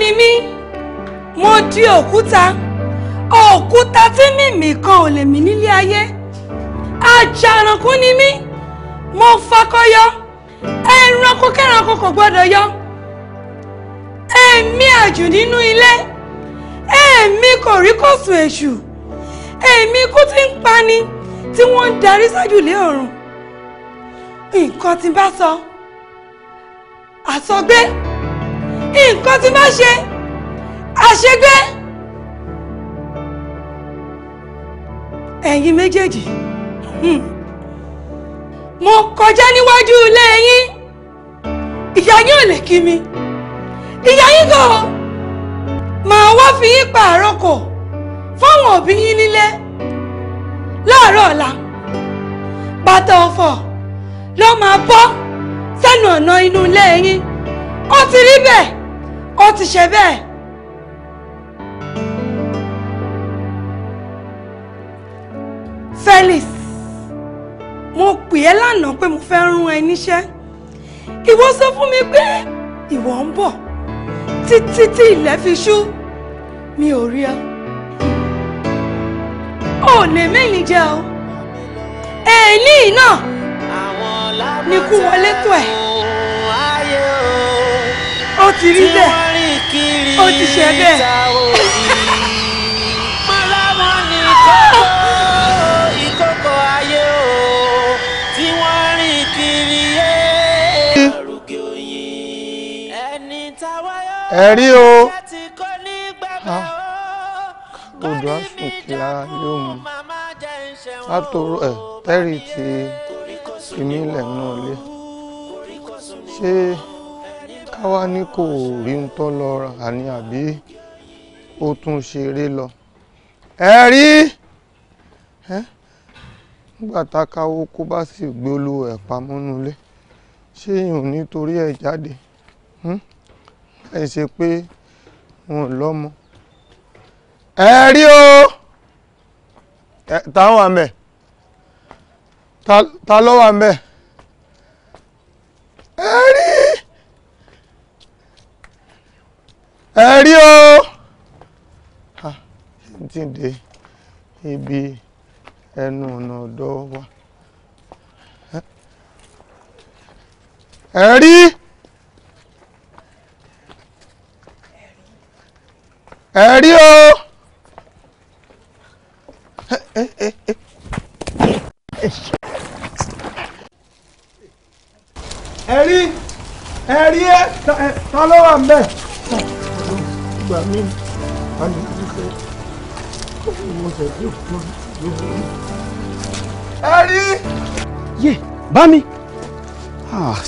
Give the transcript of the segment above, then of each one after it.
ni mí mo di òkúta òkúta tí mímì kan ò lè mí nílé ayé àjàrànkú ni mí mo fakọyọ ẹranko kẹranko kò gbọdọ̀ yọ èmi àjù nínú ilé èmi kò rí kòsùn èṣù èmi kú ti ń pani tí wọ́n ń darí sájùlé ọ̀run nǹkan tí bá sọ àsọgbé. So nǹkan tí má ṣe àṣegbé. ẹ̀yin méjèèjì hmm, mo kọjá níwájú ilé yín ìyá yín ò lè kí mi ìyá yín kò màá wá fi yín pààrọ̀ kò fáwọn òbí yín nílé láàárọ̀ ọ̀la bàtà ọ̀fọ̀ ló máa bọ́ sẹ́nu ọ̀nà inú ilé yín ó ti rí bẹ́ẹ̀ ó ti ṣe bẹ́ẹ̀. Felix mo pè ẹ́ lánàá pé mo fẹ́ rún ẹ níṣẹ́ ìwọ sọ fún mi pé ìwọ ń bọ̀ títí tí ilẹ̀ fi ṣú mi ò rí ẹ ò lè mẹ́lì jẹ́ o èyí náà ni kú wọlé tó ẹ̀ ó ti rí bẹ́ẹ̀ ó ti ṣe bẹ́ẹ̀. ẹ̀rí o odò asòkè ara yóò mú látòrò ẹ̀ tẹ́rì tí ìmílẹ̀ náà lé ṣé káwá ní kò rí ń tọ́ lọ rà ní àbí ó tún ṣeré lọ ẹ rí nígbà tá káwó kó bá sì gbé olówó ẹ̀ pamọ́ nulẹ̀ ṣé èèyàn nítorí ẹ̀ jáde hm? ẹ ṣe pé wọn lọ́mọ ẹ rí o táwọn àmẹ ta ló wà ń ẹ rí ẹ rí o tí ń dé ibi ẹnu ọ̀nà ọ̀dọ́ wa ẹ rí ẹ rí o ẹ rí ẹ rí ẹ ta ló wà ń bẹ̀ gbà mí alùpùpù owó tẹ̀lé òkú lóko. ẹ rí. yé bá mi. Ah.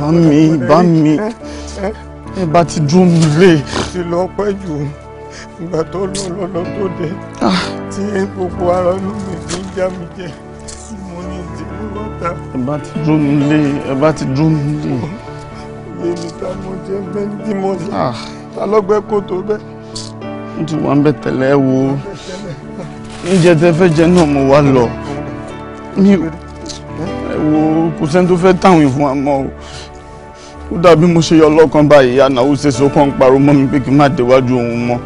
bá mi bá mi ẹ bá ti dùn mí lé. ti lọ pẹ́ jù ìgbà tó lọ lọ́lọ́ tó dé ah. tí gbogbo ara inú mi ní já mi jẹ mo ní ìdílé lọ́ta. ẹ ti dùn mí lé ẹ ti dùn mí lé èmi tá mo jẹ bẹ́ẹ̀ ní mo jẹ ah. ta lọ́gbẹ́ kò tó bẹ́ẹ̀. n ti wá ń bẹ tẹ́lẹ̀ wo oúnjẹ tẹ fẹ́ jẹ náà mo wá lọ mi ẹ wo kò sẹ́ni tó fẹ́ táwọn ìfún wa mọ́ o ó dàbí mo ṣe yọ lọ́kàn báyìí ànáwó ṣèṣe ó kàn ń pariwo mọ́ mi pé kí n má déwájú òun mọ́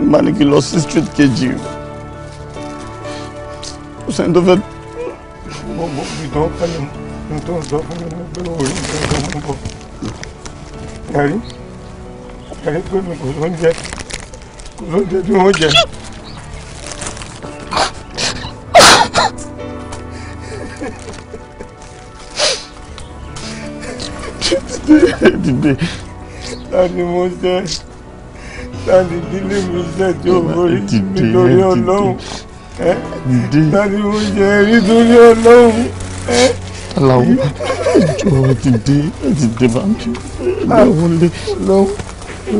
n bá ní kí n lọ sí street kejì kò sẹ́ni tó fẹ́. mo mọ ìdánwò pẹ̀lú ìdánwò pẹ̀lú orí ìdánwò ń bọ̀ ẹ̀rí ẹ̀rí pé mi kò lóúnjẹ kò lóúnjẹ tí wọ́n jẹ. dìde láti mo jẹ láti dílé mi jẹ tí o borí nítorí Ọlọ́run láti mo jẹ nítorí Ọlọ́run aláwọ̀ ẹjọ́ dìde dìde bá mi lọ́wọ́lé.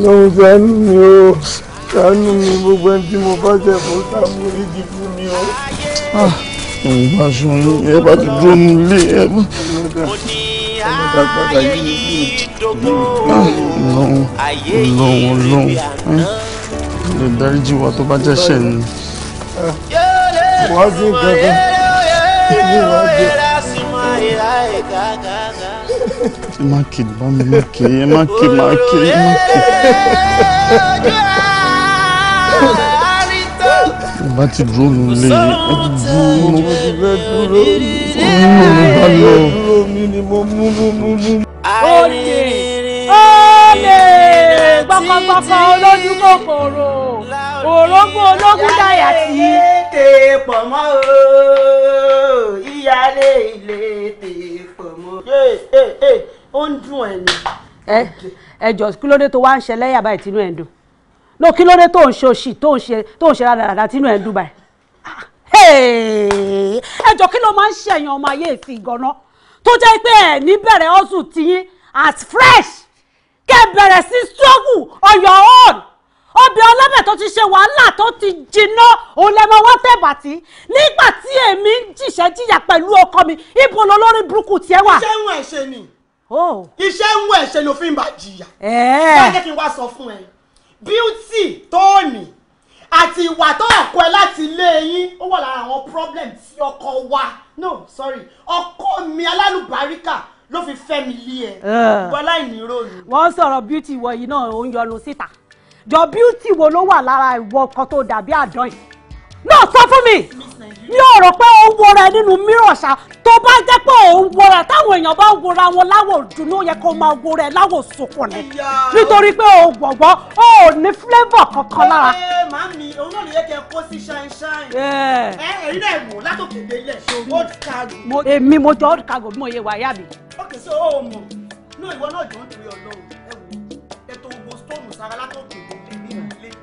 lọ́wọ́ ṣàánú mi o ṣàánú mi gbogbo ẹni tí mo bá jẹ kó tá mo rí di fún mi o. ẹ̀yin ah, bá aṣọ yín ẹ bá ti dúró nu ilé ẹ bá. Ah, lọ́wọ́ lọ́wọ́ lọ́wọ́ ah, lè dáríjì wa tó bá jẹ́ ṣẹ̀ ni. wàá dín kankan ẹ má kì bá mi má kì ẹ má kì má kì ẹ má kì. bá ti dúró mi lé ẹ ti dúró mo ti fẹ́ dúró mo ní bá lọ. dúró mi ni mo mú mú mú mú. ó lè ó lè gbọ́kọ̀gbọ́kọ̀ olójú kòkòrò òrógùn ológun dáyà tí. tèèpọ̀ mọ́ o ìyáálé ilé tèèpọ̀ ó ń dùn ẹ̀ ni. ẹ ẹ jọ kí ló dé tó wá ń ṣe lẹ́yà báyìí tínú ẹ̀ ń dùn no kí ló dé tó ń ṣe òṣì tó ń ṣe tó ń ṣe rádaràdà tínú ẹ̀ ń dùn báyìí. ẹ jọ kí ló máa ń ṣèyàn ọmọ ayé ìfì ganan tó jẹ́ pé ẹ̀ ní bẹ̀rẹ̀ ọ̀sùn tiyín as fresh kẹ́ bẹ̀rẹ̀ sí struggle on your own ọbẹ̀ ọlọ́bẹ̀ tó ti ṣe wàhálà tó ti jiná òun lẹ́mọ wá tẹ̀bàtì nígbà tí èmi ń jìṣẹ́ jìyà pẹ̀lú ọkọ mi ibo lolórí burúkú tiẹ̀ wà. iṣẹ́ ń wọ̀ ẹ̀ṣẹ̀ ni oh. iṣẹ́ ń wọ̀ ẹ̀ṣẹ̀ ló fi ń bá jìyà. báyọ̀ kí n wá sọ fún ẹ bíútì tóòní àti ìwà tó ẹ̀kọ́ ẹ láti ilé yín ó wà lára àwọn problem tí ọkọ wa no sorry ọkọ mi alálùbáríkà ló fi fẹ́ mi lé ẹ bọ́lá ìníró ni. wọ́n sọ̀rọ̀ bíútì wọ̀nyí náà ó ń yọnu síta jọ beauty wo ló wà lára ìwọ kan tó dàbí àdán yìí náà sọ fún mi ní ọ̀rọ̀ pé ó ń wọra nínú mìíràn ṣá tó bá jẹ́ pé ó ń wọra táwọn èèyàn bá ń wọra wọn láwọ̀ dùnú yẹ kó máa wọra ẹ láwọ̀ sọ̀kọ̀ ni nítorí pé ó gbọ̀gbọ́ ó ní flavour kankan lára. ẹ màámi òun náà ló yẹ kẹ kó sí shine shine. ẹ ẹ̀yin náà mú látòkè délẹ̀ old cargo. èmi mo jọ old cargo bí mo yẹ wáyà mi. ok so o mọ̀ náà ìwọ náà jọ ń torí ọlọ́run ẹ wò ètò ògbó stone sára látòkè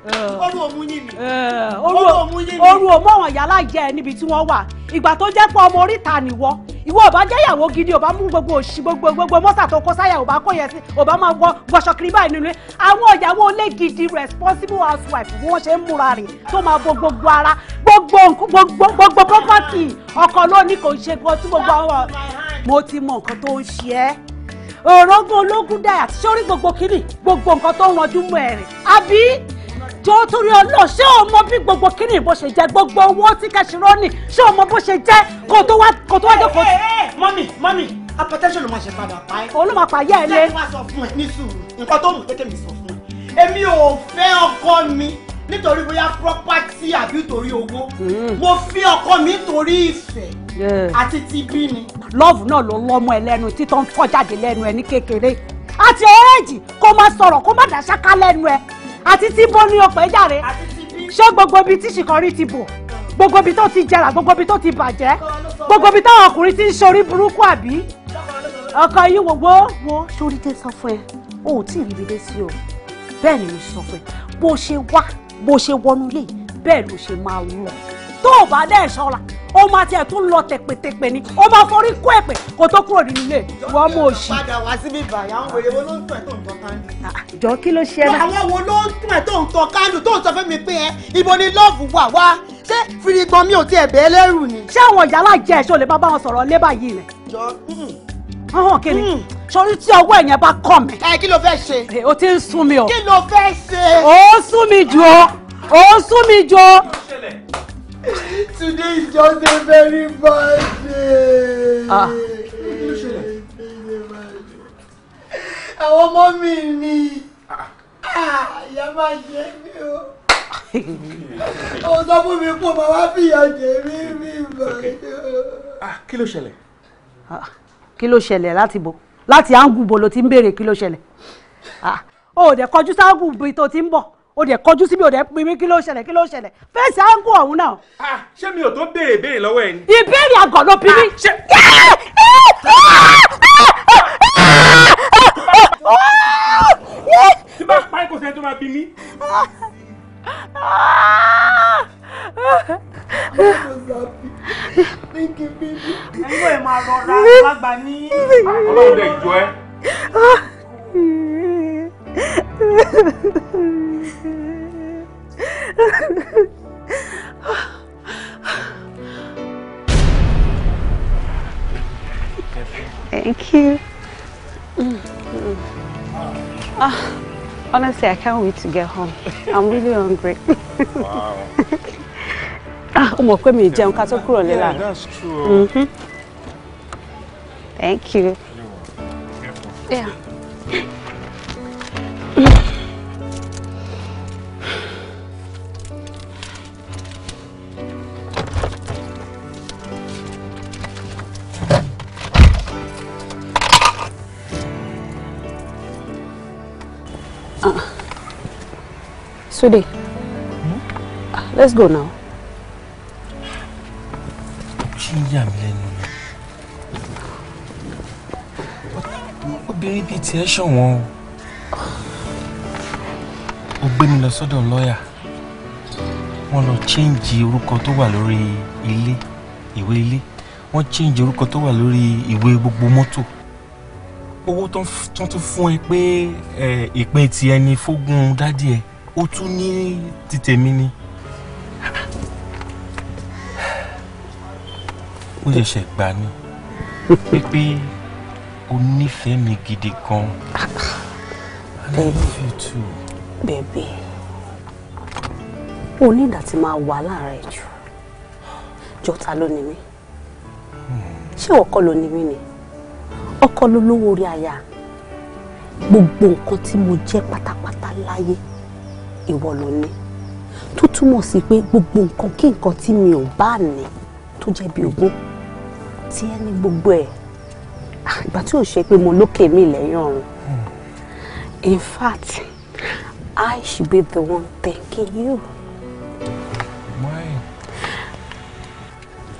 orú òmu yín mi orú òmu yín mi orú òmu àwọn ìyá aláìjẹ níbi tí wọ́n wà ìgbà tó jẹ́ pé ọmọ oríta nìwọ ìwọ ò bá jẹ́ ìyàwó gidi ò bá mú gbogbo òṣì gbogbo gbogbo mọ́sà tó kó sáyà ò bá kó yẹn sí ò bá máa wọ gbọ̀ṣọ̀ kiri báyìí nínú àwọn ìyàwó olè gidi responsible housewife bí wọ́n ṣe ń múra rìn tó máa bo gbogbo ara gbogbo gbogbo property ọkọ lónìí kò ń ṣe kan tí gbogbo àwọn mo ti mọ nǹkan tó ń ṣe ẹ́ òrógùn ológun dayà sórí gbogbo kiri gbogbo nǹkan tó ń rọjú mọ́ ẹ̀rìn àbí jọ torí ọlọ́ ṣé o mọ bí gbogbo kíní ìbò ṣe jẹ gbogbo owó tí kẹsìrọ́ nì ṣé o mọ bó ṣe jẹ kó tó wá kó tó wá jókòó. mọ́mì mọ́mì apọtẹ́sọ̀ ló máa ṣe padà pa ẹ́. olùmọ̀ pàyẹ́ ẹ lé. ṣé wàá sọ fún ẹ ní sùúrù nǹkan tó mú kékeré sọ fún ẹ. èmi ò fẹ́ ọkọ mi nítorí bóyá property àbí nítorí owó hmm. mo fi ọkọ mi nítorí ìfẹ́ àti ti bí ni. lọ́ọ̀bù náà ló lọ́mọ ẹ lẹ́nu títọ́ ń fọ́ jáde lẹ́nu ẹ ní kékeré àti ọ̀rẹ́jì kó má sọ̀rọ̀ kó má dàṣáká lẹ́nu ẹ àti tí bó ní ọ̀pẹ jàre ṣé gbogbo ibi tí ṣìkọrí ti bò gbogbo ibi tó ti jẹrà gbogbo ibi tó ti bàjẹ́ gbogbo ibi táwọn ọkùnrin ti ń ṣorí burúkú àbí ọkọ yìí wò wó wo sórí tẹ sọ fún ẹ o ò tí ì ríbi dé sí o bẹ́ẹ̀ ni mo sọ fún ẹ bó ṣe wá bó ṣe wọnú lé bẹ́ẹ̀ ló ṣe máa wú ọ tó o bá dẹ́ ṣọ́ra ó máa tiẹ̀ tún lọ tẹ̀pẹ̀tẹ̀pẹ̀ ni ó máa forí kó ẹ̀pẹ̀ kó tó kúrò nínú ilé wọ́n mú òṣì. padà wá síbí báyìí àwọn wèrè wo ló ń tún ẹ̀ tó ń tọ́ kánú. Ah, jọ kí ló ṣe é náà. àwọn wo ló ń tún ẹ̀ tó ń tọ́ kánú tó ń sọ fún mi pé ẹ ibo ni lọ́ọ̀fù wà wá ṣé firigbọn mi ò tiẹ̀ bẹ́ẹ̀ lẹ́rù ni. ṣé àwọn ìyálà jẹ́ ẹ̀ṣọ́ lè bá bá wọn sọ̀rọ̀ lé báyìí rẹ̀. jọ ọhún kìíní sọrí tí ọwọ́ ẹ̀yẹn bá kọ̀ mí. ẹ kí ló fẹ́ ṣe. Eh, o ti ń sún mi o. kí ló fẹ́ ṣe. ó sún mi jù ó sún mi jù Today is just a very bad day. Ah. Àwọn ọmọ mi ni ah, ìyá máa jẹ mí o. Ó sọ fún mi pé màá wá fìyà jẹ mí mi bàjẹ́. Ah, kí ló ṣẹlẹ̀? Ah, kí ló ṣẹlẹ̀ láti bo? Láti áńgù bo lo ti ń béèrè kí ló ṣẹlẹ̀? O ò dẹ̀ kọjú sáàgù tó ti ń bọ̀ o dẹ̀ kọjú síbi o dẹ̀ pè mí kí ló ṣẹlẹ̀ kí ló ṣẹlẹ̀ fẹ́ẹ̀sì áńkù ọ̀hún náà. ṣé mi ò tó béèrè béèrè lọ́wọ́ ẹ ni. ìbéèrè àgọ̀ ló bí mi. tí bá pa ẹ̀kọ́ sẹ́ni tó máa bí mi. ẹ̀yin ò máa rọra lágbàá ní. ọlọ́run dẹ̀ jọ ẹ́. Ah. Thank you. Mm honestly, I can't wait to get home. I'm really hungry. wow. ah, ọmọ pé Yeah, that's true. Mm -hmm. Thank you. Yeah. Sude, hmm? let's go now. Ṣé ń yà mí lẹ́nu ni? Obìnrin bíi tiẹ̀ ṣọ̀wọ́n o ó gbé mi lọ sọ́dọ̀ lọ́ọ̀yà wọ́n lọ chíǹjì orúkọ tó wà lórí ilé ìwé ilé wọ́n chíǹjì orúkọ tó wà lórí ìwé gbogbo mọ́tò owó tó tún fún ẹ pé ìpín ti ẹni fógun dádì ẹ ó tún ní ti tèmi ni. ó ṣẹ̀ṣẹ̀ gbà ni pípé o nífẹ̀ẹ́ mi gidi gan-an. love you too bèbè ó ní ìdá tí máa wà láàárẹ̀ jù jọta ló ní mí ṣé ọkọ ló ní mí ni ọkọ ló lówó orí aya gbogbo nǹkan tí mo jẹ́ pátápátá láyé ìwọ ló ní tó túmọ̀ sí pé gbogbo nǹkan kí nǹkan tí mi ò bá ní tó jẹ́ bí ogún tí ẹ ní gbogbo ẹ̀ ah, ìgbà tí ò ṣe pé mo lókè mi lẹ́yìn ọ̀run in fact I should be the one thanking you. Why?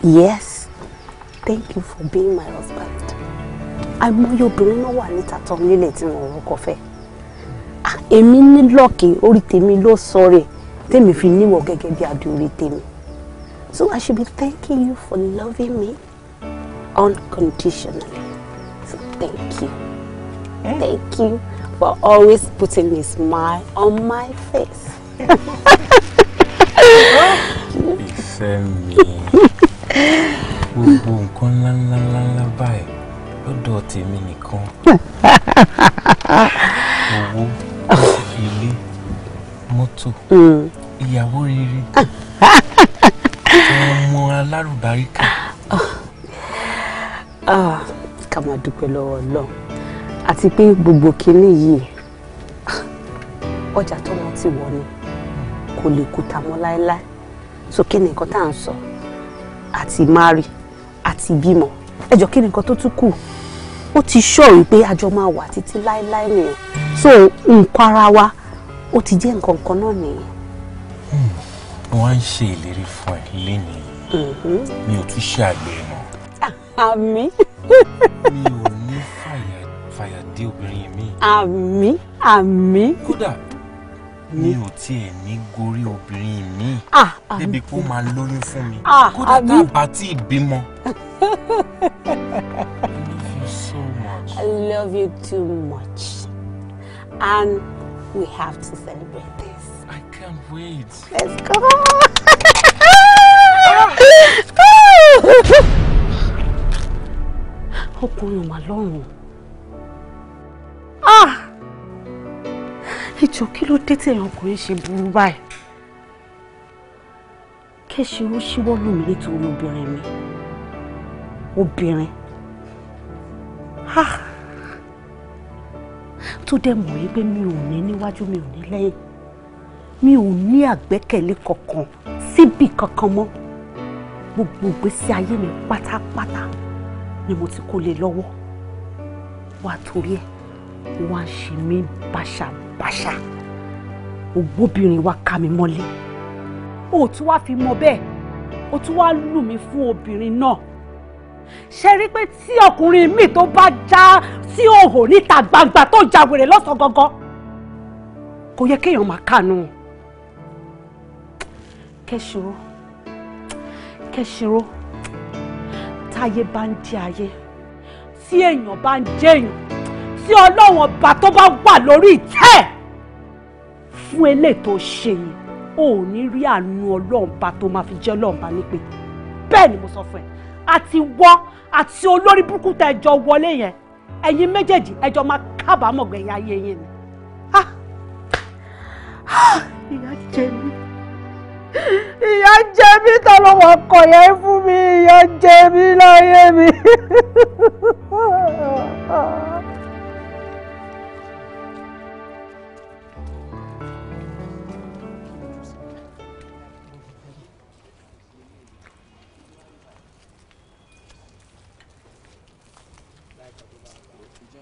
Yes. Thank you for being my husband. I Àìmọye obìnrin náà wà níta tán nílé tí wọn ò rọkọ fẹ́. Ah, èmi ní lọ́ọ̀kì orí tèmi ló sọ̀rọ̀ tèmi fi níwọ̀ gẹ́gẹ́ bí adé orí tèmi. So I should be thanking you for loving me unconditionally. So thank you. Eh? Thank you for always putting a smile on my face. ìfẹ́ gbogbo nǹkan ńláńláńlá báyìí lọ́dọ̀ tèmi nìkan owó ilé mọ́tò ìyàwó rere ọmọ alárùbáríkà. Ah, ká dúpẹ́ lọ́wọ́ Ọlọ́run àti pé gbogbo kinní yìí ọjà tọ́mọ ti wọ̀ ni kò lè kúta mọ́ láéláé so kí ni nǹkan tá à ń sọ àti mari àti bímọ ẹjọ kí ni nǹkan tó tún kù ó ti sọ wípé àjọ máa wà títí láéláé nìyẹn so nǹkan ara wa ó ti jẹ́ nǹkan kan náà nìyẹn. wọ́n á ń ṣe ìlérí fún ẹ lénìí mm-hmm. mi ò tún ṣe àgbẹ̀ mọ́. àmì. mi ò pàdé obìnrin mi. àmì àmì. kódà mi ò tiẹ̀ ní gorí obìnrin mi ah, débi kó máa lóyún fún mi ah, kódà tá a bá tí bímọ. I love you too much and we have to celebrate this. I can't wait. Let's go. Ah! ọkùnrin mà lọ́rùn. Ah! ìjọ kí ló dé tẹ̀yìn ọkùnrin ṣe burú báyìí kẹ́sì ó ṣíwọ́ lù mí nítorí obìnrin mi obìnrin ah! tó dẹ̀ mọ̀ yí pé mi ò ní níwájú mi ò ní lẹ́yìn mi ò ní àgbẹ́kẹ̀lé kankan síbì kankan mọ́ gbogbo ìgbésí ayé mi pátápátá ni mo ti kó lè lọ́wọ́ wà torí ẹ̀ ó wá ń ṣe mí báṣabáṣa ògbóbìnrin wá ká mi mọ́lé ó tún wá fi mọ bẹ́ẹ̀ ó tún wá lù mí fún obìnrin náà ṣe rí pé tí ọkùnrin mi tó bá já sí òhò níta gbangba tó ja wèrè lọ́sàn gangan kò yẹ kéèyàn máa kànú kẹsìrò kẹsìrò táyé bá ń di ayé tí èèyàn bá ń jẹ́yàn tí ọlọ́wọ̀n bá tó bá wà lórí ìtẹ́ fún eléyìí tó ṣe yìí o ò ní rí àánú ọlọ́run bá tó máa fi jẹ́ ọlọ́run bá nípe bẹ́ẹ̀ ni mo sọ fún ẹ àti wọ́ àti olórí burúkú tá ẹjọ́ wọlé yẹn ẹ̀yin méjèèjì ẹjọ́ máa kábàámọ̀ gbẹ̀yìn ayé yẹn ni. ìyá jẹ mí ìyá jẹ mí tọlọmọ ọkọ yẹn fún mi ìyá jẹ mí láyé mi.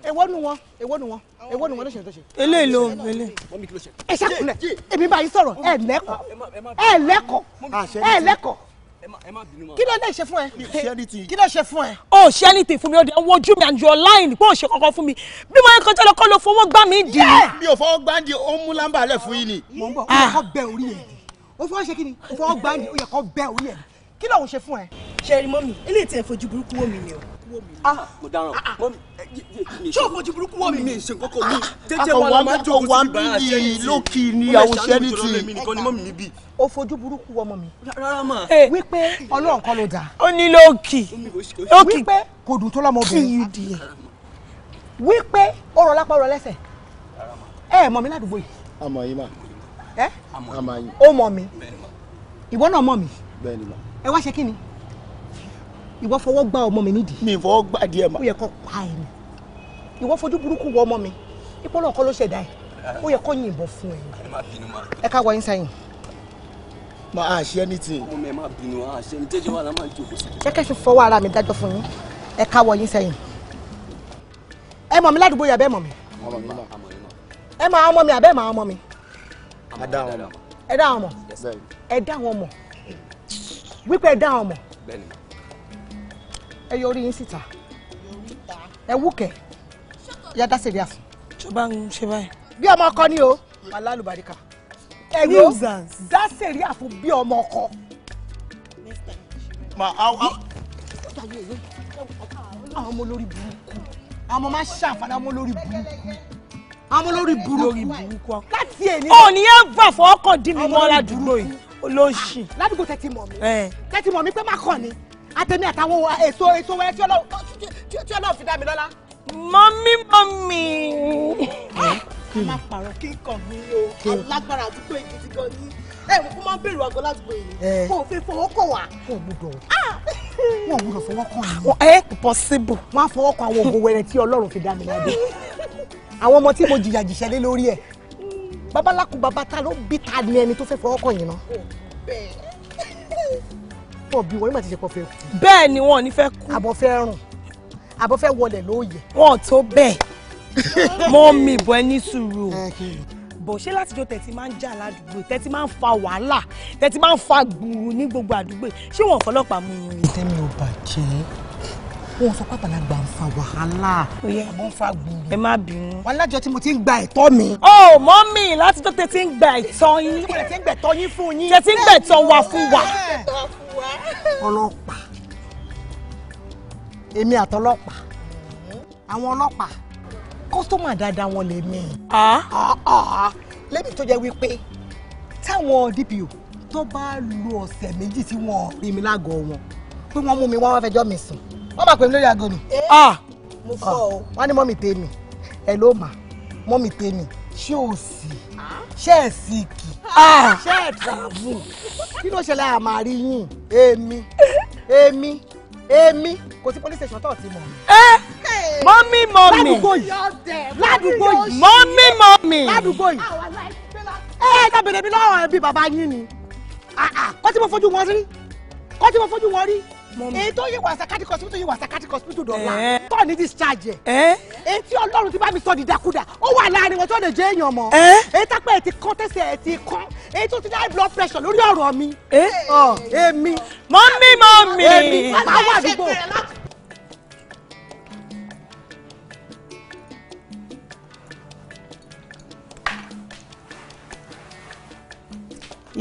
èwo nu wọn èwo nu wọn èwo nu wọn ló ṣe tó ṣe. eléyìí ló eléyìí. ẹ ṣàkúnlẹ̀ èmi bá yín sọ̀rọ̀ ẹ lẹ́kọ̀ọ́ ẹ lẹ́kọ̀ọ́ ẹ lẹ́kọ̀ọ́ kí ló lè ṣe fún ẹ kí ló ṣe fún ẹ. o ṣe anything fún mi o de wo ojú mi and your line pé o ṣe kankan fún mi bí mo yẹ kọjá lọ kọ́ ló fowó gbá mi dì í. mi ò fọwọ́ gbá di ó mú lámbà lẹ̀ fún yín ni. mo ń bọ̀ o ah. yẹ kó bẹ orí ẹ̀ o fọwọ́ ṣe kí ni o fọwọ́ gbá di o yẹ kó bẹ orí ẹ̀ kí lòun ṣe fún ẹ. ṣe é rí mọ́mì eléyìí tẹ̀ fojú burúkú wò mí ni o. Ah. mo dáràn ah, mọ́mì ṣé o fojú burúkú wọ mi. mi ṣe kọkọ mi jẹjẹ wa la máa jókòó síbi bá a lókì ni àwòṣe ní ti. o fojú burúkú wọ mi. rárá mà. Eh, wípé ọlọ́run kọ́ ló dà. ó ní lókì lókì. wípé kò dùn tó lọ́mọbìnrin. kì í di ẹ̀. wípé ó rọ lápá ó rọ lẹ́sẹ̀. ẹ mọ̀ mi ládùúgbò yìí. àmọ̀ yìí mà. ẹ àmọ̀ yìí. ó mọ̀ mi ìwọ náà mọ̀ mi. bẹ́ẹ̀ni mà. ẹ wá ṣe kí ni ìwọ fọwọ́ gbá ọmọ mi nídìí. mi fọwọ́ gbá díẹ̀ mà. ó yẹ kó pa ẹ̀ ni ìwọ fojú burúkú wọ ọmọ mi ìpọ́nlọ̀ kọ́ ló ṣẹ̀dá ẹ̀ ó yẹ kó yìnbọn fún ẹ. ẹ ká wọ yín sẹ́yìn. mà á ṣe anything. ọmọ mi máa bínú á ṣe ní tẹ́jọ́ wà láwọn ìjókòó sí. ṣé kẹ́sì fọwọ́ ara mi dájọ́ fún yín ẹ ká wọ yín sẹ́yìn. ẹ mọ̀ mi ládùúgbò yàbẹ́ mọ̀ mi. ẹ mọ̀ ọmọ mi àbẹ́ mọ̀ ọmọ mi. ẹ dá àwọn ọmọ. ẹ dá àwọn ọmọ. wípé ẹ dá àwọn ọmọ. ẹ yọ orí yín síta. ẹ wúkẹ́ ìyá dáṣe rí àfún. tó bá ń ṣe báyìí. bí ọmọ ọkọ ni o wà lálùbáríkà. ẹ̀rọ dáṣe rí àfún bí ọmọ ọkọ. àwọn ọmọ olórí burúkú àwọn ọmọ máa ń ṣàǹfààní àwọn ọmọ olórí burúkú àwọn ọmọ olórí burúkú láti èyí. ò ní yẹn gbà fọ ọkàn dì mí mọ́ ládùúgbò yìí olóṣì. ládùúgbò tẹ́tí mọ̀ mí tẹ́tí mọ̀ mí pé má kàn ní àtẹ̀mí àtàwọn èso èso wẹ́rẹ́ tí ọlọ́run fi dá mi lọ́lá mọ́mí mọ́mí. a máa pààrọ̀ kí nǹkan mi o alágbára àdúgbò èkìtì gan ni ẹ kó máa ń àgọ́ ládùúgbò yìí kó o fẹ́ fọwọ́ kàn wá. kó o gbúdọ̀ wọn ò gbúdọ̀ ah! fọwọ́ kàn yín. ẹ pọsibù. wọn á fọwọ́ kan àwọn ògùn wẹrẹ tí Ọlọ́run fi dá mi ládé àwọn ọmọ tí mo jìyà jìṣẹ́ lé lórí ẹ̀ babaláku babata ló bí ta ni ẹni tó fẹ́ fọwọ́ kàn yín ná. bẹ́ẹ̀. wọn bí wọn nígbà tí ṣe kọ fẹ́ kú. bẹ́ẹ̀ ni wọn ò ní fẹ́ kú. àbọ̀ fẹ́ rùn àbọ̀ fẹ́ wọlé lóòyè. wọn tó bẹ́ẹ̀ mọ mi bọ ẹ ní sùúrù bọ̀ ṣé látijọ́ tẹ̀tí máa ń jà ládùúgbò tẹ̀tí máa ń fa wàhálà tẹ̀tí máa ń fa gbùrù ní gbogbo àdúgbò ṣé wọn fọlọ́pàá mú un. ìtẹ́mi ò bàjẹ́ wọn sọ pàtàkì àgbà ń fa wàhálà. ó yẹ àbọ̀ ń fa gbùrù. ẹ má bínú. wọn lájọ tí mo ti ń gba ẹ̀tọ́ mi. ó mọ́mì láti tó tẹ́tí ń gba ẹ̀tọ́ yín. tẹ́tí ń gbẹ̀tọ́ yín fún yín. tẹ́tí ń gbẹ̀tọ́ wa fún wa. ọlọ́pàá èmi àtọlọ́pàá àwọn ọlọ́pàá kọ́sítọ́mà dáadáa wọn lèmi. lẹ́mi tó jẹ́ wípé táwọn DPO tó bá lo ọ̀sẹ̀ méjì tí wọ́n rí mi lágọ̀ọ́ wọn pé wọ́n mú mi wọ́n wá fẹjọ́ mi sùn wọ́n máa pè mí lórí aago mi. mo fọ o. Ah, wọ́n ní mọ́mì tèmi ẹ̀ ló mà mọ́mì tèmi ṣé o sì ṣé ẹ̀ sì kì ṣé ẹ̀ tààbù kí ló ṣẹlẹ̀ àmàrí yín èmi èmi èmi kò sí police station tó ti mọ̀. ẹ mọ́mí mọ́mí ládùúgbò yìí ládùúgbò yìí mọ́mí mọ́mí ládùúgbò yìí ẹ ẹ dábẹ̀rẹ̀ mi lọ́wọ́ ẹbí bàbá yín ni ah, ah. kọ́ tí mo fojú wọn rí kọ́ tí mo fojú wọn rí èyí tó yí wàsàkàtì hospital tó yí wàsàkàtì hospital dọ̀la eh. tó ní discharge ẹ̀ eh. èyí tí ọlọ́run ti bá mi sọ dìdakúdà ó wà láàrin wọn tó lè jẹ́ èèyàn mọ́ eh. èyí tápẹ́ ẹ̀ ti kán tẹ̀sẹ̀ ẹ̀ ti kán èyí tó ti dá blood pressure lórí ọ̀rọ̀ mi èmi. mọ́mí mọ́mí. èmi máa wà àdúgbò.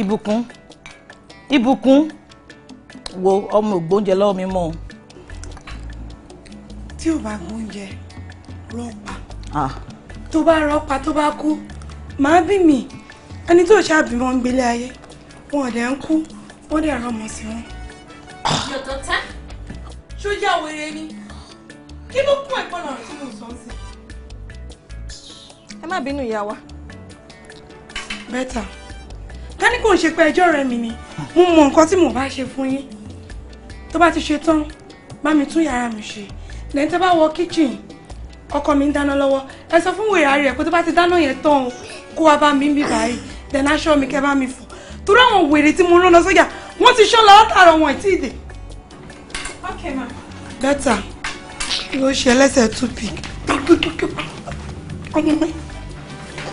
ìbùkún ìbùkún wo ọmọ ògbóúnjẹ lọ́wọ́ mi mọ́ o. tí ò bá gbóúnjẹ rọpa tó bá rọpa tó bá kú màá bí mi ẹni tó ṣàbímọ ń gbélé ayé wọn ò dẹ̀ ń kú wọ́n dẹ̀ rọmọ sí wọn. yọ̀tọ̀ tá ṣójà wèrè ni kí ló kún ẹ̀gbọ́n náà tí mo sọ sí. ẹ má bínú ìyá wa. bẹ́tà ká ní kò ń ṣe pé ẹjọ́ rẹ mi ni mo mọ nǹkan tí mo bá ṣe fún yín tó bá ti ṣe tán bá mi tún yàrá mi ṣe lẹ́yìn tó bá wọ kíchìn ọkọ mi ń dáná lọ́wọ́ ẹ sọ fún wèrè rẹ̀ pé tó bá ti dáná yẹn tán o kó wa bá mi ń bì báyìí dẹ̀nà aṣọ mi kẹ́ bá mi fọ̀ torí àwọn wèrè tí mo rán lọ sọ́jà wọ́n ti ṣọ́ lọ́wọ́ tààrọ̀ wọn ìtì ìdè. okay ma. bẹ́tà ló ṣe ẹlẹ́sẹ̀ tupik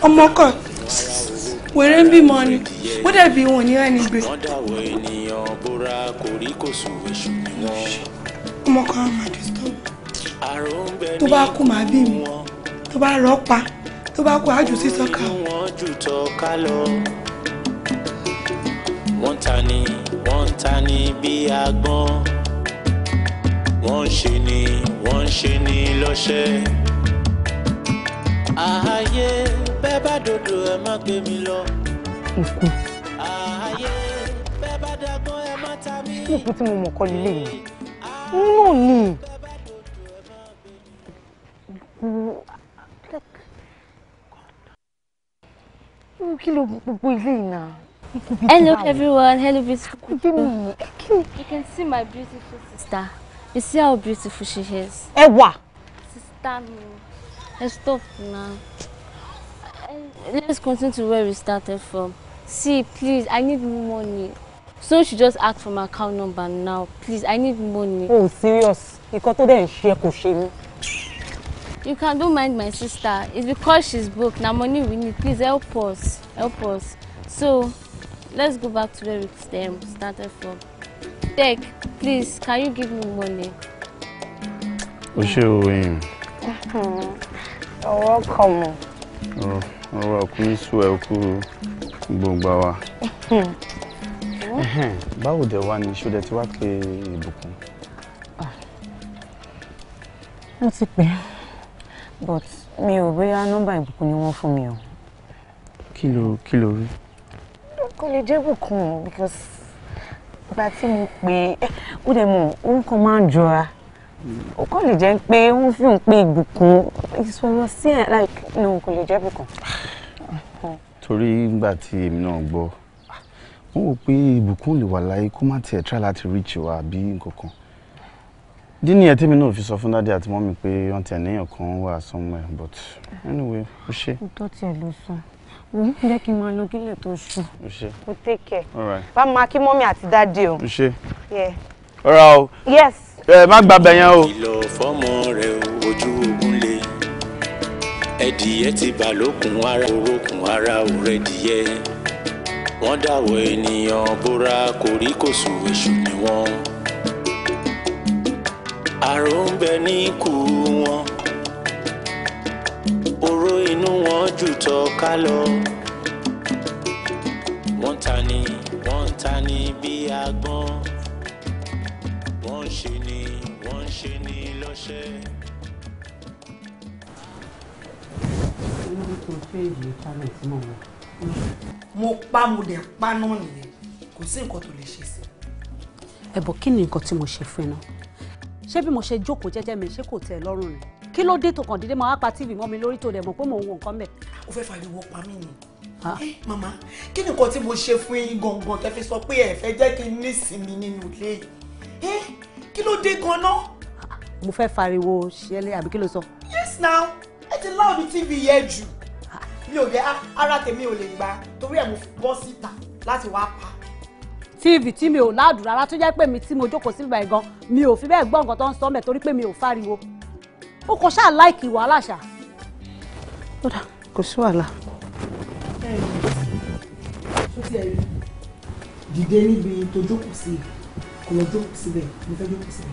ọmọ kan wèrè ń bímọ ni ó dẹ̀bi wọn ní ẹni gbé. wọ́n dàwọ̀ ènìyàn bóra kòríkòsùn èṣù ọmọ kan á máa tó bá kú màá bí mi tó bá rọ́ pa tó bá kú àjù sí sọ́ka. wọ́n ta ni wọ́n ta ni bí agbọ́n wọ́n ṣe ni wọ́n ṣe ni lọ́ṣẹ́ ààyè bẹ́ẹ̀ bá dòdò ẹ má gbé mi lọ. ikú. ààyè bẹ́ẹ̀ bá dàgbọ́n ẹ má ta mí. ní tí mo mọ̀ kọ́ lílé yìí nínú ni ikú kí ló gbogbo ilé yìí náà. Hello everyone, hello beautiful people. You can see my beautiful sister. You see how beautiful she is. Ẹwà. Sister mi stop now. Let's continue to where we started from. See, please, I need money. So she just asked for my account number now. Please, I need money. Oh, serious? Nǹkan tó dẹ̀ ń ṣe kò ṣe You can don't mind my sister. It's because she's broke. Now money we need. Please help us. Help us. So, let's go back to where we um, started from. Tech, please, can you give me money? Oṣé o, You're welcome. Oh, oh well, kú sú ẹ kú gbogbo wa. Hmm. Báwo dẹ̀ wá ní ṣọ́dẹ̀ tí wàá pe ìbùkún? Mo ti pè but mi ò bóyá nọ́mbà ìbùkún ni wọ́n fún mi o. Kí ló kí ló rí? Kò lè because ìgbà tí mo pè é, ó dẹ̀ mọ̀ orúkọ máa ń ó kàn lè jẹ́ pé wọ́n fi ń pe ìbùkún ìsọ̀rọ̀ ẹ̀ like no kò lè jẹ́ ìbùkún. torí nígbà tí èmi náà gbọ́ wọ́n wò pé ìbùkún lè wà láyé kó má tiẹ̀ try láti reach wa àbí nǹkan kan díní ẹ tèmi náà fi sọ fún dádì àti mọ́mí pé wọ́n ti ẹ̀níyàn kan wà somewhere but anyway ó ṣe. tó tiẹ̀ ló sọ mo jẹ́ kí n máa lọ kílẹ̀ tó ṣù. ó ṣe mo take care. bá a máa kí mọ́mí àti dádì o. ó ṣe. ọ̀rọ̀ o. yes ẹ má gba bẹ̀yẹn o. ìlọ fọmọ rẹ ojú ogun lè ẹdìyẹ ti bà lókun ara orókun ara òrẹ dìyẹ wọ́n dàwọ̀ ènìyàn bóra kòríkòsùn èṣù ni wọ́n àrò ń bẹ ní ikú wọn oró inú wọn jù tọ ká lọ wọ́n ta ni wọ́n ta ni bí agbọ́n wọ́n ń ṣe ni wọ́n ń ṣe ni lọ́ṣẹ́. mo pa mo dẹ̀ pa náà nìyẹn kò sí nǹkan tó lè ṣe sí. ẹ kí ni nǹkan tí mo ṣe fún ẹ náà ṣé bí mo ṣe jókòó jẹ́jẹ́ mi ṣé kò tẹ́ ẹ lọ́rùn ni kí ló dé tó kàn déédéé máa wá pa tv mọ́ mi lórí tó dẹ̀ mọ̀ pé mò ń wo nǹkan bẹ̀. o fẹ́ fàyẹ̀wò pa mí ni ah. eh, Mama, kí ni nǹkan tí mo ṣe fún yín gangan tẹ́ fi sọ pé ẹ fẹ́ jẹ́ kí n nísinmi nínú ilé yìí ẹ kí ló dé gan-an. mo fẹ́ fariwo ṣẹlẹ̀ àbí kí ló sọ. yes now ẹ ti láòdù tv yẹn jù mi ò lè ara tèmi ò lè gbà torí ẹ̀ mo bọ́ síta láti wá pa. tv tí mi ò láàdùn rárá tó jẹ́ pé mi tí mo jókòó sí ibà gan mi ò fi bẹ́ẹ̀ gbọ́ nǹkan tó ń sọ mẹ́ torí pé mi ò fariwo ó kọ ṣáà láìkì wàhálà ṣá. kódà kò sí wàhálà. dìde níbi tó jókòó sí i kò lọ jókòó síbẹ̀ mo fẹ́ jókòó síbẹ̀.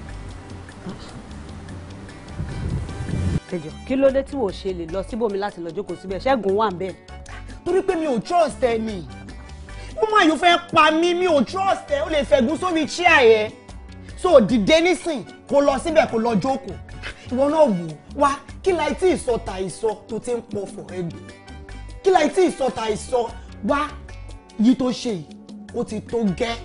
ẹjọ kí ló dé tí wò ó ṣe lè lọ síbòmí láti lọ jókòó síbẹ̀ ṣẹ́gun wà ń bẹ̀. torí pé mi ò trust ẹ nì mo máa yóò fẹ́ pa mí mi ò trust ẹ o lè fẹ̀gún sórí chair yẹn so dìde nísìn kó lọ síbẹ̀ kó lọ jókòó ìwọ náà wò wá kí la ti ìsọta ìsọ tó ti ń pọ̀ fọ̀ ẹ dùn kí la ti ìsọta ìsọ wá yìí tó ṣe ó ti tó gẹ́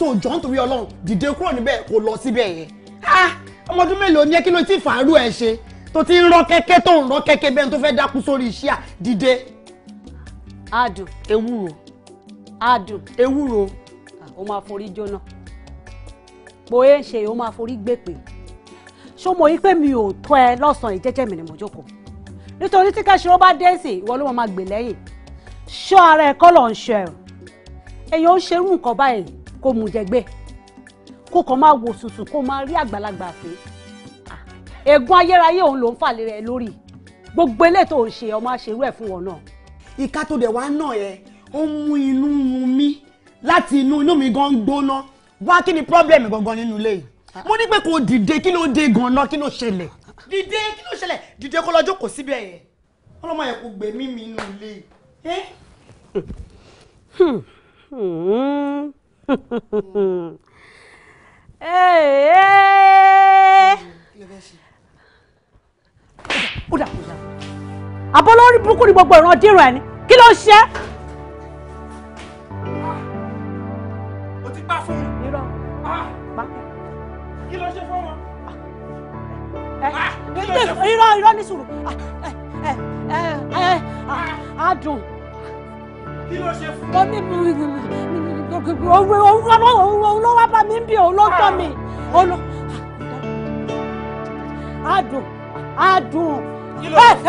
so jọ nítorí ọlọ́run dìde kúrò níbẹ̀ kò lọ síbẹ̀ yẹn ah ọmọ ọdún mélòó ni ẹ kí ló ti fàárù ẹ ṣe tó ti ń rọ kẹ́kẹ́ tó ń rọ kẹ́kẹ́ bẹ́ẹ̀ tó fẹ́ dákú sórí iṣẹ́ à dìde. adùn ewúro adùn ewúro ó máa forí jóná bóyá ń ṣe ó máa forí gbèpè ṣó mo yí pé mi ò tọ́ ẹ lọ́sàn-án ìjẹ́jẹ́ mi ni mo jókòó nítorí tí káṣíró bá dé sí ìwọ ló máa gbè lẹ́yìn ṣọ́ ara ẹ̀ kọ́ lọ́ọ́ ń ṣe ẹ̀rù èèyàn ó ṣerú nǹkan báyìí kó mu jẹgbẹ́ kó kàn máa wò sùsù kó máa rí àgbàlagbà pé ègún ayérayé òun ló ń fàlẹ́ rẹ lórí gbogbo eléyìí tó ń ṣe ọmọ àṣerú ẹ̀ fún wọn náà. ìka tó dẹ̀ wá náà yẹ ó mú inú run mí láti inú inú mi gan gbóná wá kí ni pọ́blẹ́mù gangan nínú ilé yìí mo ní pé kò dìde kí ló dé gan-an kí ló ṣẹlẹ̀. dìde kí ló ṣẹlẹ̀ dìde kó lọ jókòó síbẹ̀ yẹn ọlọ́mọ yẹn kò gbẹ̀mí mi nínú ilé yìí ó dà kó dà àbọ̀ lórí burúkú ni gbogbo ìran dìrò ẹ̀ ni kí ló ń ṣe. o ti gbà fún mi. irọ́ pa kí ló ṣe fún ọmọ. irọ́ irọ́ ní sùúrù adùn. kí ló ṣe fún mi òun ló wá bá mi ń bí òun ló tọ́ mi adùn adùn. adùn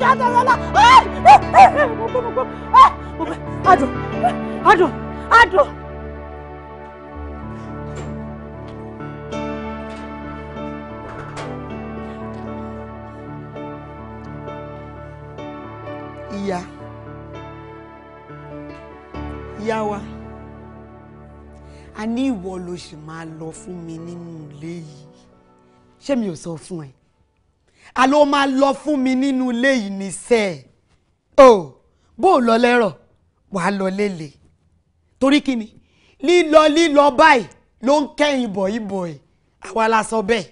jáde lọ́la adùn adùn adùn. ìyá ìyá wa a ní ìwọ ló sì máa lọ fún mi nínú ilé yìí ṣé mi ò sọ fún ẹ a ló máa lọ fún mi nínú ilé yìí níṣẹ́ o bó o lọ lẹ́rọ̀ wàá lọ lélẹ̀ torí kíni lílọ lílọ báyìí ló ń kẹ́yìn bọ̀ ìbọ̀ ẹ̀ àwa la sọ bẹ́ẹ̀.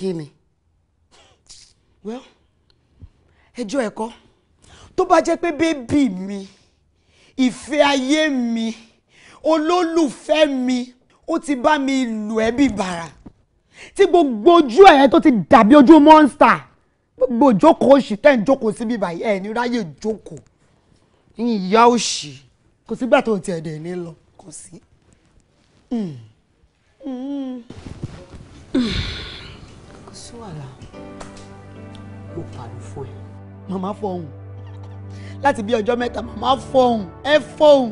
kí well ẹjọ́ ẹ̀kọ́ tó bá jẹ́ pé bébì mi ìfẹ́ ayé mi olólùfẹ́ mi ó ti bá mi lù ẹ́ bí bàrà tí gbogbo ojú ẹ̀ tó ti dàbí ojú monster gbogbo ìjókòó òṣì tẹ́ ń jókòó síbí báyìí ẹ̀ ní ráyè jókòó ní ìyá òṣì kò sígbà tó tiẹ̀ dẹ̀ ní lọ kò sí. Mm. Mm. Mm. màmá fọhùn láti bí ọjọ́ mẹ́ta màmá fọhùn ẹ fọhùn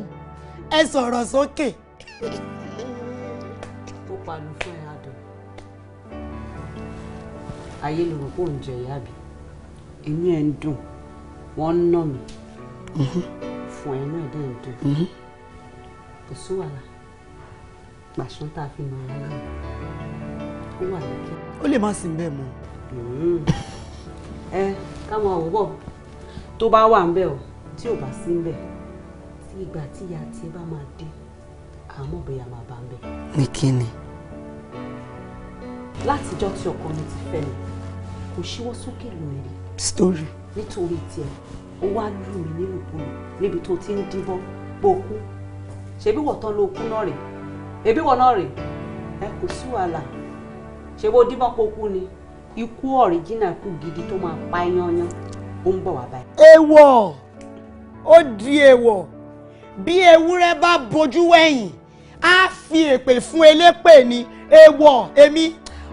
ẹ sọ̀rọ̀ sókè. ó palu fún ẹ adùn ayé ló rò pé òun jẹ ìyá mi inú ẹ ń dùn wọn ń nà mí mm-hmm. fún ẹ náà dẹ̀ ń dùn mm-hmm. kò sí wàhálà pàṣán tá a fi mọ ẹ náà ó wà lókè. ó lè má sí bẹ́ẹ̀ mọ́. Mm-hmm. ẹ káwọn ò wọ̀ tó bá wà ń bẹ̀ o tí ò bá sí ń bẹ̀ tí ìgbà tí ìyá àti ẹ bá máa dé àmọ́ bẹ̀yà máa bá ń bẹ̀. ní kí ni. látijọ́ tí ọkọ mi ti fẹ́ mi kò ṣíwọ́ sókè lórí. story. nítorí tiẹ̀ ó wá lù mí nílùkulù níbi tó ti ń díbọ́ pokú ṣebí wọ̀ tán ló kú náà rè ebí wọ̀ náà rè ẹ kò sí wàhálà ṣe bó díbọ́ pokú ni ikú ọ̀ríjìnà kú gidi tó máa pa yányán ó ń bọ̀ wá báyìí. èèwọ̀ ó di èèwọ̀ bí ewúrẹ́ bá bojú wẹ̀yìn á fi èpè fún elépè ni èèwọ̀ èmi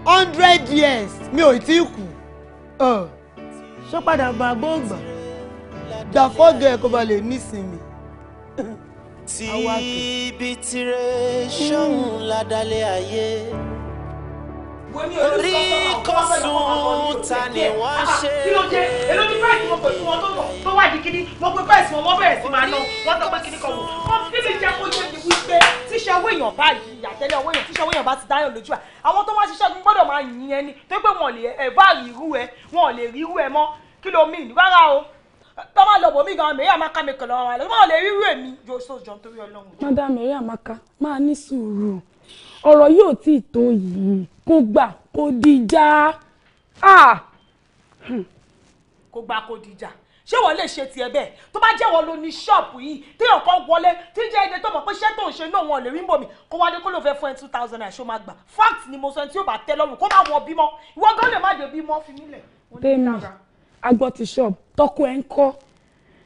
hundred years mi ò tí ì kú ṣé padà gba gbọ́ngbà dàfọ́gẹ̀ kó ba lè nísinmi. tí ibi tirẹ̀ ṣọ́hun ládàlẹ́ ayé orí kọ̀sùn ta ni wọ́n ṣe. Ah, kí ló jẹ́ èló ní price wọn pè fún wọn tó bọ̀ tó wà di kíní mo pe price wọn wọ́n bẹ̀rẹ̀ sí máa ná wọ́n tó pé kíní wò. wọ́n fi lè kó yé mi wípé tíṣẹ́ owó èèyàn báyìí àtẹ́lẹ̀ owó èèyàn tíṣẹ́ owó èèyàn bá ti dáyàn lójú à àwọn tó wá ṣiṣẹ́ mi gbọ́dọ̀ máa yìn ẹni tó pé wọn lè ẹ̀ bá rí irú ẹ wọn lè rí irú ẹ mọ́ kí ló mìn rárá o tó lọ bò mí gan mẹ́rin àmàkà mi kàn lọ́wọ́ rẹ̀ lọ́wọ́ lè rí irú èmi yóò sóòjọ́ torí ọlọ́run. madam mẹ́rin máa ní sùúrù ọ̀rọ̀ yóò tí ì tó yìí kó gbà kó dìjà. kó gbà kó dìjà ṣé wọ́n lè ṣe tiẹ̀ bẹ́ẹ̀ tó bá jẹ́ wọ́n ló ní ṣọ́ọ̀bù yìí téèyàn kan wọlé tí jẹ́ ẹni tó mọ̀ pé ṣẹ́ tó ń ṣe náà wọn lè rí mbòmí kó wá dé kó ló fẹ́ fún ẹ two thousand naira ṣó máa gbà fact ni mo sọ ẹni tí yóò bá tẹ́ lọ́rùn kó má wọ bímọ ìwọ gan lè má dé bímọ fi nílẹ̀. tèmi agbọ́ ti ṣọ́ọ̀bù tọkọ ẹ̀ ń kọ́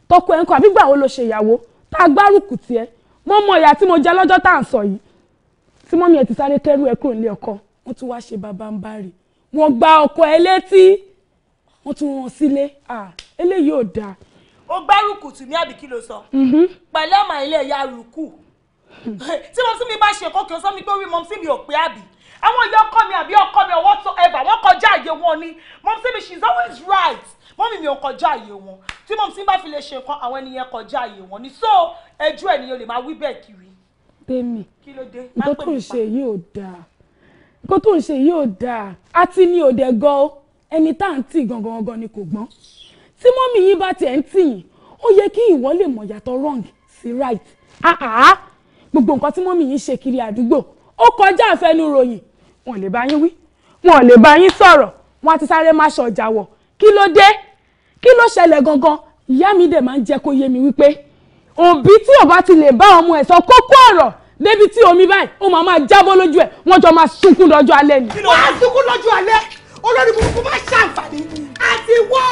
tọkọ ẹ̀ ń kọ́ àbí wo ló ṣe ìyàwó tá a gbárùkù tiẹ̀ mo mọ ìyà tí mo jẹ lọ́jọ́ tá à ń sọ yìí tí mọ́mí ẹ̀ ti sáré kẹ́rù ẹ̀ kúrò nílé ọkọ wọ́n tún wáá ṣe bàbá ń bá rè wọ́n gba ọkọ ẹ létí wọ́n tún wọn sílé eléyìí ò dáa. ó gbárùkù tù mí àbí kí ló sọ mhm. pẹ̀lú ọmọ ilé ẹ̀yà rùkù tí mo tún mi bá ṣe kókè sọ mi pé orí mọ́mí sí mi ò pé àbí àwọn ìyá ọkọ mi àbí ọkọ mi ọwọ́ tó ẹ̀fà wọ́n kọjá àyè wọn ni mọ́mí sí mi she is always right mọ́mí mi ò kọjá àyè wọn tí mọ́mí sí bá fi lè ṣe nǹkan àwọn ènìyàn kọjá àyè wọn ni so ẹjọ́ ènìyàn lè máa wí bẹ́ẹ̀ kiri tèmi nǹkan tó ń ṣe yìí ò dáa nǹkan tó ń ṣe yìí ò dáa a ti ní òde gan o ẹni tá à ń tì gangan gangan ni kò gbọ́n tí mọ́mì yín bá tiẹ̀ ń tì yín ó yẹ kí ìwọ lè mọ̀ yàtọ̀ wrong sí right ah gbogbo nǹkan tí mọ́mì yín ṣe kiri àdúgbò ó kọjá àfẹnuròyìn wọn ò lè bá yín wí wọn ò lè bá yín sọ̀rọ̀ wọn á ti sáré má ṣọjà wọ̀ kí ló dé kí ló ṣẹlẹ̀ gangan ìyá mi dẹ̀ máa ń jẹ́ kó yé mi wípé òbí tí ò bá ti lè bá ọmọ ẹ̀ sọ kókó ọ̀rọ̀ débi tí omi báyìí ó máa máa jábọ́ lójú ẹ̀ wọ́n jọ máa sunkún lọ́jọ́ alẹ́ ni. wọ́n á sunkún lọ́jọ́ alẹ́ olórí burúkú máa ṣàǹfààní àti wọ́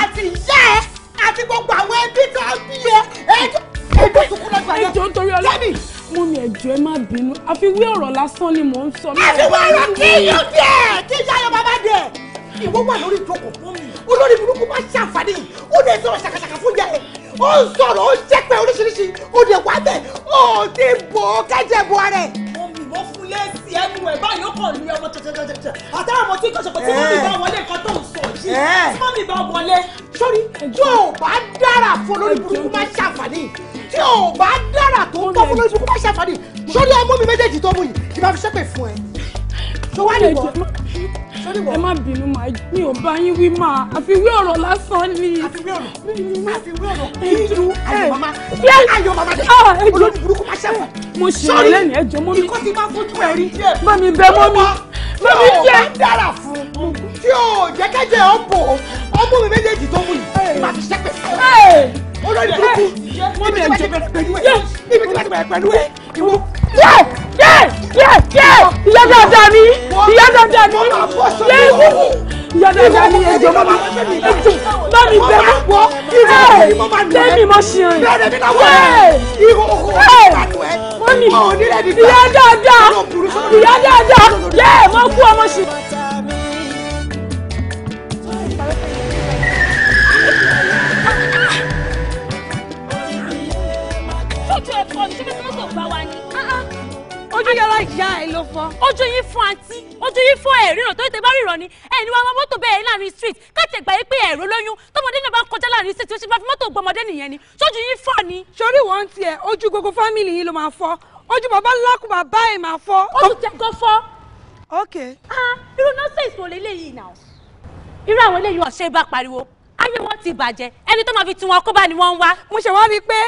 àti yẹ́ ẹ àti gbogbo àwọn ẹbí tó ń bí ẹ ẹjọ́ sunkún lọ́jọ́ alẹ́. ẹjọ́ nítorí ọlọ́run mo ní ẹjọ́ ẹ má bínú àfiwé ọ̀rọ̀ lásán ni mò ń sọ. àfiwé ọ̀rọ̀ kí yóò dé kí yáyọ bàbá dé ìwọ wà lórí ìjókòó olórí burúkú máa ṣàǹfààní ó lè sọ̀rọ̀ ó ń sọ̀rọ̀ ó ń jẹ́pẹ́ oríṣiríṣi ó dẹ̀ wá bẹ̀ ó ti bò ó kẹ́jẹ́ bu ara ẹ̀. mo mì wọ́n fún lẹ́sì ẹnu ẹ̀ báyìí ó kàn lu ọmọ tẹ̀tẹ̀tẹ̀tẹ̀ àtàwọn ọmọ tí kò ṣe pé tí mọ́mì bá wọlé nǹkan tó ń sọ yìí tí mọ́mì bá wọlé. sórí tí ò bá dára fún olórí burúkú má ṣàǹfààní tí ò bá dára tó ń tọ́ fún olórí burúkú má ṣàǹfààní sórí ọmọ mi méjèèjì tó mú yìí kí n bá fi ṣépè fún ẹ. tó wá nìkan ẹ má bínú ma, mi ò bá yín wí mà àfiwé ọ̀rọ̀ lásán ni. àfiwé ọ̀rọ̀ àfiwé ọ̀rọ̀ ìlú ayọ̀ mama ayọ̀ mama ah, dẹ olórí burúkú máa ṣẹ́fọ̀. mo ṣe é lẹ́nu ẹ̀jọ̀ mọ́ mi. ikọ́ ti máa fojú ẹ̀ rí díẹ̀. mọ́ mi bẹ́ mọ́ mi mọ́ mi jẹ́. ọmọ dára fún un tí o jẹ́kẹ́jẹ́ ọ̀bọ ọmọ mi méjèèjì tó mú yìí fi ṣẹ́pẹ̀ olórí burúkú níbi tí wọ́n ti bẹ̀rẹ̀ pẹ̀lú ẹ̀ níbi tí wọ́n ti bẹ̀rẹ̀ pẹ̀lú ẹ̀ ẹ̀dá mi ẹ̀jọ̀ mọ́ mi ẹ̀jọ̀ bá mi bẹ̀ mọ́ pọ̀ bẹ́ẹ̀ni mo ṣe rìn mọ́mì ìyá dáadáa ìyá dáadáa yẹ́ mo kú ọmọ ṣì. ojú ẹ̀fọ́ ní ṣé kí wọ́n tó gbá wa ni. Ah, ah. ojú yàrá ìyá ẹ ló fọ́ ojú yín fún àǹtí ojú yín fọ́ ẹ̀rí ràn torí tẹ bá ríran ni ẹni wàá mọ mọ́tò bẹ́ẹ̀ láàrin street káàtì ẹ̀gbà yín pé ẹ̀rọ lóyún tọmọdé náà bá kọjá láàrin street oṣù fàfi mọ́tò gbọmọdé nìyẹn ni sójú yín fọ́ ni. sori wọn tiẹ ojú gbogbo fámìlì yìí ló máa fọ́ ojú bàbá lákùbà báyìí máa fọ́. ó tún jẹ gan fọ́. ok. ah irú nọ́ọ̀sẹ̀sì wò lélẹ́yìí náà irú àwọn eléyìí ọ̀ṣẹ́ bá pariwo ayé wọn ti bàjẹ́ ẹni tó máa fi tiwọn kó bá ni wọ́n ń wá. mo ṣe wá rí i pé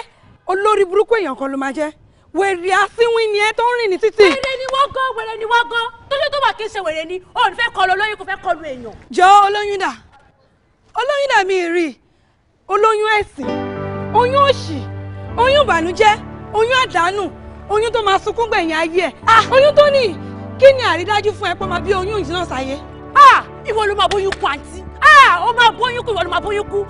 olórí burúkú èèyàn kan ló máa jẹ́ wèrè àsínwín ni ẹ tó ń rìn ní títì. wèrè ni wọ́n gan wèrè ni wọ́n gan tójú tó wà kí n ṣe wèrè ni ò ní fẹ́ kọlu olóyún kò fẹ́ kọlu èèyàn. jọ olóyún dà olóyún dà mí rí olóyún ẹ̀sìn oyún òṣì oyún ìbànújẹ́ oyún àdánù oyún tó máa sunkún gbẹ̀yìn ayé ẹ̀ oyún tó ní kí ni àrídájú fún ẹ pé máa bí oyún ìdíná sáyé. ìwọ ló máa bóyún kú àǹtí Ah, ó máa bóyún kú ìwọ ló máa bóyún kú.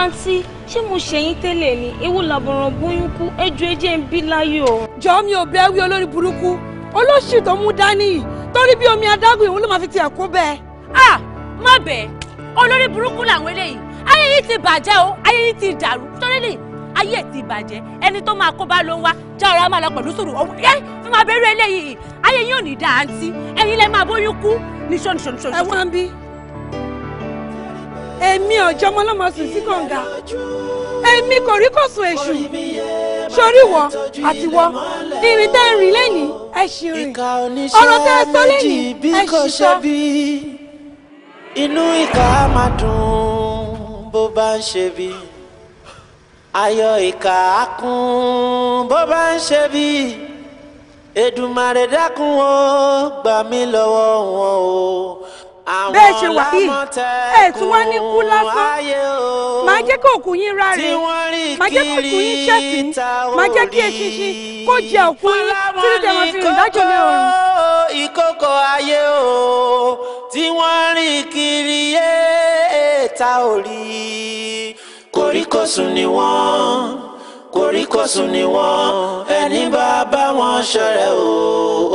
àǹtí ṣé mo ṣẹ̀yìn tẹ́lẹ̀ ni ewu làbọ̀ràn bóyún kú ẹjọ́ ẹjẹ́ ń bí láyọ̀. jọ mi ò bẹ́ẹ̀ wí olórí burúkú olóṣì tó mú dání yìí torí bí omi adágún ìwọ́n ló máa fi tiẹ̀ kú bẹ́ẹ̀. a ah, má bẹ́ẹ̀ olórí burúkú làwọn eléyìí ayé yìí ti bàjẹ́ o ayé yìí ti dàrú torí lè ayé ẹ̀ ti bàjẹ́ ẹni tó máa kó bá ló ń wá já ọ̀rọ̀ máa lọ pẹ̀lú sùúrù ọ̀hún ẹ fi máa bẹ̀rù eléyìí ayé yìí ò ní dáa èmi ọjọ́ ọmọlọ́mọ sùn sí kànga èmi kò rí kò sùn èṣù sórí wọ àti wọ irin tẹ́ ń rìn lẹ́nìí ẹ ṣì ọ̀rọ̀ tẹ́ ẹ sọ lẹ́nìí ẹ ṣì inú ìka máa dùn bó bá ń ṣe bí ayọ̀ ìka á kún bó bá ń ṣe bí Èdùmàrè dákun ó gbà mí lọ́wọ́ wọn o bẹ́ẹ̀ ṣe wà yìí ẹ̀ tún wá ní kú lásán máa jẹ́ kí òkú yín ráre máa jẹ́ kí òkú yín ṣẹ̀sìn máa jẹ́ kí eṣinṣin kó jẹ òkú yín títí tẹ̀ wọ́n fi ìdájọ́ lé ọ̀run. ìkókò ayé o tí wọ́n rìn kiri èèta ò rí koríkòsùn ni wọ́n koríkòsùn ni wọ́n ẹni bá bá wọn ṣọ̀rẹ́ o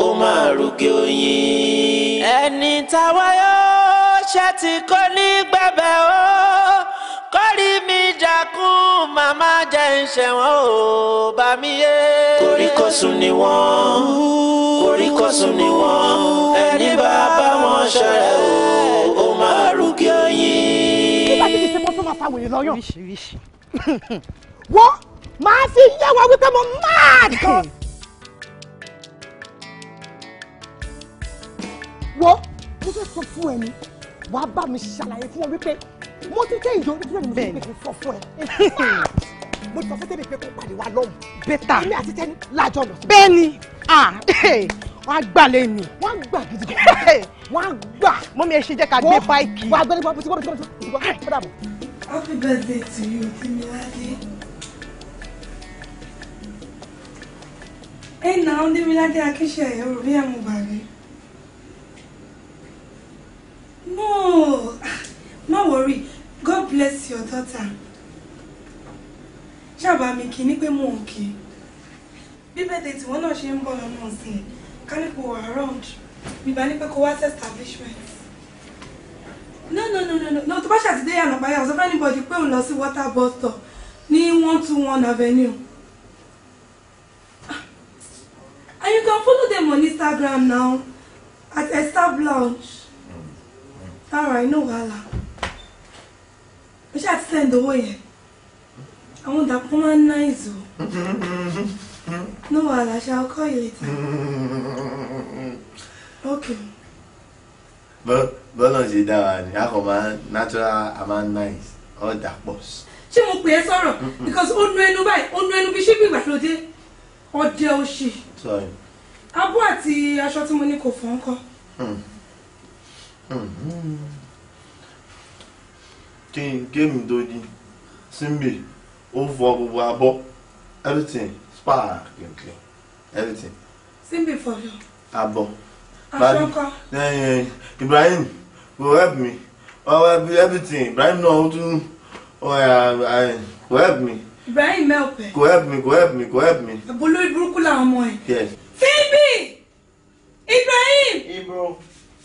ó máa rúgẹ́ oyin. ẹni táwa yóò ṣẹ́tì kó ní gbẹ̀bẹ̀ o kórì mi jàkún màmá jẹ́ ìṣẹ̀wọ̀n o bá mi yé. kòríkòsùn ni wọ́n kòríkòsùn ni wọ́n ẹni bá bá wọn ṣọ̀rẹ́ o ó máa rú kí ó yín. wọ́n máa fi yé wa wípé mo máa dán. wo mo fẹ́ sọ fún ẹni wàá bá mi ṣàlàyé fún ọ wípé mo ti tẹ ìjọ orí tẹ́lẹ̀ mi fún mi kò fún ẹ mo ti sọ fún tẹ́lẹ̀ pé pàdé wa lọ́hùn. bẹ́tà èmi àti tẹ́ni lájọ lọ. bẹ́ẹ̀ni wọ́n á gbà lẹ́nu. wọ́n á gbà gidi gan. wọ́n á gbà. mọ mi ẹ ṣe jẹ́ ká gbé báìkì. wọ́n á gbẹ́ni bọ́ọ̀bù tí wọ́n bẹ̀ tí wọ́n bẹ̀ tí wọ́n bẹ̀ tí wọ́n bẹ̀ Happy birthday to you, Timilade. Hey now, Timilade Akíṣẹ́, Yorùbá ẹ̀ mú bàrẹ̀. No, hmm. má worry. God bless your daughter. Ṣàbà mi kì í ní pé mò ń kí. Bí bẹ́ẹ̀ tí wọ́n náà ṣe ń bọ̀ lọ́nà ọ̀sìn, kálípò around, bíbá ní pé kó wá sí establishment. No, no, no, no, no, no, tó bá ṣàtidé yànnà báyà, ọ̀sán fẹ́ anybody pé òun lọ sí water bottle. stop ní one two one avenue. Ah. And you can follow them on Instagram now at Estab Lounge alright no wahala mo ṣáà ti send owó yẹn àwọn dàpọ̀ máa ń ná no wahala shall call you later okay. But but dá wa ni a kò natural a máa nice all that boss. She pè é sorrow, because old nu ẹnu báyìí ó nu ẹnu bí ṣé bí ìgbà tó dé ọdẹ òṣì. abọ́ àti aṣọ tí mo ní kò fọ́ ń kọ́. Hmm king game doji simbi over gbogbo abo everything spark and everything. simbi for you. abo bali Yeah, ibrahim go help me oh help me everything ibrahim no how to oh yeah, go help me. ibrahim help me. go help me go help me go help me. ebolo iburuku làwọn ọmọ ẹ. yes. simbi ibrahim. ibro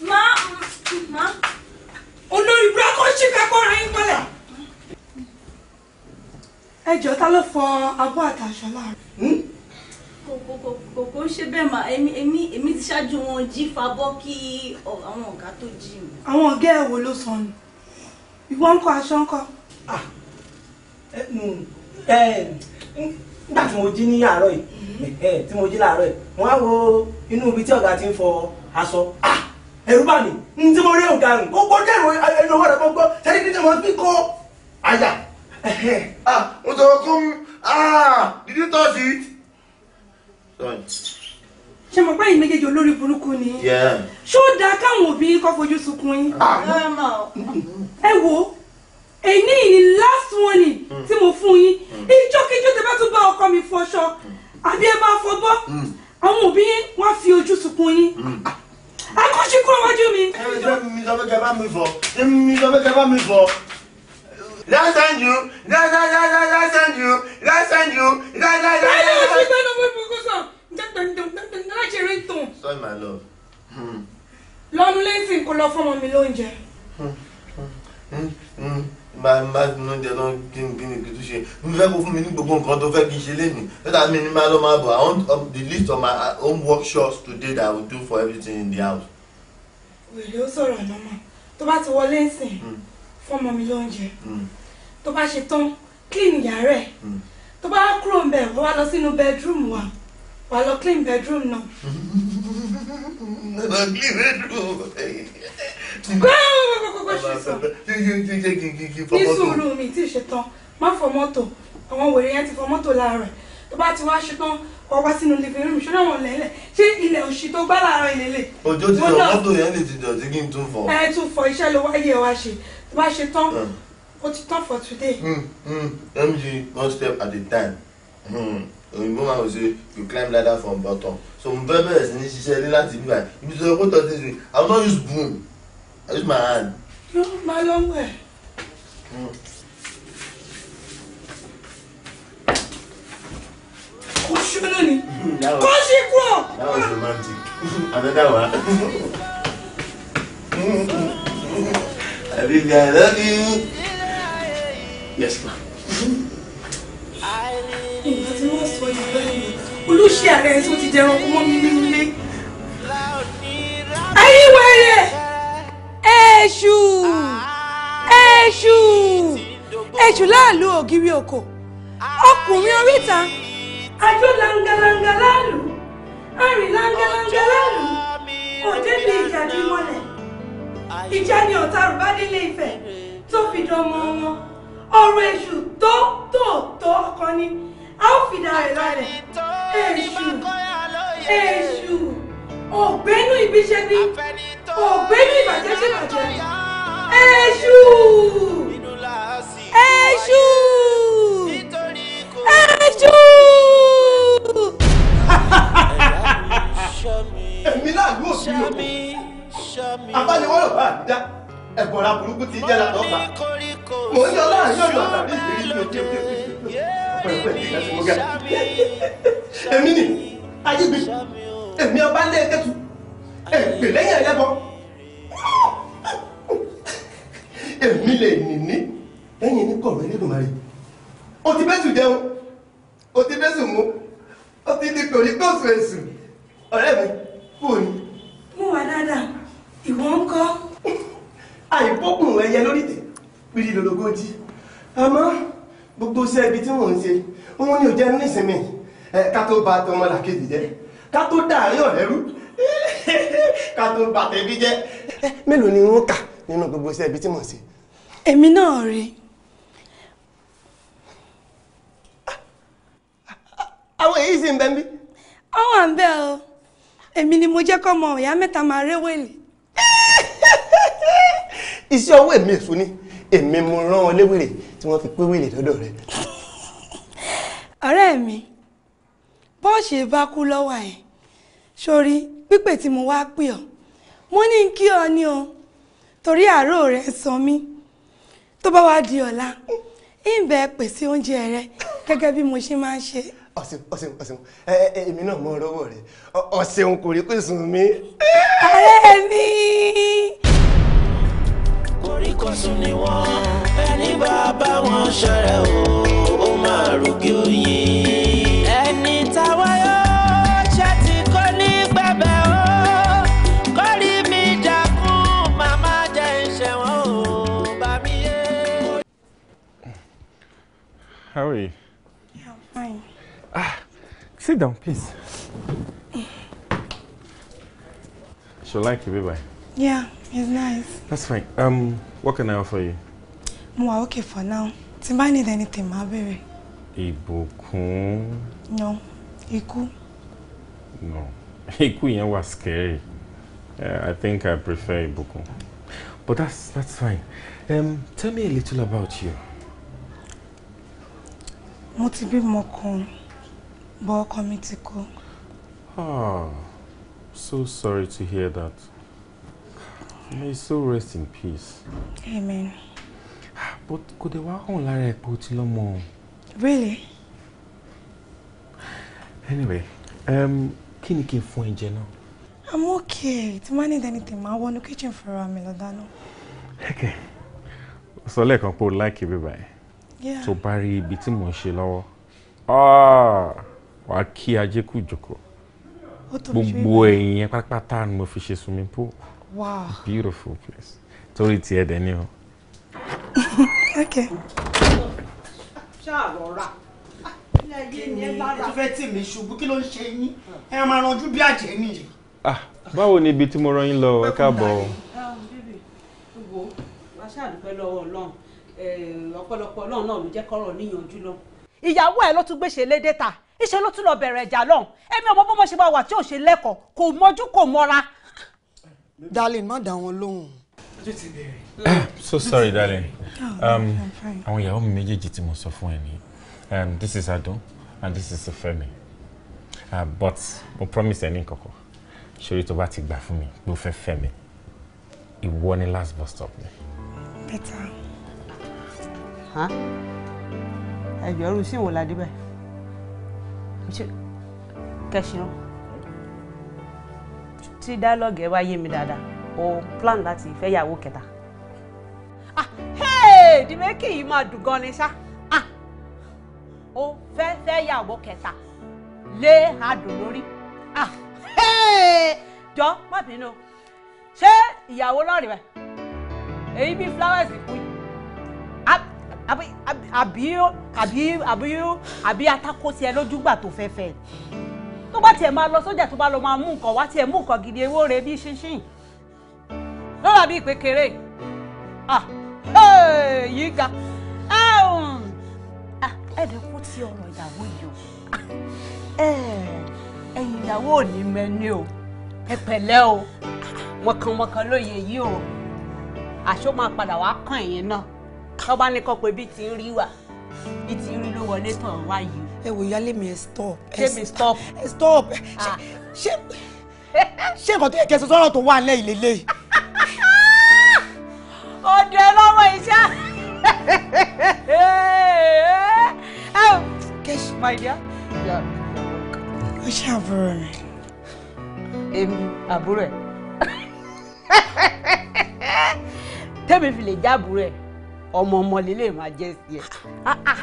má má. olórí burúkú ṣì fẹ́ kọ́ra yín mọ́lẹ̀. ẹ jọ ta ló fọ abọ́ àtàṣà láàrin. Hmm? kò kò ṣe bẹ́ẹ̀ mà èmi èmi èmi ti ṣáájú wọn jí fabọ́ kí àwọn ọ̀gá tó jí mi. àwọn ọ̀gá ẹ̀ wo ló sọnù ìwọ ń kọ aṣọ ń kọ. nígbà tí mo jí ní àárọ̀ yìí mm-hmm. tí mo jí láàárọ̀ yìí wọ́n á wo inú ibi tí ọ̀gá ti ń fọ aṣọ ẹ̀rú bá mi ní tí mo rí ọ̀gá rìn ó kọjá ìrò ẹni ọwọ́ rẹ̀ mọ́ gbọ́ sẹ́ni kí ni mo fi kọ́ àyà. mo sọ fún did you touch it. ṣe mọ̀ pé ẹ̀yin méjèèjì olórí burúkú ni ṣó dáa káwọn òbí kọ́ fojú sunkún yín. ẹ wo èyí ni last warning tí mo fún yín mm. ìjọ́kíjọ́ tẹ bá tún bá ọkọ mi fọṣọ àbí ẹ bá fọbọ́ mm. àwọn òbí wọn fi ojú sunkún yín. Mm akọ́ṣe kúrò wájú mi. mi sọ pé kẹ bá mi fọ mi sọ pé kẹ bá mi fọ. Let's send you, let's send you, let's send you, let's send you. Ayé ojú ìgbẹ́ náà wọ́n fi kó sàn, dandandandandan láti rí tùn. Sorry my love. Hmm. Lọ́nu lẹ́sìn kó lọ fọmọ mi lóúnjẹ. Hmm. Hmm máa máa nu oúnjẹ tó ń bí mi bí mi kì í tún ṣe mo fẹ́ kó fún mi ní gbogbo nǹkan tó fẹ́ kí n ṣe lénìí lẹ́tà mi ni máa lọ máa bọ̀ àwọn um, the list of my uh, own workshops today that I will do for everything in the house. wèrè ó sọ̀rọ̀ nọ́mà tó bá ti wọlé ńsìn hmm. fọ́mọ mi lóúnjẹ hmm. tó bá ṣe tán clean yàrá ẹ̀ hmm. tó bá kúrò ń bẹ̀ wọ́n wá lọ sínú bedroom wa wà lọ clean bedroom náà. lọ clean bedroom sọ̀tọ̀ yíyí yíyí jẹ́ gígí fọmọ́tò. ní sùúrù mi tí ì ṣetán má fọ mọ́tò àwọn wèrè yẹn ti fọ mọ́tò láàárọ̀ tó bá ti wá ṣetán wọ́n wá sínú living room ṣọ́nà wọn lẹ́lẹ̀ ṣé ilẹ̀ òṣì tó gbá láàárọ̀ ìlélẹ̀. òjò ti yọ mọ́tò yẹn lè ti dọ̀tí kí n tún fọ. ẹ tún fọ iṣẹ́ ló wáyé wa ṣe tó bá ṣe tán hmm. ó ti tán for today. Mm, mm. mg one step at a time. Mm òyìnbó máa ń you climb ladder from bottom so mo bẹ́ẹ̀ bẹ̀rẹ̀ sí ní ṣiṣẹ́ ilé láti bí báyìí ibi tí wọ́n kó tọ́jú sí i i don use broom i use my hand No, my long way. kò ṣúná ni kò ṣe kú that was romantic another one. I really I love you. Yes ma. Ìgbà tí wọ́n sọ yìí báyìí, olùṣí ààrẹ tó ti dẹran ọmọ mi nílé. Ayé wẹ̀rẹ̀ èṣù ah. èṣù èṣù láàlú ògiri oko ọkùnrin oríta àjọ langalanga láàlú àrìn langalanga láàlú òde bí ìjà di mọ́lẹ̀ ìjà ni ọ̀tá rúbá délé Ifẹ̀ tó fi dánmọ́ wọn ọ̀rọ̀ èṣù tó tó tó ọkàn ni a ó fìdá rẹ̀ lálẹ́ èṣù èṣù ògbénú ibiṣẹ́bí ògbé ní ìbàjẹ́ sí ìbàjẹ́ èṣù èṣù èṣù. èmi náà yóò fi òkú abániwọ́lọ̀ bá mi dá ẹ̀gbọ́nra burúkú ti jẹ́ làtọ́ bá mò ń yọ láàrin ọ̀nà àtàrí ìgbèríko pẹ̀lú ẹ̀ka tí mo ga èmi ni ayé mi èmi ọba lé ẹ̀kẹ́tù ẹ pè lẹ́yìn ẹlẹ́bọ èmi lè nìní lẹ́yìn ní kọ̀ọ̀rọ̀ Elédùmarè o ti bẹ́sù jẹun o ti bẹ́sù mu o ti di kò ní kó sùn èsù ọ̀rẹ́ mi kú ni. mo wà dáadáa ìwọ ń kọ́. àìbókùn ẹyẹ lórí tẹ pírí lologo jí àmọ́ gbogbo iṣẹ́ ibi tí mò ń ṣe òun ni ò jẹ́ nísìnyí ká tó bà tọmọ làkejì jẹ́ ká tó dàárín ọ̀rẹ́ ká tó bàtẹ́ bí jẹ́. mélòó ni wọ́n kà nínú gbogbo iṣẹ́ ibi tí mò ń ṣe. èmi náà rí. àwọn èyí sì ń bẹ mí. àwọn à ń bẹ o èmi ni mo jẹ́ kọ́ ọmọ ìyá mẹ́ta máa réwèlé. iṣẹ́ ọwọ́ èmi èso ni èmi mo rán ọ léwèrè tí wọ́n fi pé wèrè lọ́dọ̀ rẹ̀. ọ̀rẹ́ mi bọ́ọ̀ṣì bá kú lọ́wọ́ ẹ̀ sórí pípè tí mo wá pè ọ́ mo ní kí ọ ni o torí àárò rẹ san mí tó bá wá di ọ̀la ìbẹ̀ pèsè oúnjẹ rẹ gẹ́gẹ́ bí mo ṣe máa ń ṣe. ọ̀sìn ọ̀sìn ọ̀sìn èmi náà mọ ọ̀rọ̀ rẹ ọ̀sìn kò rí pèsùn mi. ààrẹ mi. kòríkòsùn ni wọn ẹni bá bá wọn ṣọ̀rẹ́ o ó máa rògbé oyin. How are you? Yeah, I'm fine. Ah, sit down, please. Eh. She'll like you, baby. Yeah, it's nice. That's fine. Um, what can I offer you? Mwa okay for now. Tí bá need anything, màá béèrè. Ìbùkún. No. Iku. No. Iku yẹn was scary. Yeah, I think I prefer Ìbùkún. But that's that's fine. Um, tell me a little about you mo ti bímọ kan bọ ọkọ mi ti kọ. ah so sorry to hear that may so rest in peace. amen. Ah, but kò dé wá hàn lára ẹ̀ pé o ti really. anyway um, kí ni kí n fún ẹ náà. i'm okay tí wọ́n need anything máa wọnú kitchen fúnra mi lọ dáná. okay sọ lẹ́ẹ̀kan pé o láìkì bíbá ẹ̀ tó bá rí ibi tí mò ń ṣe lọ́wọ́ ah, wàá kí ajé kù jòkó gbogbo ẹ̀yìn pátápátá ni mo fi ṣe swimming pool wow. beautiful place torí tiẹ̀ dẹ̀ ni o. okay. ṣáà lọ rà fẹ́ tì mí ṣubú kí ló ń ṣe yín ẹ máa ranjú bí ah, báwo ni ibi tí mo rán yín lọ ẹ káàbọ̀. bíbí Eh, ọ̀pọ̀lọpọ̀ Ọlọ́run náà ló jẹ́ kọ́rọ̀ níyànjú lọ. ìyàwó ẹ ló tún gbéṣe lédè ta iṣẹ́ ló tún lọ bẹ̀rẹ̀ ìjà lọ́hùn ẹ̀mí ọmọ bọ́mọ ṣe máa wà tí ò ṣe lẹ́kọ̀ọ́ kò mọ́jú kò mọ́ra. darling má dá wọn lóhùn. Eh, so sorry darling oh, um, àwọn ìyàwó mi méjèèjì tí mo sọ fún ẹ ní um, this is Adun and this is Fẹ́mi uh, but mo promise ẹ ní kọ̀kọ̀ ṣeré tó bá ti gbà fún mi ló fẹ́ fẹ́ mi ìwọ ni last bus stop mi. better ẹjọ́ ẹrú sí ìwò ládé báyìí tí dialogue ẹ wá yé mi dáadáa o plan láti fẹ́ yàwó kẹta. dìmẹ́kì ah, yìí máa dùn gan ni ṣá ah, o fẹ́ fẹ́ yàwó kẹta lé adùn lórí ah, jọ má bínú ṣé ìyàwó lọ́rìn rẹ̀ èyí bí flowers kú yìí àbí àbí àbí àbí àbí atakó tiẹ̀ lójúgbà tó fẹ́ fẹ́ tó bá tiẹ̀ máa lọ sójà tó bá lọ máa mú nǹkan wá tiẹ̀ mú nǹkan gidi ewó rẹ bí ṣinṣin lọ́la bíi pékeré yìí ga ẹ̀dùn kú ti ọ̀rọ̀ ìyàwó yìí o ẹ̀yìn ìyàwó ò ní mẹ́ni o ẹ pẹ̀lẹ́ o mọ̀kànmọ̀kàn lóye yìí o àṣọ máa padà wá kàn yín náà ká bá ní kọ́ pé bí ti ń rí wà bí ti ń rí ló wọlé tàn wá yìí. ẹ wò ìyá lèmi ẹ stop. ṣé mi stop. ẹ stop ah. ṣé ṣé nǹkan tó yẹ kẹsàn-án sọ̀rọ̀ tó wà lẹ́yìn lélẹ́yìí. ọ̀dọ̀ ẹ lọ́wọ́ iṣẹ́. kẹ́sì my dear. ó àbúrò rẹ̀. èmi àbúrò ẹ̀ tẹ́mi fi lè jábùrò ẹ̀ ọmọ ọmọ lílé máa jẹ́ sí ẹ. Ah, ah.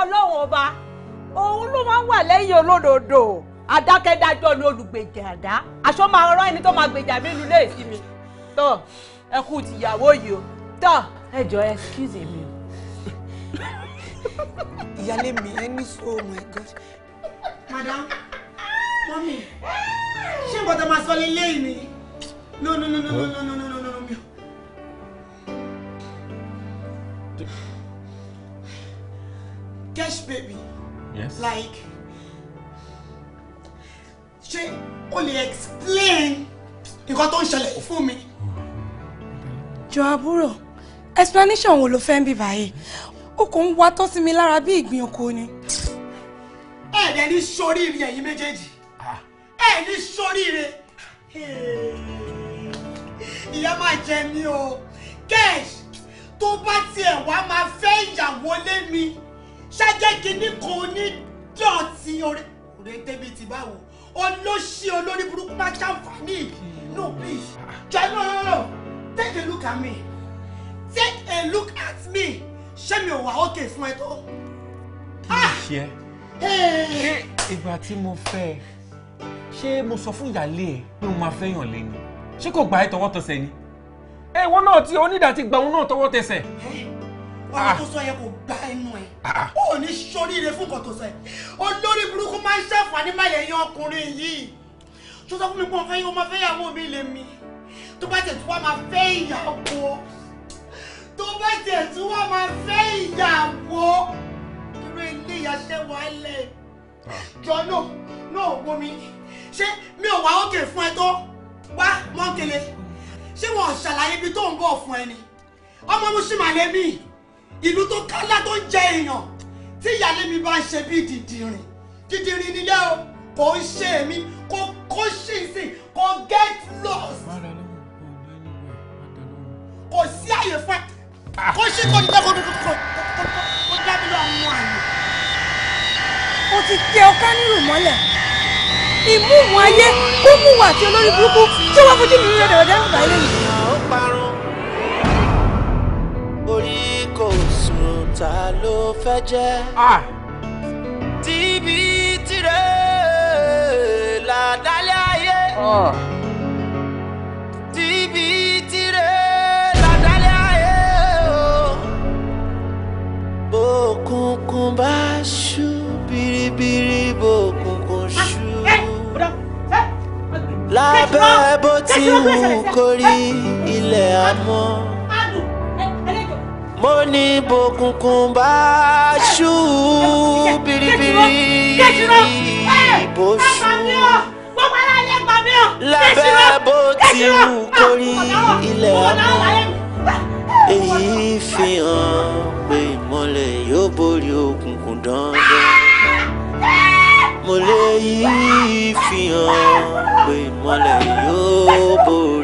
ọlọ́run ọba òun ló máa ń wà lẹ́yìn olódodo adákẹ́dájọ́ ni olùgbèjà àdá aṣọ máa rán ẹni tó máa gbèjà mí nínú ilé ìsinmi tó ẹ kú tìyàwó yìí o tó ẹ jọ excuse mi o. ìyáálé mi ẹ ní so oh my god. madam mọ́mí ṣé nǹkan tó máa sọ lélẹ́yìn ni no no no no no no no. Cash baby. Yes. Like, ṣé o lè explain nǹkan tó ń ṣẹlẹ̀ fún mi? Jọ àbúrò, explanation wo ló fẹ́ ń bì báyìí? O kò ń wa tán sí mi lára bí ìgbín oko ni. Ẹ̀ẹ́dẹ̀ ní sóríire ẹ̀yin méjèèjì. Ah. Ẹ̀ẹ́ ní sóríire. Ìyá máa jẹ mí o. Cash tó bá tiẹ̀ wá máa fẹ́ ìyàwó lé mi ṣáájẹ́ kínní kan onídọ̀tí ọ̀rẹ́ tẹ́bi ti báwo olóṣì olórí burúkú máa ṣàǹfààní no please jọ take a look at me take a look at me ṣé mi ò wà ókè fún ẹ tó. Ah! kì í ṣe ìgbà tí mo fẹ́ ṣé mo sọ fún ìyáálé ẹ pé mo máa fẹ́yàn lé ni ṣé kò gbà ẹ́ tọwọ́tẹsẹ̀ ni. ẹ ìwọ náà tí onídàá ti gba òun náà tọwọ́tẹsẹ̀. ọ̀rọ̀ ah! tó sọ yẹ kò gba ẹnu ẹ ó ah, ah. ní ṣoríire fún nǹkan tó olórí burúkú máa ń ṣàǹfààní máa yẹ yan ọkùnrin yìí tó sọ fún mi pé wọn fẹ́ yọ mi lè mi tó bá tẹ̀ tí wọ́n máa fẹ́ ìyàwó tó bá tẹ̀ tí wọ́n máa fẹ́ ìyàwó irú ilé ìyàṣẹ́wọ̀ alẹ́ ah. jọ náà náà wo mi ṣé mi ò wá òkè fún ẹ tó wá mọ́kele ṣé wọn ṣàlàyé ibi tó ń bọ̀ fún ẹ ni ọmọ mùsùlùmí àlẹ́ mi ìlú tó kálá tó ń jẹ èèyàn tí ìyáálé mi bá ń ṣe bíi dìdìrìn dìdìrìn nílé o kò ń ṣe èmi kò kó ṣì sí kò get lost kò sí àyè fún ẹ kò ṣe kò ní lọ́kọ̀ọ́ kò kò dábìlì àwọn àyè. o ti tẹ ọká nírù mọ́lẹ̀ ìmú ìwọ̀n ayé kó mú wà tí olórí burúkú tí wọ́n fojú mi rí rẹ̀ rẹ̀ dáhùn báyìí lẹ́yìn. orí ta ló fẹ́ jẹ́ tíbi tirẹ̀ làdálẹ́ ayé tíbi tirẹ̀ làdálẹ́ ayé òkùnkùn bá ṣú biribiri bòkùnkùn ah, ṣú eh, eh, lábẹ́ bó ti wù kórí ilẹ̀ àmọ́. Ah mo ní bòkùnkùn bá ṣú biribiri ìbò ṣú lábẹ́ bó ti wù kórí ilẹ̀ amọ̀ èyí fi hàn pé ìmọ̀lẹ̀ yóò borí òkùnkùn dandan mo lè yí fi hàn pé ìmọ̀lẹ̀ yóò borí.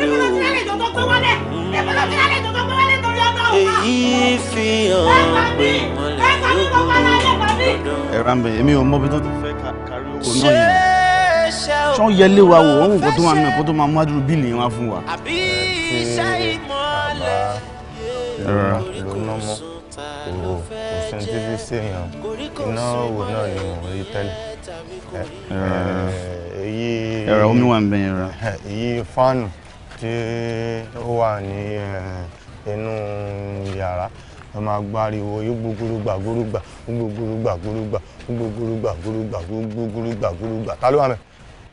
fi hàn pé mọ̀lẹ́ yóò gbọ́dọ̀. ẹ̀rọ àmì èmi ò mọ bí tó ti fẹ́ kárí owó náà yẹn. sọ yẹlé wa wò wọn kò tó máa mẹ kó tó máa mú àdúró yẹn wá fún wa. àbí iṣẹ́ ìmọ̀lẹ̀ yóò rí kò sùn wò òsùn títí sèèyàn iná wò náà ni mò rí tẹ́lẹ̀. Eh, eh, èyí ẹ̀rọ omi wà ń bẹ̀yẹn rà. èyí fáànù tí ó wà ní eh, inú yàrá ẹ máa gbáriwo gbúgbúrúgbà gbúrúgbà gbúgbúrúgbà gbúrúgbà gbúgbúrúgbà gbúrúgbà gbúgbúrúgbà gbúrúgbà ta ló wà mẹ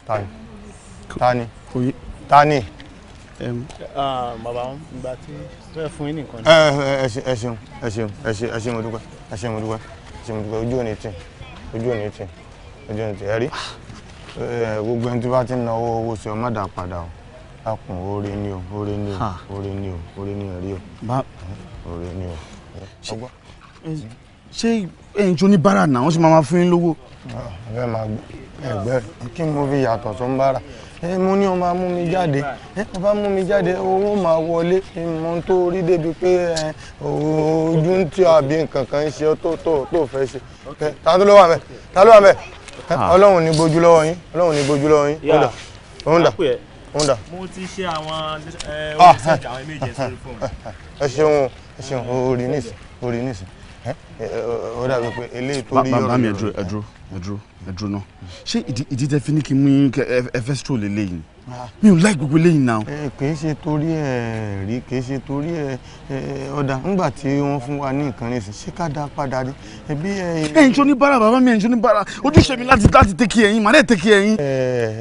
tani tani tani. bàbá wọn gba tí fẹ́ fún yín nìkan. ẹ ṣeun ẹ ṣeun ẹ ẹ ẹ ojú òní ojú òní ojú ọ akùn oore ni o oore ni o oore ni o oore ni ẹ̀rí o oore ni o. ṣé ẹ̀yin tó ní bára náà wọ́n sì máa fún yín lówó. Ah, ẹ máa ẹgbẹ́ kí mo fi yàtọ̀ tó ń bára mo ní ọmọ amú mi jáde ọba mú mi jáde owó máa wọlé ìmọ̀ tó rí débi pé ojú ń tí àbí nǹkan kan ń ṣe tó tó tó fẹ́ ṣe ta ló wà mẹ́ ta ló wà mẹ́ ọlọ́run ní bojú lọ́wọ́ yín ọlọ́run ní bojú lọ́wọ́ yín ó dà ó wúndà. mo ti ṣe àwọn eh, ah, oríṣiríṣi ah. àwọn méje sórí fóònù. ẹ ṣeun ẹ ṣeun orí nìsín orí nìsín ó dàbí pé eléyìí tó rí ọ̀rọ̀. bá mi ẹ dúró ẹ dúró ẹdùn náà ṣé ìdí tẹ fi ní kí n mú yín ẹfẹ stroll lélẹyìn mi ò láì gbogbo lẹ́yìn náà. ẹ kì í ṣe torí ẹ rí kì í ṣe torí ẹ ọ̀dà ńgbà tí wọ́n fún wa ní nǹkan nísìn ṣé ká dá padà rí ẹbí ẹ. ẹ ǹjọ́ ní bára bàbá mi ẹ ǹjọ́ ní bára ojúṣe mi láti láti tẹ́kì ẹ̀yìn màá dẹ̀ tẹ́kì ẹ̀yìn. ẹ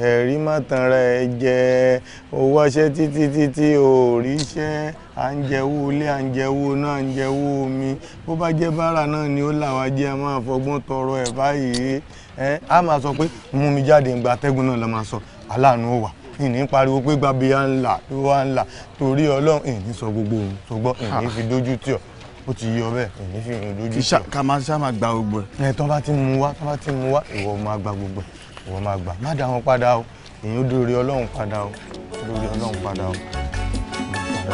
ẹ rí má tan ra ẹ jẹ owó ọṣẹ títí títí ò rí iṣẹ́ à ń jẹwó ilé à ń jẹwó náà à ń jẹwó omi bó bá jẹ bára náà ni ó làwájẹ máa fọgbọ́n tọrọ ẹ̀ báyìí a máa sọ pé mú mi jáde ìgbà atẹ́gùn náà la máa sọ aláàánú ó wà ìní pariwo pé gbàbíyá ńlá ló wá ńlá torí ọlọ́run ìní sọ gbogbo òun ṣùgbọ́n ìní fi dójú tì ọ́ ó ti yọ bẹ́ẹ̀ èmi fi hàn lójú ìṣá ká máa ṣá máa gba gbogbo ẹ̀. ẹ tán bá ti mú wá tán bá ti mú wá ìwọ máa gba gbogbo ẹ̀ ìwọ máa gbà má dá wọn padà o èyí ó dórí ọlọ́run padà o dórí ọlọ́run padà o.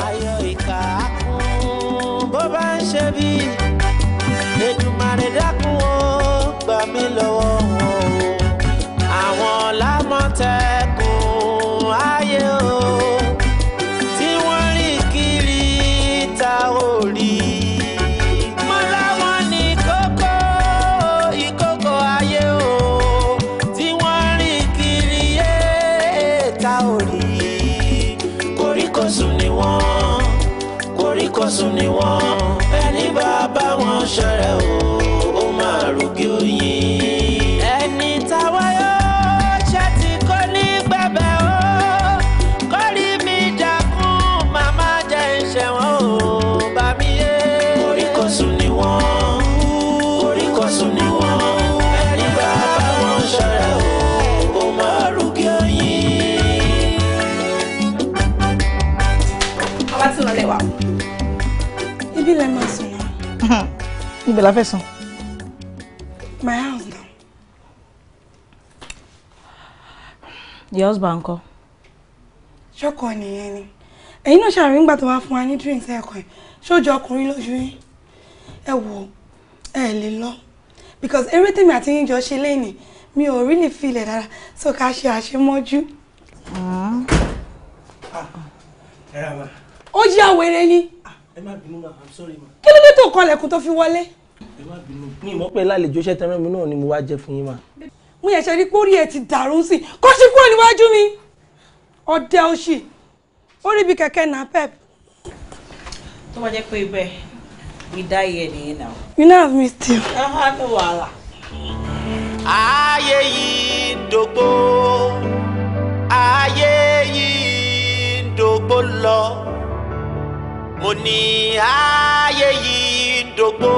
ayọ̀ ìkà kún bó bá ń ṣe bíi. Èdùmàrè dákun ó gbà mí lọ́wọ́ wọn o o tí wọ́n rí kiri ta ò rí. Mo láwọn ní kókó ìkókó ayé o tí wọ́n rí kiri yé ta ni wọ́n. níbẹ̀ la fẹ́ san. my house now. your husband ńkọ́. ṣọ́kọ nìyẹn ni ẹ̀yin náà ṣàròyìn gbà tó wá fún wa ní drinks ẹ̀kọ́ ẹ̀ ṣójú ọkùnrin lójú yín ẹ wò ẹ lè lọ because everything mi àti yín jọ ṣe lẹ́yìn mi ò really feel ẹ̀ dára so ká ṣe àṣemọ́jú. Mm-hmm. Ah, ó jí àwẹ̀rẹ̀ ni i'm sorry ma. kí ló dé tó kọlẹ̀kùn tó fi wọlé. ẹ má bínú mi ìmọ̀ pé lálejò iṣẹ́ tẹ́rán mi náà ni mo wá jẹ́ fún yín ma. mo yẹ̀ ṣe rí pórí ẹ̀ ti dàrú sí i kó ṣe kúrò níwájú mi ọ̀dẹ òṣì ó rí ibi kẹ̀kẹ́ náà pep. tó bá jẹ́ pé bẹ́ẹ̀ ìdá yẹ nìyẹn náà. you know i've missed you. no wàhálà. ayé yìí dògbò ayé yìí dògbò lọ mo ní ayé yìí dògbò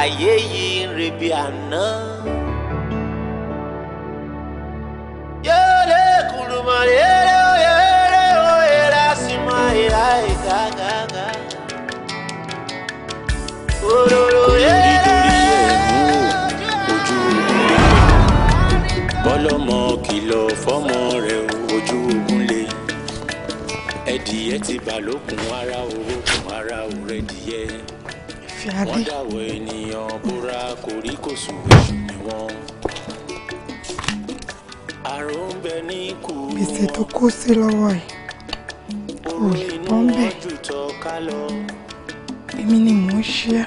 ayé yìí ń rebi àná. yéèlé kùrùmọ̀ yéèlé yéèlé òyèrè àsìmọ̀ ìhà ìgàgàgà. òróró yéèlé. bọ́lọ́mọ kìlọ̀ fọ́mọ rẹ̀ ojú ogun ẹdìyẹ ti balógun ara orókùn ara òrẹ́ dìyẹ wọ́n dàwọ̀ ènìyàn bóra kòríkòsù èṣù ni wọ́n. gbèsè tó kó sí lọ́wọ́ ẹ̀ kò lè bọ́ ń bẹ̀. èmi ni mò ń ṣe é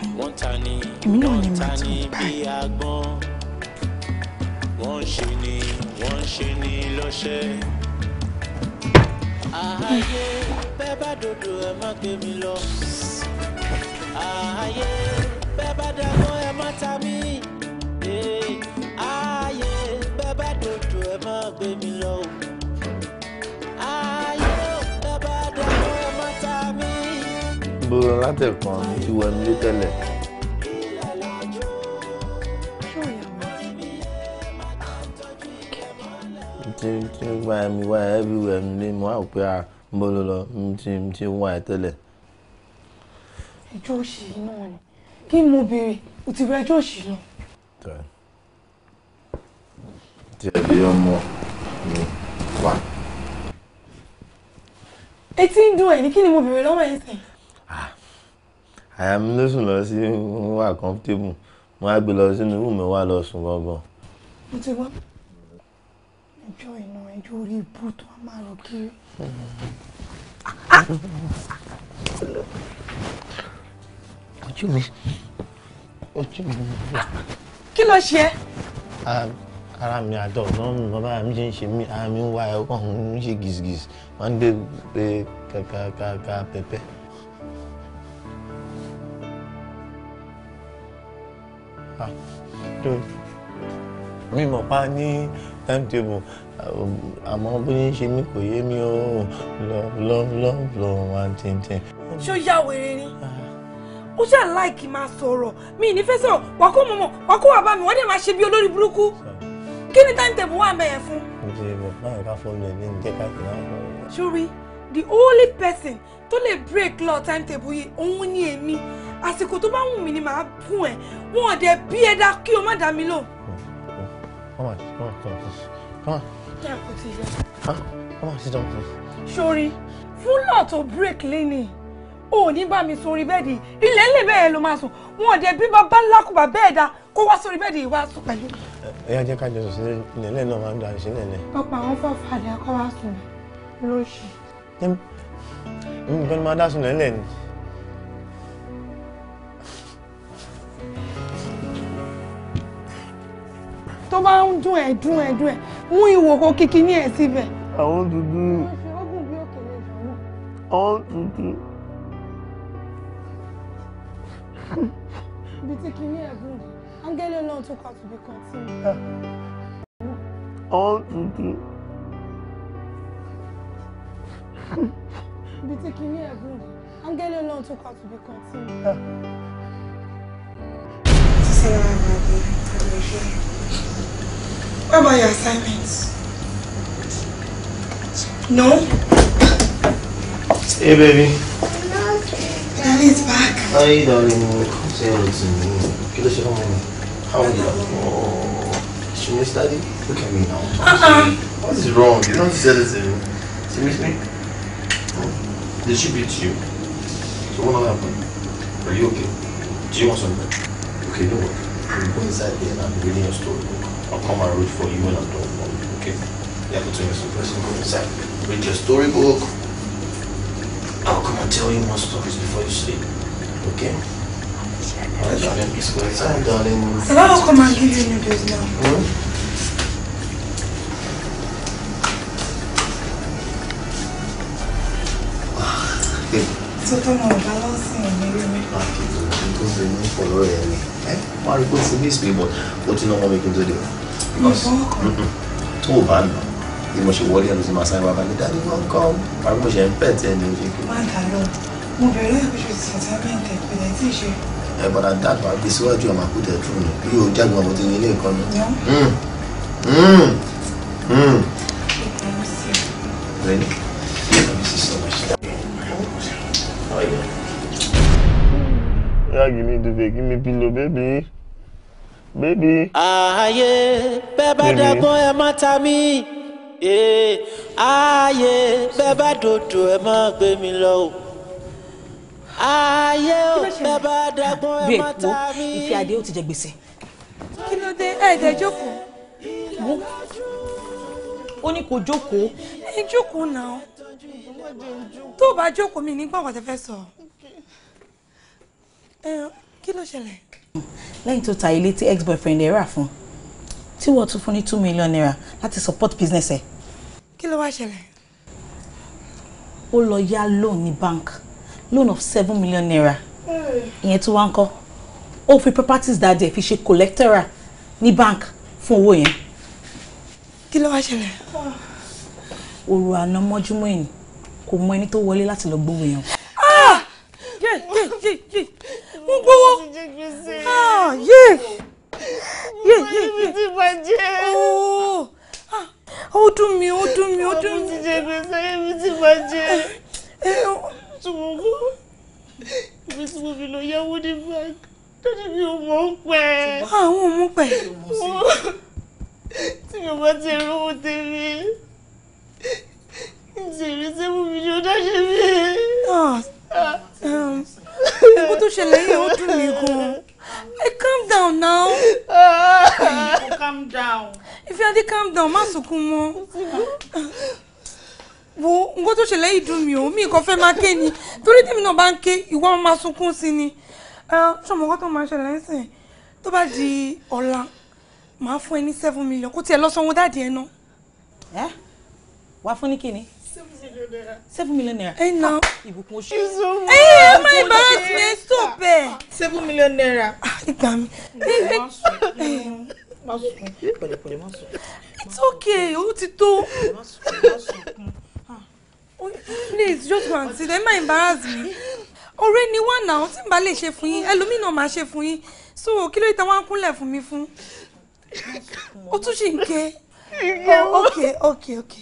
èmi náà ni màá tún gbà ẹ́. wọ́n ṣe ni wọ́n ṣe ni lọ́ṣẹ́ ààyè bẹ́ẹ̀ bá dòdò ẹ má gbé mi lọ. ààyè bẹ́ẹ̀ bá dàgbọ́ ẹ má ta mí. ààyè bẹ́ẹ̀ bá dòdò ẹ má gbé mi lọ. ààyè bẹ́ẹ̀ bá dàgbọ́ ẹ má ta mí. gbogbo látẹ̀kàn ti wọ ẹnu lé tí tí ń wá mi wá everywhere nílé mo á pé a ń bọ́ ló lọ tí tí ń wá ẹ tẹ́lẹ̀. ẹjọ́ òṣì náà ni kí mo béèrè o ti rẹ ẹjọ́ òṣì náà. tí ẹ bí ọmọ mi wá. etí ń dùn ẹ̀ ní kí ni mo béèrè lọ́wọ́ ẹ̀ sìn. Ah, àyà mi ló sùn lọ sí wà comfortable mo á gbé lọ sínú rúùmù wa lọ sùn gbọ̀ngàn. mo ti wá ẹjọ́ iná ẹjọ́ orí ibú tó a máa rọ kiri. ojú mi ojú mi. kí ló ṣe é. ara mi àtọ̀ náà mi bàbá mi ṣe ń ṣe mí ara mi ń wá ẹ̀ ọ̀hún ń ṣe gìsìgìsì máa ń gbé pé kàkàkà pẹ́pẹ́. Ah, dude mi mọ̀ pa ní timetable àmọ́ bó ṣe ń ṣe mí kò yé mi ó love love love love one ten ten. ṣó yá wèrè ni ó ṣáà láìkì máa sọ̀rọ̀ mi ní fẹ́ sọ̀rọ̀ wà kó mọ̀mọ́ wà kó wà bá mi wọ́n dẹ̀ máa ṣe bí olórí burúkú kí ni timetable wà mẹ́yẹn fún. ǹjẹ́ ìbọn náà ká fọ́ mi ní ǹjẹ́ káàkiri náà fọ́ the only person tó lè break law timetable yìí òun ni èmi àsìkò tó bá wù mí ni màá fún ẹ wọn ò bí ẹ dá kí o má dá mi lò. Come on, come on, come on, come on. Come on. Huh? Come on, sit down, please. Sorry, fúnlọ̀ tó break Lenny. Oh, ní bá sorry, sórí bẹ́ẹ̀dì ilẹ̀ ńlẹ̀ bẹ́ẹ̀ ló máa sùn wọn ò dẹ̀ bí bàbá ńlá kù bàbá ẹ̀ dá kó wá sórí bẹ́ẹ̀dì ìwà sùn pẹ̀lú. ẹ yá jẹ́ ká jọ sùn sílẹ̀ ilẹ̀ ńlẹ̀ náà máa ń da ìṣe lẹ́lẹ̀. ọ̀pọ̀ àwọn fọ́fà àdá kọ́ wá sùn lóṣì. nǹkan máa dá sùn lẹ́lẹ̀ ni. tó bá ń dún ẹ̀ dún ẹ̀ dún ẹ̀ mú ìwòkó kíkí ní ẹ̀ síbẹ̀. àwọn dúdú àwọn dúdú. ibi tí kìíní ẹ̀bùn áńgẹ́lì ọlọ́run tó kọ́ àtúbí kan tí. Ah. àwọn dúdú. ibi tí kìíní ẹ̀bùn áńgẹ́lì ọlọ́run kọ́ àtúbí kan tí. sinimá máa dé. What about your assignments? No? Hey, baby. Daddy's back. Hi, darling. Come say hello to me. Kilo siya kung how are you? Oh, she miss daddy? Look at me now. Uh-uh. What is wrong? You don't say this to me. Seriously? Did she beat you? So what happened? Are you okay? Do you want something? Okay, don't worry. you go inside there and reading your story. I'll come and read for you when I'm done. Okay? Yeah, go to your person, go inside. Read your storybook. I'll come and tell you more stories before you sleep. Okay? Alright, darling. Please go inside, darling. So I will come and give you noodles now. Hmm? Tó tó mọ̀ bá lọ́sìn ìrírí mi. Àkìtì tó ṣe ní ìfọ̀lọ́ rẹ̀ ni wọ́n á rí pé fún bíìsì pé bọ̀ ó ti náwó mi kí n tó dé o. tó o bá nà bí mo ṣe wọlé ẹnu sí máa sáré wá bá mi dáadé wọn kọ́ àbí mo ṣe ń pẹ̀ tẹ́ ní oṣù kí. má dà lọ mo bẹ̀rẹ̀ láì fi ṣe sàtámẹ́ǹtì ìpìlẹ̀ tí ì ṣe. ẹ bọ̀dà dàgbà gbé síwájú ọmọ àkútẹ̀ dùn ní bí yóò jágbọ́n mo ti ní ilé ìkọ́ni. Mm. Mm. Mm. Really? Yeah, give me duvet, give me pillow, baby. Baby. Ah yeah, bá dàgbọ́n ẹ má ta mí. Eh, Ayé, bẹ́ẹ̀ bá dòdò ẹ do gbé mi lọ o. Ayé, Ah yeah, dàgbọ́n ẹ má ta mí. Bí me. ìfẹ́ adé ó ti jẹ gbèsè. Kí ló dé? Ẹ̀ẹ́dẹ̀ jókòó. Wo? Ó ní kò jókòó. Ẹ jókòó náà. Tó o bá jókòó mi nígbà wọ́n ti fẹ́ sọ̀rọ̀ kí ló ṣẹlẹ̀. lẹ́yìn tó ta ilé tí ex boyfriend ẹ̀ rà fún tí wọ́n tún fún ní two million naira láti support business ẹ̀. kí ló wá ṣẹlẹ̀. ó lọ yá loan ní bank loan of seven million naira ìyẹn tó wá ń kọ́ ó fi properties dáadé fi ṣe collectora ní bank fún owó yẹn. kí ló wá ṣẹlẹ̀. òru àná mọ́júmọ́ ẹ̀yìn kò mọ ẹni tó wọlé láti lọ gbówó yẹn. ah! Yeah, yeah, yeah, yeah mo gbowó ah yé yé yé yé ti bàjẹ́ oh. ah, ó dùn mí ó dùn mí ó dùn mí. mo ti jẹ gbèsè mi ti bàjẹ́ tùmùkú eh, eh, oh. ibi tí mo fi lọ yẹwò ní bank tọ́jú mi ò mọ̀ ń Ah, àwọn ò mọ̀ pẹ́. tí mo bá ti rówó tèmi ìṣèlú sẹ́mu mi ni ó dá ṣe mí nǹkan tó ṣẹlẹ̀ yìí ó dùn mí gan ẹ calm down now. calm down. Ifeadi calm down má sunkún mọ́ wo nǹkan tó ṣẹlẹ̀ yìí dùn mí o mi kò fẹ́ máa ké ni torí tèmi náà bá ń ké ìwọ máa sunkún sí ni ah, ṣọmọ nǹkan tó máa ṣẹlẹ̀ ẹ̀sìn tó bá di ọ̀la màá fún ẹ ní seven million kó tiẹ̀ lọ sanwó dáàdi ẹ náà. ẹ wàá fún ní kíni seven millionaire. naira. ẹ na ah, ìbùkún oṣù. ìṣòro ẹ má ìbára ti lè stop ẹ. Ah, ah. seven millionaire. Ah, ìgbà mi. má sùn it's okay ó ti tó. please just one thing ẹ má embarrass me. ọ̀rẹ́ ni wọ́n náà tí n bá lè not fún yín so kí ló dé táwọn akúnlẹ̀ fún mi fún. ó tún ṣì ń ké. ok ok ok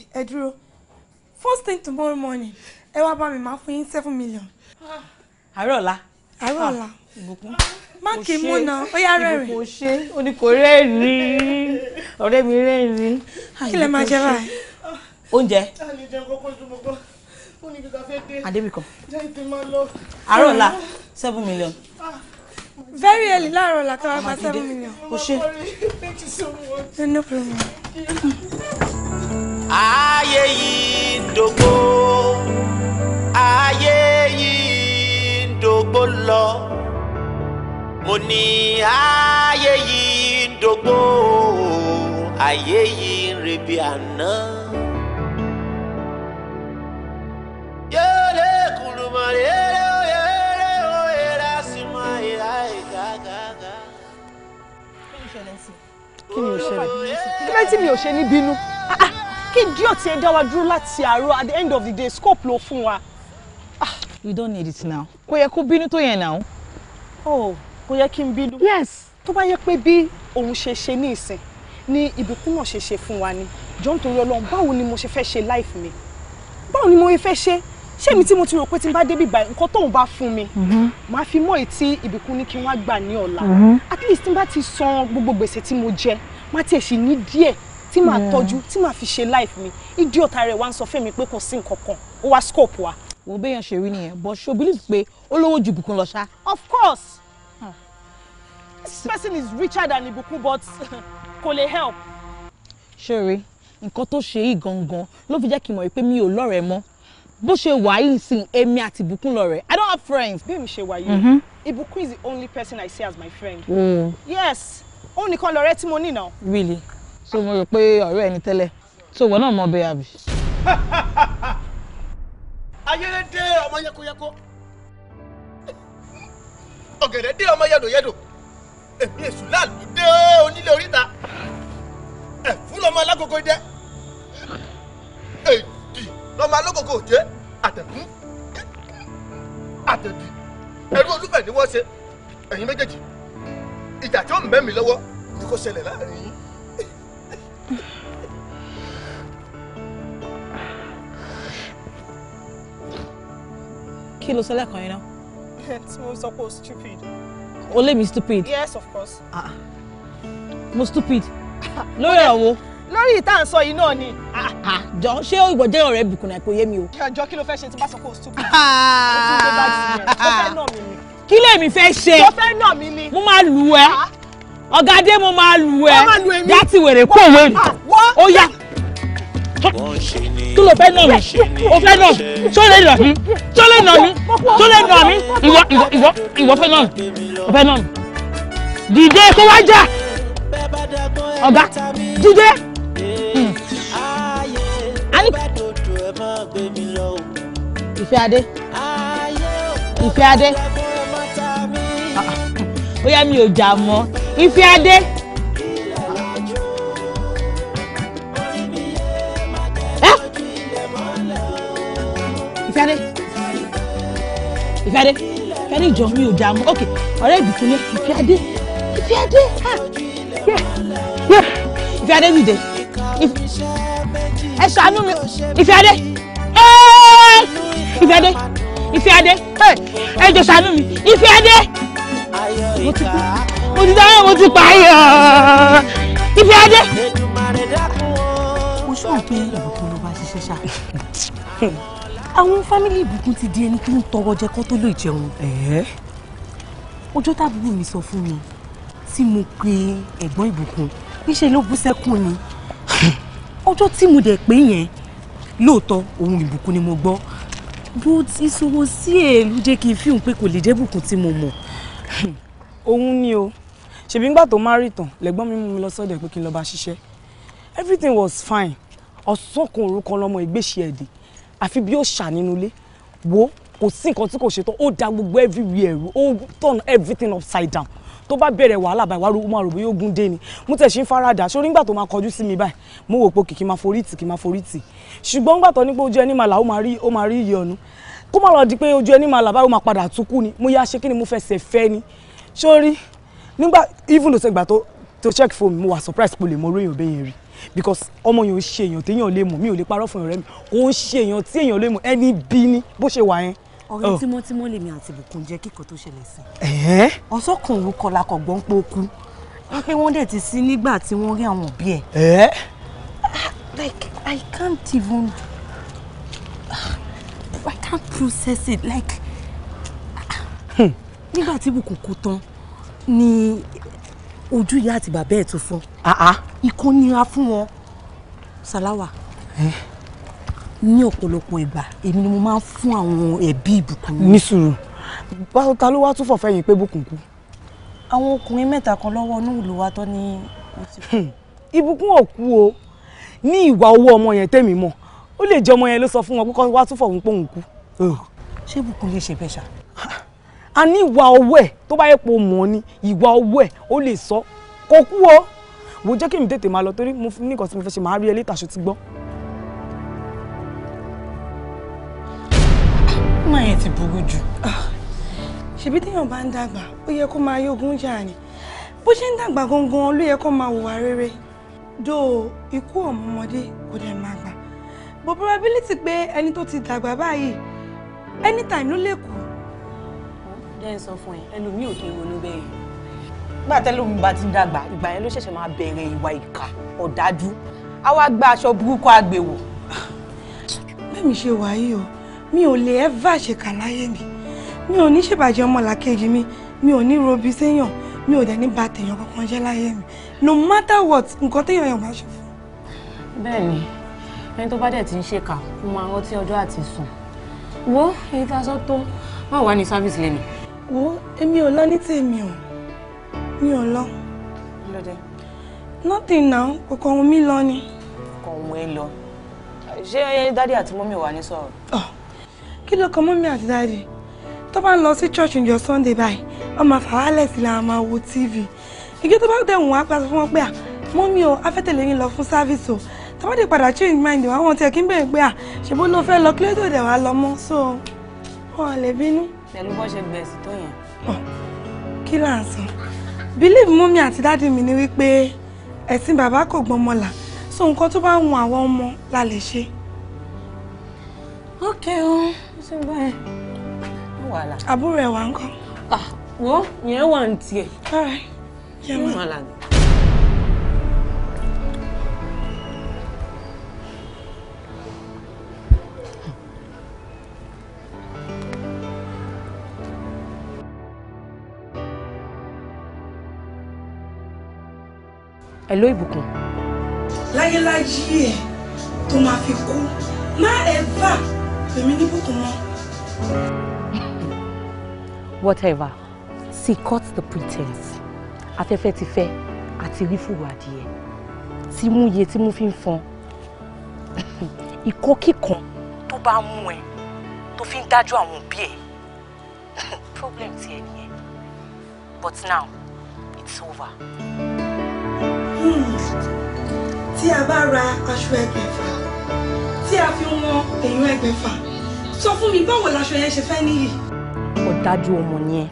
first thing tomorrow morning ẹ wá bá mi máa fún yín seven million. àárọ̀ ọ̀la. àárọ̀ ah, ọ̀la. ìbùkún máàkì múná ó yá rẹ́rìn. ìbùkún ṣe ó ní kò rẹ́rìn ọ̀rẹ́ mi rẹ́rìn. Ah, kí lè máa jẹ báyìí. oúnjẹ. adébíkọ. àárọ̀ ọ̀la seven million ah. very early láàárọ̀ la ká seven million. o ṣe. no problem ayé yìí dògbò ayé yìí dògbò lọ mo ní ayé yìí dògbò ayé yìí rebi àná. yẹ́lẹ́ kùrùmọ̀ yẹ́lẹ́. kí ni o ṣe rẹ kí lẹ́yìn tí mi ò ṣe ní bínú ah, ah kí idiot yẹn dá wa dúró láti àárọ̀ at the end of the day scope ló fún wa. Ah. you don't need it now kò yẹ kó bínú tó yẹn náà. oh kò yẹ kí n bínú. yes tó bá yẹ pé bí òun ṣe ṣe ní ìsìn ni ìbùkún náà ṣe ṣe fún wa ni jọ nítorí Ọlọ́run báwo ni mo ṣe fẹ́ ṣe life mi báwo ni mo fẹ́ ṣe ṣé mi tí mo ti rò pé tí n bá débi ìgbà nǹkan tóun bá fún mi mm-hmm. màá fi mọ èyí tí ìbùkún ní kí n wá gbà ní ọ̀la mm-hmm. at least tí n bá ti san gbogbo gbèsè tí mo jẹ má tiẹ̀ sì ní díẹ̀ tí màá tọ́jú tí màá fi ṣe life mi idiot rẹ̀ wá ń sọ fún mi pé kò sí nǹkan ó wá scope wa. wo béèyàn ṣe rí nìyẹn but ṣo believe pé ó lówó ju Ìbùkún lọ ṣá. of course hmm. this person is richer than Ìbùkún but kò lè help. ṣeré nǹkan tó ṣe yìí gangan ló fi jẹ́ kí n mọ̀ pé mi ò lọ́rẹ̀ẹ́ mọ́ bó ṣe wà yìí sìn èmi àti Ìbùkún lọ́rẹ̀ẹ́ i don't have friends. bí mi ṣe wà yìí mm-hmm. Ìbùkún is the only person i see as my friend. Mm. yes òun nìkan lọ́rẹ́ tí mo ní náà. really so mo rò pé ọ̀rẹ́ ẹni tẹ́lẹ̀ so wọn náà mọ bẹ́ẹ̀ àbí. ayédèdè ọmọ yẹkoyẹko ọ̀gẹ̀dẹ̀ dé ọmọ yẹdòyẹdò èmi èṣù láàlú dé onílé oríta ẹ̀fún lọ́mọ alágogo dẹ́ èdì lọ́mọ alágogo òjé àtẹ̀kún àtẹ̀dì ẹrú olúfẹ̀ ni wọ́n ṣe ẹ̀yin méjèèjì ìjà tí ó mẹ́mi lọ́wọ́ ni kò ṣẹlẹ̀ láàrin yín. kí ló sọ lẹ́ẹ̀kan yẹn náà. tí mo sọ pé stupid. o lè mi stupid. yes of course. Ah. mo stupid. lórí ọ̀rọ̀ wo. lórí ìta à ń sọ yìí náà ni. Ah, ah, jọ ṣé ìwọ jẹ́ ọ̀rẹ́ Bùkún náà kò yé mi o. jọ kí ló fẹ́ ṣe tí bá sọ pé o stupid. o tún gbé bá ti yẹn o fẹ́ nà mí ni. kí lèmi fẹ́ ṣe. o fẹ́ nà mí ni. mo máa lù ẹ́ ah. ọ̀gá dé mo máa lù ẹ́ dátì wèrè kó mi ó yá kí ló fẹ́ nà mí o fẹ́ nà tó lè nà mí tó lè nà mí tó lè nà mí ìwọ ìwọ ìwọ ìwọ fẹ́ nà mí o fẹ́ nà mí dìde kó wá jà ọ̀gá dìde. Hmm. ìfẹ́ adé ìfẹ́ adé ah, ah. ó yá mi ò jà mọ́ ìfẹ́ adé. ìfẹ́rẹ́ ìfẹ́rẹ́ ìfẹ́rẹ́ ìjọ mi ò já mọ́ ok ọ̀rẹ́ ìbùkúnlé ìfẹ́adé ìfẹ́adé ìfẹ́adé dìde ẹ ṣàánú mi ìfẹ́adé ìfẹ́adé ìfẹ́adé ẹ jọ ṣàánú mi ìfẹ́adé mo ti mo ti dáhùn mo ti pààyàn ìfẹ́adé. mo ṣùgbọ́n pé ìbùkún ló bá ṣiṣẹ́ ṣáà. àwọn fámìlì ìbùkún ti di ẹni tó ń tọrọ jẹ kó tó lè jẹun. ọjọ́ tábùbù mi sọ fún mi tí mo pe ẹ̀gbọ́n ìbùkún níṣẹ́ ló bú sẹ́kún ni ọjọ́ tí mo dẹ̀ pé yẹn lóòótọ́ ohun ìbùkún ni mo gbọ́ bó ti sọ̀rọ̀ sí èèlú jẹ́ kí n fíhùn pé kò lè débùkún tí mo mọ̀. òun ni o ṣèbí ńgbà tó má rí tàn lẹ́gbọ́n mi mú mi lọ sọ́dọ̀ pé kí n lọ bá ṣiṣẹ́ everything was fine ọ̀sán kan òru kan lọmọ ìgbésí ẹ̀dẹ̀ àfi bí ó ṣà nínú ilé wo kò sí nǹkan tí kò ṣe tán ó da gbogbo everywhere rú ó turn everything upside down tó bá bẹ̀rẹ̀ wàhálà báyìí wàá máa rò bóyá ogun dé ni mo tẹ̀ ṣe ń faradà sórí ńgbà tó máa kọjú sí mi báyìí mo wò pé kìkì máa forí tì kì máa forí tì ṣùgbọ́n ńgbà tó ní pé ojú ẹni màlà ó máa rí ó máa rí iye ọ̀nu kó má lọ di pé ojú ẹni màlà báyìí ó máa padà tún kú ni mo yá ṣe kí ni mo fẹsẹ̀ fẹ́ ni sórí nígbà even though ṣe gbà tó check phone mi mo wà surprise pé o lè mọ orí èèyàn bẹ́yẹn rí because ọmọ yẹn ò ṣe èèyàn téèyàn lè mọ̀ mi ò lè parọ́ fún ọ̀rẹ́ mi ò ń ṣe èèyàn tí èèyàn lè mọ̀ ẹni bí ni bó ṣe wà yẹn. ọ̀rẹ́ oh. tímọ́tímọ́ lèmi àti ìbùkún jẹ́ kíkọ́ tó ṣẹlẹ̀ sí i. ọ̀sán kan òru kọlà kọ̀ gbọ́n pé ó kú pé wọ́n dẹ̀ ti sí nígbà tí wọ́n rí àwọn òbí ẹ̀. Ah, like I can't even ah, I can't process it like ah, hmm. nígbà tí ìbùkún kú tán ni ojú ìyá àti bàbá ẹ̀ tó fún ah, ah. ikú nira fún wọn sàláwà ní ọ̀pọ̀lọpọ̀ ìgbà èmi ni mo máa ń fún àwọn ẹbí ìbùkún. ní sùúrù báwo ta ló wá tún fọ̀fẹ́ yìí pé bùkún kú. àwọn ọkùnrin mẹ́ta kan lọ́wọ́ inú ìlú wa tán ni. Hmm. ìbùkún ò o ní ìwà owó ọmọ yẹn tẹ̀mí mọ́ ó lè jẹ́ ọmọ yẹn ló sọ fún wọn pé kó wá tún fọ̀hún pòun kú. ṣé bùkún lè ṣe bẹ́ẹ̀ a ní ìwà ọwọ́ ẹ̀ tó bá yẹ pé o mọ̀ ọ́ ni ìwà ọwọ́ ẹ̀ ó lè sọ kò kú o wò jẹ́ kí n tètè máa lọ torí mo ní nǹkan tí mo fẹ́ ṣe máa rí ẹ létà ṣó ti gbọ́. máa yẹn ti burú jù. Ah, ṣèbí téèyàn bá ń dàgbà ó yẹ kó máa yógun jà bó ṣe ń dàgbà gangan ló yẹ kó máa hùwà rere dó ikú ọmọdé kò dẹ̀ máa gbà bó probability pé ẹni tó ti dàgbà báyìí anytime ló lè kú jẹ́ ń sọ fún ẹ ẹnu mi ò kí n ronú bẹ́ẹ̀ yìí. nígbà tẹ́lẹ̀ mi bá ti dàgbà ìgbà yẹn ló ṣẹ̀ṣẹ̀ máa bẹ̀rẹ̀ ìwà ìkà ọ̀dájú á wá gba aṣọ burúkú àgbèwò. bẹ́ẹ̀ mi ṣe wà o mi ò lè ẹ́fà ṣèkà láyé mi mi ò ní ṣèbàjẹ́ ọmọlàkejì mi mi ò ní robi séèyàn mi ò dẹ̀ ní ba tèèyàn kankan jẹ́ láyé mi no matter what nǹkan téèyàn yàn bá ṣe fún. bẹ́ẹ̀ ni ẹni tó bá dẹ̀ ti ń ṣèkà mo máa rántí ọjọ́ àti sùn wo èyí tá a sọ tó má wà ní sáfíìsì lẹ́nu wo èmi ò lọ ní tèmi o mi ò lọ. lóde. nothing now kòkò ohun mi lọ ni. kòkò ohun ẹ lọ ṣé dádì àti mọ́mí wà ní sọ̀rọ̀. Ah. kí ló kọ mọ́mí àti dádì tó bá ń lọ sí church ìjọ sunday báyìí wọ́n máa fàwálẹ̀ sí làwọn máa wo tv ìgbé tó bá dẹ̀ wọ́n á pa sọ fún wọn pé à ah, mọ́mí o afẹ́tẹ̀lẹ́ yín lọ fún service o tó bá dé padà change mind wọn àwọn tí ẹ kí ń bẹ̀rẹ̀ pé à ah, ṣèbó ló fẹ́ lọ kí ló wa lọ mọ́ so wọn lè bínú pẹ̀lú bó ṣe gbẹ̀sì tó yẹn. Ah, kí là ń sọ bílíìfù mọ́mí àti dáàdì mi ni wípé ẹ̀sìn bàbá kò gbọ́mọ là so nǹkan tó bá ń wọn àwọn ọmọ la lè ṣe. ókè o ṣe báyìí wàhálà. àbúrò ẹ̀ wà ń kọ́. Ah, wo yẹn wà ń tiẹ̀. yẹn wà. ẹ ló ìbùkún. láyéláyé ẹ tó máa fi kú má ẹ bá èmi níbùkún mọ́. whatever see cut the pretense afẹ́fẹ́ ti fẹ́ àti rí fùwà adìẹ tí mú iye tí mú fi ń fọn ìkó kíkan tó bá mú ẹ tó fi ń dájú àwọn òbí ẹ problem ti ẹ nìyẹn but now it's over tí a bá ra aṣọ ẹgbẹ̀fà tí a fi wọn èèyàn ẹgbẹ̀fà sọ fún mi báwo laṣọ yẹn ṣe fẹ́ níyì. ọ̀dájú ọmọ yẹn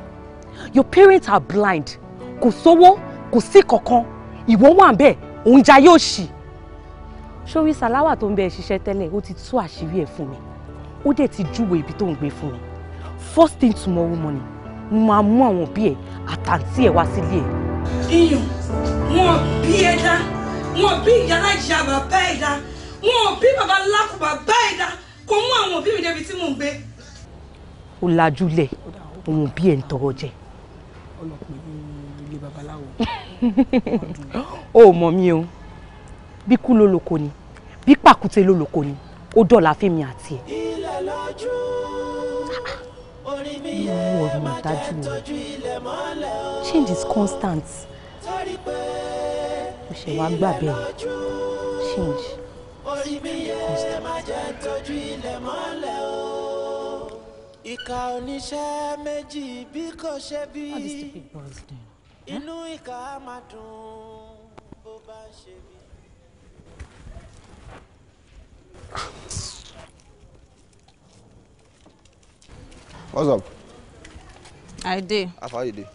your parents are blind kò sówó kò sí kankan ìwọ wà ń bẹ òun já yóò ṣì. sórí sàláwà tó ń bẹ ṣiṣẹ́ tẹ́lẹ̀ ó ti tú àṣírí ẹ̀ fún mi ó dẹ̀ ti júwèé ibi tó ń gbé fún mi first thing tomorrow morning mo máa mú àwọn òbí ẹ̀ àtàntí ẹ̀ wá sílé ẹ̀. iyùn wọn bí ẹ̀dá wọn bí ìyálàjà bàbá ẹ̀dá wọn bí bàbá lákò bàbá ẹ̀dá kò mú àwọn òbí mi débi tí mò ń gbé. ó lajú òun bí ẹ ń tọrọ jẹ. o mọ̀ mí o bí kú ló lóko ni bí pàkúté ló lóko ni ó dọ̀la fẹ́mi àti ẹ̀. ilẹ̀ lọ́jú orí mi yẹ ẹ jẹ́ tójú ilẹ̀ mọ́lẹ̀ o. change is constant mo ṣe wá gbà bẹ́ẹ̀ change ìka oníṣẹ́ méjì bí kò ṣe bí inú ìka máa dùn bó bá ṣe bí. What's up? I dey. How far you dey?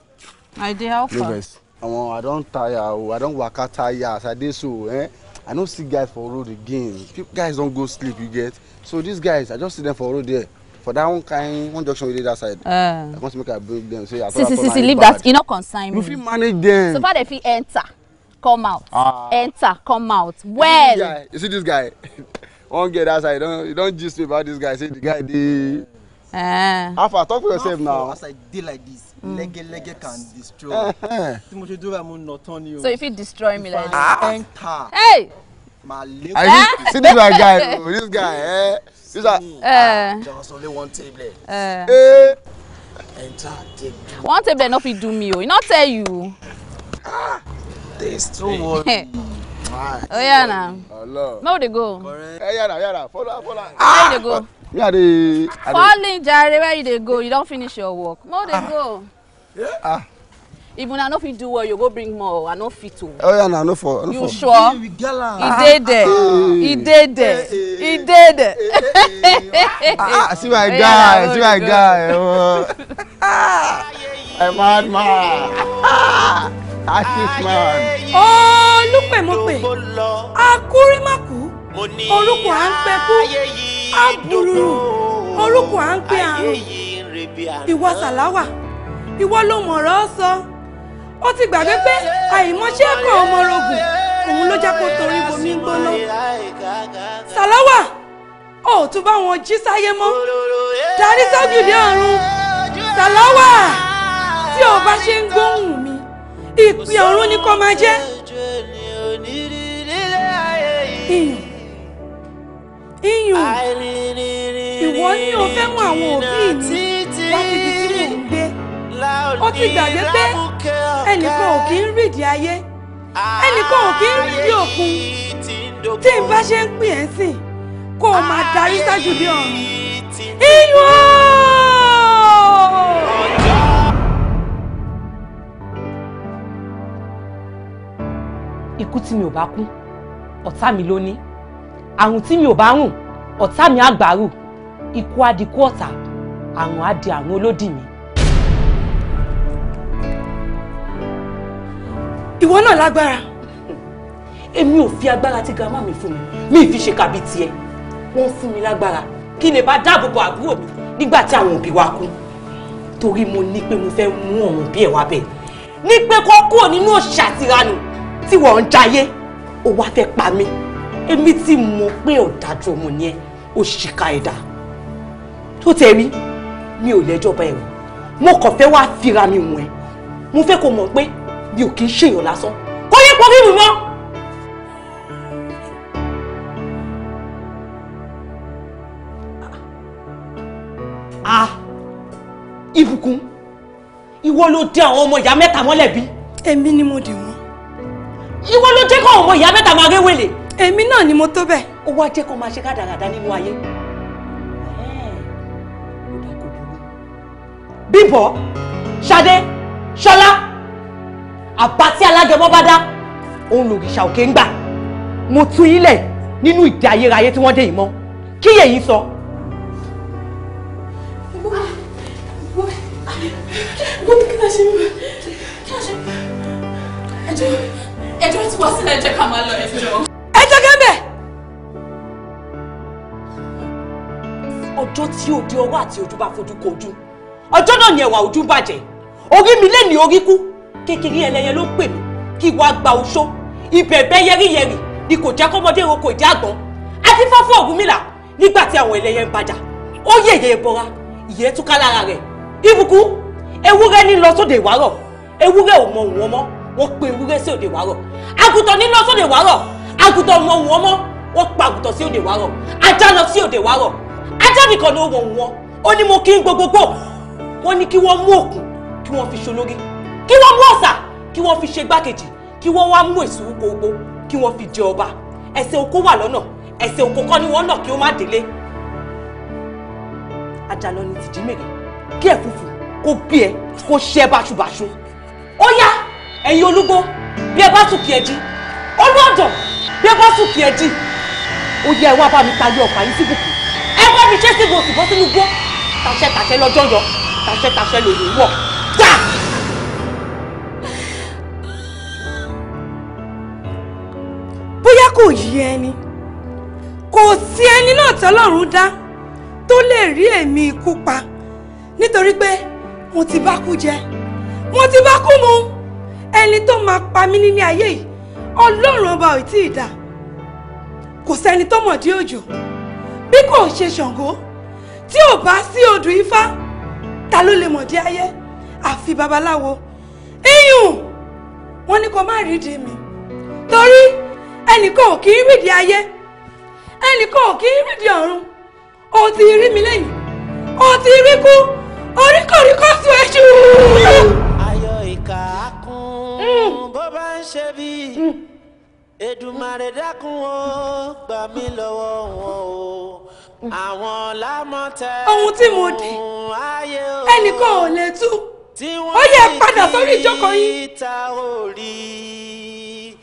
I dey how far? Lagos omo i don tire o i don waka tire as i dey so eh i no see guys for road again guys don go sleep you get so these guys i just see them for road there for that one kind one junction we dey that side. Uh. i come say make i bring them say i call am for my bag. see see see leave that e no concern me. you fit manage them. so far they fit enter come out ah. enter come out well. you see this guy one girl that side don don gist me about this guy say the guy dey afa eh. talk for yourself now. as i dey like this mm. lege lege can destroy eh, eh. tí mo ṣe dúró báyìí mo nà so you fit destroy me like that. Ah. enter. Hey! my leg. see this my guy o oh, this guy eh this guy. just only one table. enter tablet. one table no fit do me o oh. e no tell you. ah taste. don't worry. Oya na. Make we dey go. Correct. Hey, yara yara follow follow. Ah! Make dey go me i dey. falling Jerry, where you dey go you don finish your work More dey ah. go. Yeah. Ah. if una no fit do well you go bring more i no fit o. oya oh, na no for no for. you sure e dey there e dey there e dey there. ah, ah see my guy see my guy Ah, I'm mad man artist man. olùpẹ̀mọ̀pẹ̀ oh, akúrímàkú orúkọ à ń pẹ́kú aburú orúkọ à ń pè àrùn ìwọ sàláwà ìwọ ló mọ̀rọ̀ sọ ó ti gbàgbé pé àìmọṣẹ́ ẹ̀kọ́ ọmọrogùn òun ló jẹ́ kó torí bomi gbóná sàláwà ó tún bá wọn jí sáyé mọ́ darí sọ́gìdì ọ̀run sàláwà tí ò bá ṣe ń gbóhùn mi ìpín ọ̀run ni kò máa jẹ́ ìyàn iyùn ìwọ ni o fẹ́ mú àwọn òbí mi wá síbi tí mò ń gbé ó ti gbàgbé pé ẹnìkan ò kí ń rídìí ayé ẹnìkan ò kí ń rídìí òkun tí n bá ṣe ń pè ẹ́ sìn kó o máa darí sájú dé ọ̀run iyùn. ikú tí mi ò bá kú ọ̀tá mi ló ní àrùn tí mi ò bá rùn ọ̀tá mi àgbàrù ikú á di kú ọ̀tá àrùn á di àrùn olódì mi. ìwọ náà lágbára èmi ò fi agbára tí grandma mi fún mi mi fi ṣe kàbí tiẹ̀ wọ́n fún mi lágbára kí lè bá dáàbò bo àbúrò mi nígbà tí àwọn òbí wa kú torí mo ní pé mo fẹ́ mú ọ̀hún bí ẹ̀ wá bẹ̀ ní pé kó kúrò nínú òṣìṣẹ́ àtiranù tí wọ́n ń jayé ó wá fẹ́ pa mí èmi ti mọ̀ pé ọ̀dájú ọmọ yẹn ó ṣìkà ẹ̀dá tó tẹ̀ rí mi ò lẹ́jọ́ bá ẹ̀rù mo kàn fẹ́ wá fira mi wọ̀n ẹ́ mo fẹ́ kó mọ̀ pé mi ò kì í ṣèyàn lásán kó yẹ pọ̀ bíbù mọ́. Ah, ah ìbùkún ìwọ ló dé àwọn ọmọ ìyá mẹ́ta mọ́lẹ̀ bí. èmi ni mo dè wọ́n. ìwọ ló jẹ́ kó àwọn ọmọ ìyá mẹ́ta máa réwèlè èmi náà ni mo tó bẹ́ẹ̀ ó wá jẹ́ kó máa ṣe kádàgàdà nínú ayé bíbọ̀ ṣadé ṣọlá àbá tí alágẹmọ bá dá òun lòrìṣà òkè ń gbà mo tú yín lẹ̀ nínú ìdí ayérayé tí wọ́n dé yìí mọ́ kí yẹ̀yìn sọ. ẹjọ́ ẹjọ́ tí wọ́n sílẹ̀ jẹ́ ká máa lọ ẹjọ́. ọjọ́ tí òde ọwọ́ àti ojú bá fojú kojú ọjọ́ náà ni ẹ̀wà ojú bàjẹ́ orí mi lè ní orí kú kékeré ẹlẹ́yẹ ló ń pè mí kí wàá gba oṣó ìbẹ̀bẹ̀ yẹ́rìyẹ́rì ni kò jẹ́ kọ́mọdé roko ìdí àgbọ̀n àti fáfọ́ Ọ̀rúnmìlà nígbà tí àwọn ẹlẹ́yẹ ń bàjà ó yẹ̀yẹ̀ ìbọra ìyẹ́ túká lára rẹ̀ ìbùkún ewúrẹ́ ní lọ sóde ìwárọ̀ ewúrẹ́ ò mọ òun ọmọ wọ́n pe ewúrẹ́ sí òde ìwárọ̀ àgùntàn ní lọ sóde ìwárọ̀ àgùntàn mọ òun ọmọ wọ́n pa àgùntàn sí òde ìwárọ̀ ajá lọ sí òde ìwárọ̀ ajá mi kan ló wọ̀ wọ́n ó ní mo kí n gbogbogbò wọ́n ní kí wọ́n mú òkun kí wọ́n fi ṣolórí kí wọ́n mú ọ̀sà kí wọ́n fi ṣe gbákejì kí wọ́n wá mú èso oko ogbó kí wọ́n fi jẹ ọba ẹsẹ̀ oko wà lọ́nà ẹsẹ̀ oko kọ́ ni wọ́n nà kí ó má délé àjàlọ ni tìjí mèrè kí ẹ fùfù kó bí ẹ kó ṣẹ báṣubàṣu ó yá ẹ̀yin olúgbó bí ẹ bá tún kí ẹ jí olú ọ̀dọ̀ bí ẹ bá tún kí ẹ jí ó yẹ ẹ wá bá mi tayọ ọ̀pá yín síbùkún ẹ wá mi ṣe síbo òsìbó sínú gbó tàṣẹ tàṣẹ lọ́jọ́ yọ tàṣẹ tàṣẹ lòlù wọ̀ gbà. bóyá kò yí ẹni kò sí ẹni náà tọ́lọ́run dá tó lè rí èmi ikú pa nítorí pé mo ti bá kú jẹ mo ti bá kú mu ẹni tó máa pa mí nílé ayé yìí ọlọ́run ọba ò tí ì dà kò sẹ́ni tó mọ̀ dí òjò bí kò ṣe ṣàngó tí ò bá sí odù ifá ta ló lè mọ̀dí ayé àfi babaláwo iyùn wọn ní kó má rídìí mi torí ẹnìkan ò kì í rídìí ayé ẹnìkan ò kì í rídìí ọ̀run ó ti rí mi lẹ́yìn ó ti rí kú oríkòríkò sùn ẹ̀jú. ayọ̀ ìkà kún mm. bó bá ń ṣe bíi. Mm. Èdùmàrè dákun o gbà mí lọ́wọ́ wọn o àwọn lámọ̀tẹ́ ohun tí mo dé ẹnìkan ò lè tú ó yẹ padà sórí ìjókòó yìí.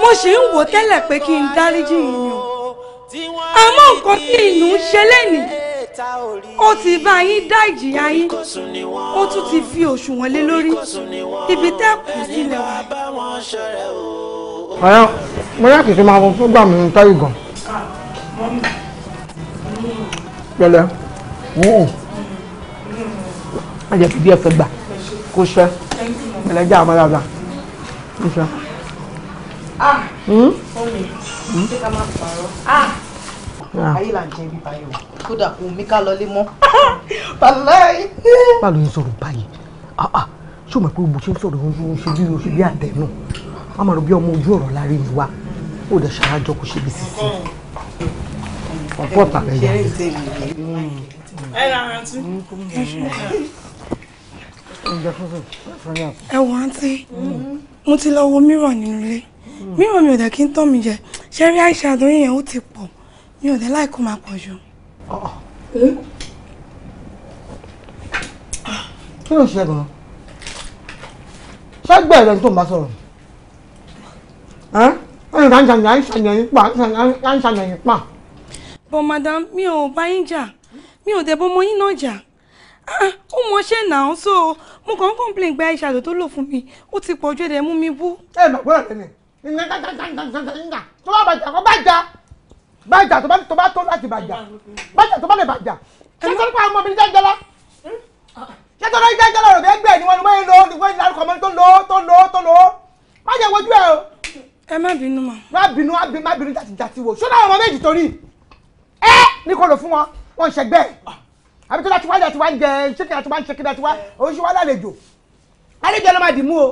mo ṣì ń wò tẹ́lẹ̀ pé kí n dáríjì ìyún àmọ́ nǹkan tí ìyún ń ṣe lẹ́nìí ó ti bá yín dá ìjìyà yín ó tún ti fi òṣùwọ̀n lé lórí ibi tẹ́ kù sílẹ̀ wá. ọ̀rẹ́ mo yá kìí ṣe máa fún gbà mí táyì gan. pẹ̀lẹ́ a jẹ fìdí ẹ̀fẹ̀ gbà kó ṣe pẹ̀lẹ́ jẹ́ àmọ́ dáadáa kó ṣe. ah omi hmm? hmm? ṣé ká má parọ́ ah. Ah. ayé là ń jẹ ibi báyìí o kódà kò mí ká lọlé mọ́ bàláì. báwo ni sọ̀rọ̀ báyìí ah, ah. ṣé o mọ̀ pé o ṣe ń sọ̀rọ̀ o ṣe bí o ṣe bí àtẹ̀ a máa rò bí ọmọ ojú ọ̀rọ̀ lárí mi wá o dẹ̀ ṣàrájọ kò ṣe bí sísè ọ̀pọ̀ tàbẹ̀ yà. ẹ wọ àǹtí mo ti lọ wo mírọ̀ nínú ilé mírọ̀ mi ò dẹ̀ kí n tọ́ mi jẹ ṣẹ́rí eyeshadow yẹn ó ti pọ̀ mi ò dé láì kó máa pọ̀ jù. Ah. Hm? Ah. kí ló ń ṣe gan-an ṣágbà ẹ̀rọ tó ń bá sọ̀rọ̀ hm? ẹ̀rọ ìrànṣàyàn pa. bọ́ madam mi ò bá yín jà mi ò dẹ̀ bọ́ ọmọ yín náà jà ah, ó mọṣẹ́ náà so mo kàn ń complain gba ìṣàdó tó lò fún mi ó ti pọ̀ ju ẹ̀dẹ̀ mú mi bú. ẹ bàbá rẹ ni ìyẹn dáadáa tó bá bàjẹ́ kó bàjẹ́ bàjà tó bá tó bá tó láti bàjà bàjà tó bá lè bàjà ṣé sọ́dún pa àwọn ọmọbìnrin jẹ́jẹ́lá hmm? ṣé tọ́lá jẹ́jẹ́lá rẹ̀ bẹ́ẹ̀ gbẹ̀ ni wọ́n ni wọ́n lo ni wọ́n lárúkọ ọmọ tó lo tó lo tó lo má jẹ́ wojú ẹ o. ẹ má bínú ma. má bínú má bínú jàti jàti wo ṣó láwọn ọmọ méjì torí ẹ ní kò lò fún wọn wọn ṣẹgbẹ́ àbí tó láti wá láti wá ń jẹ ṣékè láti wá ń ṣékè láti wá oṣù wá lálejò àlejò ẹ ló má dì mú o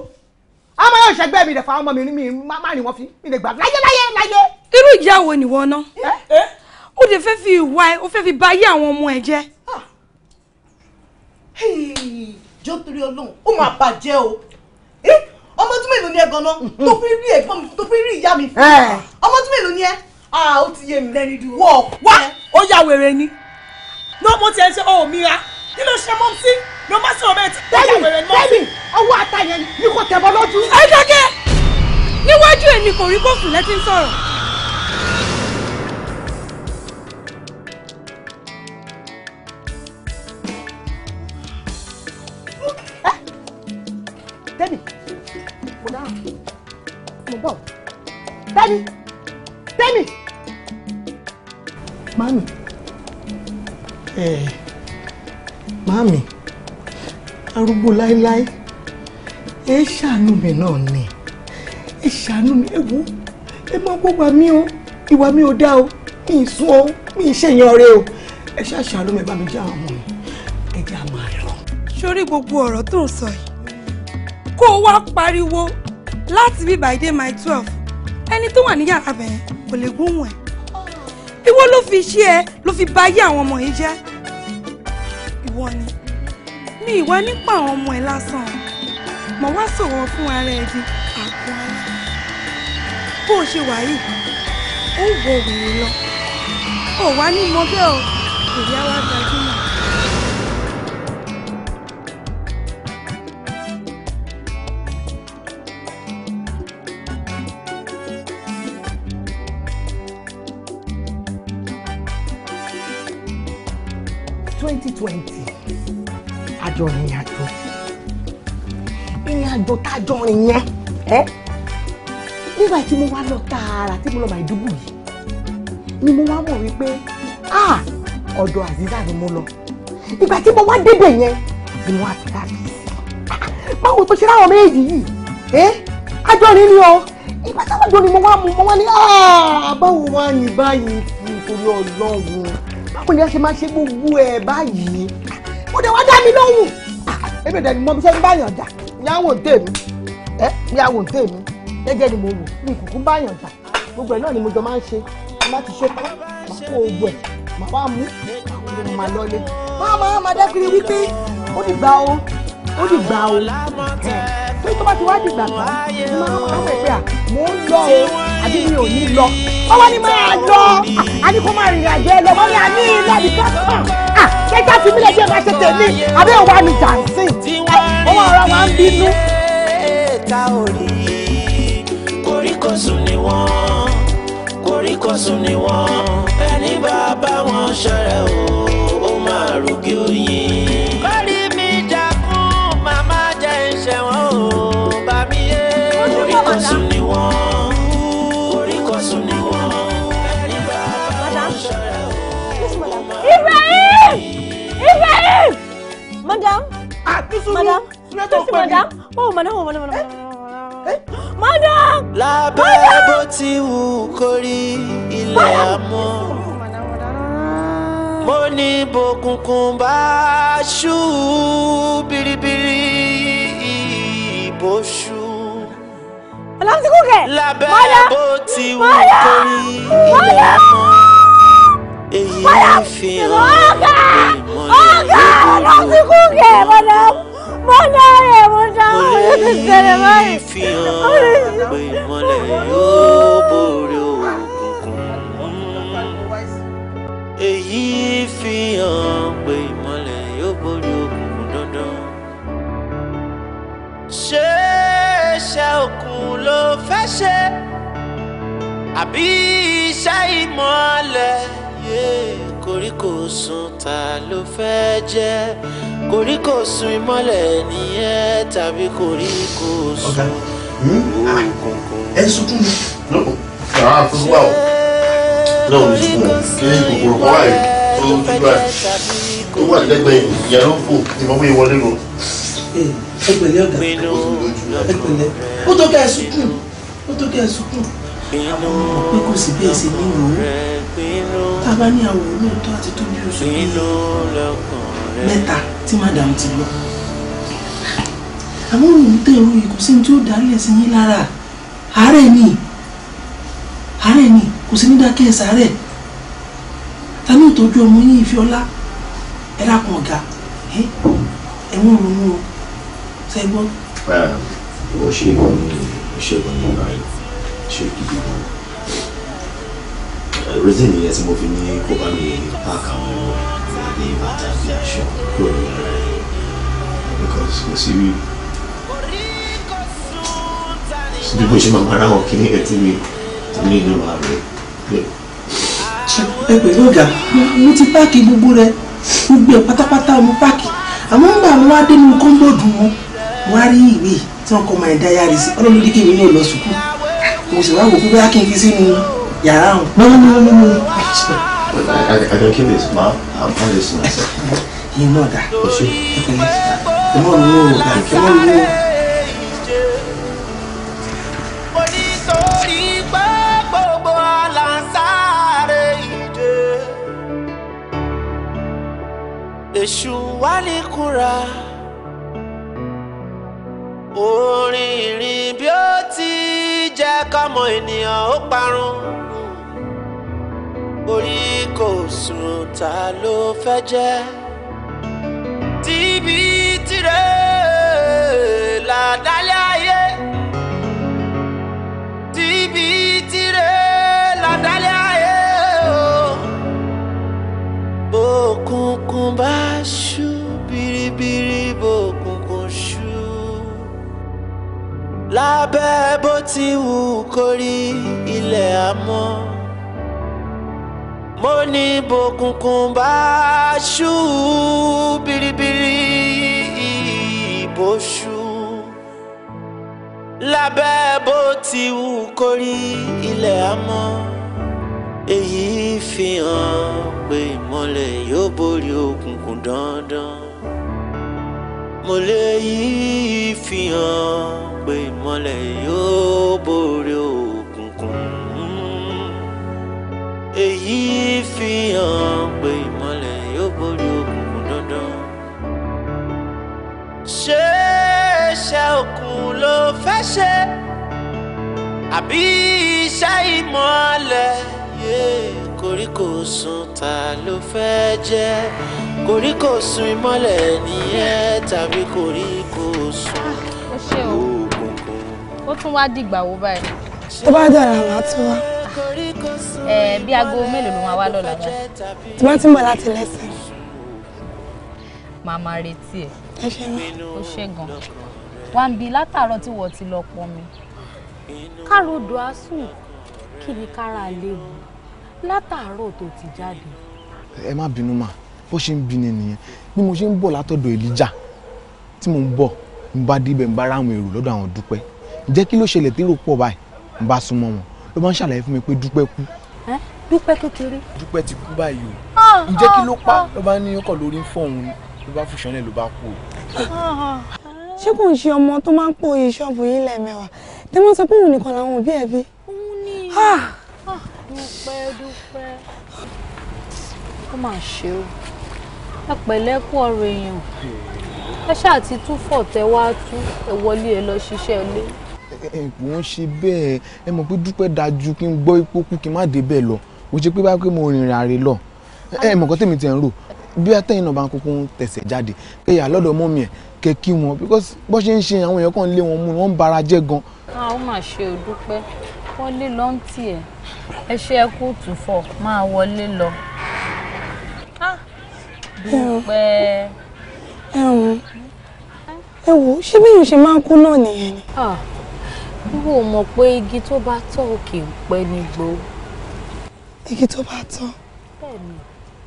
àwọn ọmọ yóò ṣẹgbẹ́ mi dẹ̀ fún àwọn ọmọ mi má rìn wọn fi mi lè gbà láyé láyé láyé irú ìyàwó nìwọ náà ó eh? lè fẹ́ fi ìwà ẹ ó fẹ́ fi báyé àwọn ọmọ ẹ jẹ́. Ah. jọ torí Ọlọ́run ó máa bàjẹ́ o eh? ọmọ tí mélòó ni ẹ gan-an mhm. tó fi rí ẹ̀gbọ́n mi tó fi rí ìyá mi eh. ọmọ tí mélòó ni ẹ ah, ó ti yé mi lẹ́ni dúró. wọ́ọ̀ wá ó yà wèrè ni náà mo ti ẹ ṣe ohun mi ra kí ló ṣe mọ́ sí ló má sọ̀rọ̀ bẹ́ẹ̀ tí ó yà wèrè mọ́ sí. lẹ́yìn ọwọ́ ata yẹn ni kò tẹ̀ bọ́ lójú. ẹ jẹ́ kẹ́ níwájú èmi kò rí kófù lẹ́tí sọ̀rọ̀. tẹ́mi mo dáhùn mo bọ̀ tẹ́mi tẹ́mi. mami ẹ eh, mami arúgbó láéláé ẹ ṣàánú mi náà ni ẹ ṣàánú mi ẹ wò ẹ má gbọ́gbà mi o ìwà mi ò dá o mi ì sún o mi ì ṣèyàn rẹ o ẹ ṣàṣàánú mi bá mi já àwọn ọmọ mi ẹ jẹ́ àmọ́ àlọ́. sórí gbogbo ọ̀rọ̀ tó ń sọ kó o wá pariwo láti bí by day my twelve ẹni tó wà ní yàrá bẹ̀rẹ̀ kò lè gúnwọ̀n ẹ̀ ìwọ ló fi ṣe ẹ ló fi bà ayé àwọn ọmọ yìí jẹ́ ìwọ ni ní ìwọ nípa àwọn ọmọ ẹ lásán mọ wá sọ̀rọ̀ fún ara ẹ di àgọ́ ara bó o ṣe wà yìí ó wọ òwèrè lọ ò wá ní mọ bẹ́ẹ̀ o èrè wá gbàgbé. twenty twenty àjọ ìrìn àjò ìrìn àjò tájọ rìn yẹn ẹ nígbà tí mo wá lọ tààrà tí mo lọ Maiduguri yìí ni mo wá mọ̀ wípé ah ọ̀dọ̀ Azeeza ni mo lọ ìgbà tí mo wá débẹ̀ yẹn ni mo wá ti káàkiri báwo tó ṣe láwọn méjì yìí ẹ àjọ rìn ni o ìgbà táwọn àjọ ni mo wá mú mo wá ní ah báwo wá ní báyìí nítorí Ọlọ́run báwo ni ẹ ṣe máa ṣe gbogbo ẹ báyìí mo dẹ̀ wá dá mi lóhùn èmi dẹ̀ ni mo ṣe ń báyàn jà yàwó tèmi ẹ yàwó tèmi jẹ́jẹ́ ni mo wò ní ìkùkù báyàn jà gbogbo ẹ̀ náà ni mo jọ máa ń ṣe má ti ṣe pa má kó gbogbo ẹ̀ má wá mú àwọn ọmọ lọlé máa máa máa dẹ́kiri wípé ó dìgbà o ó dìgbà o pé tó bá ti wá dìgbà kan máa ń pè pé à mò ń lọ o àbí mi ò ní lọ ọwọ́ ni máa lọ àdìkú máa rìnrìn àjò ẹ lọ wọ́n ní àní ilé àdìkú kàn á kẹjá fi mílẹ̀ ṣe máa ṣe tèmi àbẹ́ òwa mi jàǹsì ọwọ́ ọ̀rọ̀ wa ń bínú. koríkòsùn ni wọ́n koríkòsùn ni wọ́n ẹni bá bá wọn ṣọ̀rẹ́ o ó máa rògbé oyin. madam. ah tusu madam tusu madam oh madam oh madam madam. Eh, eh? madam. lábẹ́ bó ti wù kórí ilẹ̀ àmọ́ mo ní bòkùnkùn bá ṣú biribiri ìbò ṣú. aláǹtí kúkẹ́. lábẹ́ bó ti wù kórí ilẹ̀ àmọ́ èyí fi hàn ìmọ̀ ìlú lásìkò kẹ̀ mọ̀nà mọ̀nà rẹ̀ mo dáhùn ní sẹ́lẹ̀ báyìí. èyí fi hàn pé ìmọ̀lẹ̀ yóò borí òkùnkùn dandan. ṣé iṣẹ́ òkun ló fẹ́ ṣe àbí iṣẹ́ ìmọ̀lẹ̀? koríko sun ta ló fẹ́ jẹ́ koríko sun ìmọ́lẹ̀ nìyẹn tàbí koríko sun òkùnkùn. Hmm? Ah, ẹ sunkún mi. àwọn ah, afúnwá o náà ní sunkún kí kòkòrò kan wáyé tó dúdú àyè tó wà lẹ́gbẹ̀ẹ́ ìyá ló fò eh, ẹgbẹ̀lẹ́ ọ̀gá ẹgbẹ̀lẹ́ ó tó kẹ́ ẹ sunkún ó tó kẹ́ ẹ sunkún àmọ́ mo pé kò sí bí èsì nínú tá a bá ní àwòrán lóòótọ́ àti tó bí oṣù bíi mẹ́ta tí màdàm ti lọ àmọ́ òun tẹ̀ ń ròyìn kò sí ní tí ó darí ẹ̀sìn yín lára àárẹ̀ ni àárẹ̀ ni kò sí ní dákẹ́ ẹ̀ sàárẹ̀ ta ní ìtọ́jú ọmọ yín ìfi ọlá ẹ lákun ọ̀gá ẹ̀wọ̀n ronú o ṣẹ́gbọ́n. ó ṣe é gan ni ó ṣe é ṣe gidi gan uh, reason nìyẹn tí mo fi ní kó bá mi pack àwọn ẹ̀rọ ìgbàdé bàtà bí aṣọ kúrò ní ara ẹ̀ because kò sí rí bí mo ṣe máa mara wọn kí ní ẹtí mi tí mi ní wàá rẹ. ẹgbẹ́ lọ́gà mo ti páàkì gbogbo rẹ gbogbo ẹ̀ pátápátá mo páàkì àmọ́ ń gbà wọ́n á dé nínú kọ́ńbọ̀dù wọn wọ́n á rí ìwé tí wọ́n kọ́ máa ń dá yára sí ọlọ́run ní kí èmi náà lọ sùkúl mo sì wá wò pé kí n fi sínú yàrá hàn. no no no no. but i i, can keep this ma i'm not listening myself. yìí náà dá oṣù ẹgbẹ̀rún ẹ mọ̀ ní o ẹ mọ̀ ní o. èṣù wá ní kúra orin ìrìn bí jẹ́ kọ́mọ ènìyàn ó parun orí kò sùn ta ló fẹ́ jẹ́ tíbi tìrẹ làdálẹ́ ayé tíbi tìrẹ làdálẹ́ ayé o òkùnkùn bá ṣú biribiri. lábẹ́ bó ti wù kórí ilẹ̀ àmọ́ mo ní bòkùnkùn bá ṣú biribiri ìbò ṣú lábẹ́ bó ti wù kórí ilẹ̀ àmọ́ èyí fi hàn pé ìmọ́lẹ̀ yóò borí òkùnkùn dandan mo lè yí fi hàn pé ìmọ́lẹ̀ yóò borí òkùnkùn. èyí fi hàn pé ìmọ́lẹ̀ yóò borí òkùnkùn dandan. ṣé iṣẹ́ òkun ló fẹ́ ṣe àbí iṣẹ́ ìmọ́lẹ̀ koríko sun ta ló fẹ́ jẹ́ koríko sun ìmọ́lẹ̀ nìyẹn tàbí koríko sun. Ah, ẹ ó tún wá dìgbà wo báyìí. tó bá dára màá wá. ẹ bí aago mélòó ló máa wá lọ́la jù. tí wọ́n ti ń láti lẹ́sìn. màá máa retí ẹ. ẹ ṣe mọ. ó ṣe gan. wá ń bi látàárọ̀ tí wọ́n ti lọ pọn mi. káàró odò asùn kí ni kára léwu látàárọ̀ tó ti jáde. ẹ má bínú mà bó ṣe ń bínú nìyẹn bí mo ṣe ń bọ̀ látọ̀dọ̀ Èlíjà tí mo ń bọ̀ ń bá débẹ̀ ń bá ráwọn èrò lọ́dọ̀ àwọn dúpẹ́ jẹ́ kí ló ṣẹlẹ̀ tí ròpọ̀ báyìí ń bá súnmọ́ wọn ló máa ń ṣàlàyé fún mi pé dúpẹ́ kú. dúpẹ́ kékeré. dúpẹ́ ti kú báyìí o ah, ah, ǹjẹ́ kí ló pa ah. ló bá ní ọkọ̀ lórí ń ló bá fùṣọ́ náà ló bá kú o. ṣé kò ń ṣe ọmọ tó máa ń pò yí ṣọ́ọ̀bù yìí lẹ́ẹ̀mẹ́wàá tí wọ́n sọ pé òun nìkan làwọn òbí ẹ̀ bí. òun ni dúpẹ́ dúpẹ́ ó mà ṣe o ẹ ẹ̀pọ̀ ń ṣe bẹ́ẹ̀ ẹ mọ̀ pé dúpẹ́ dájú kí n gbọ́ ipò kú kí n má dé bẹ́ẹ̀ lọ o ṣe pé bá pé mo rìnrìn àrè lọ ẹ mọ̀ kọ́ tèmi tẹ̀ ń rò bí atẹ́yìn náà bá ń kókó tẹ̀sẹ̀ jáde kẹyà lọ́dọ̀ mọ́ mi ẹ̀ kẹ kí wọn because bó ṣe ń ṣe àwọn èèyàn kan lé wọn mú wọn bara jẹ́ gan. àwọn ah, máa ṣe ò wọlé lọ ń tiẹ̀ ẹ ṣe ẹ kú tùfọ̀ máa wọlé lọ. Ah, dúpẹ́. ẹ wo ṣé bí èèyàn ṣe máa kú náà nìyẹn ni. Ah. Wò mọ̀ pé igi tó bá tọ́ ò kì í pẹ́ nígbó. Igi tó bá tọ́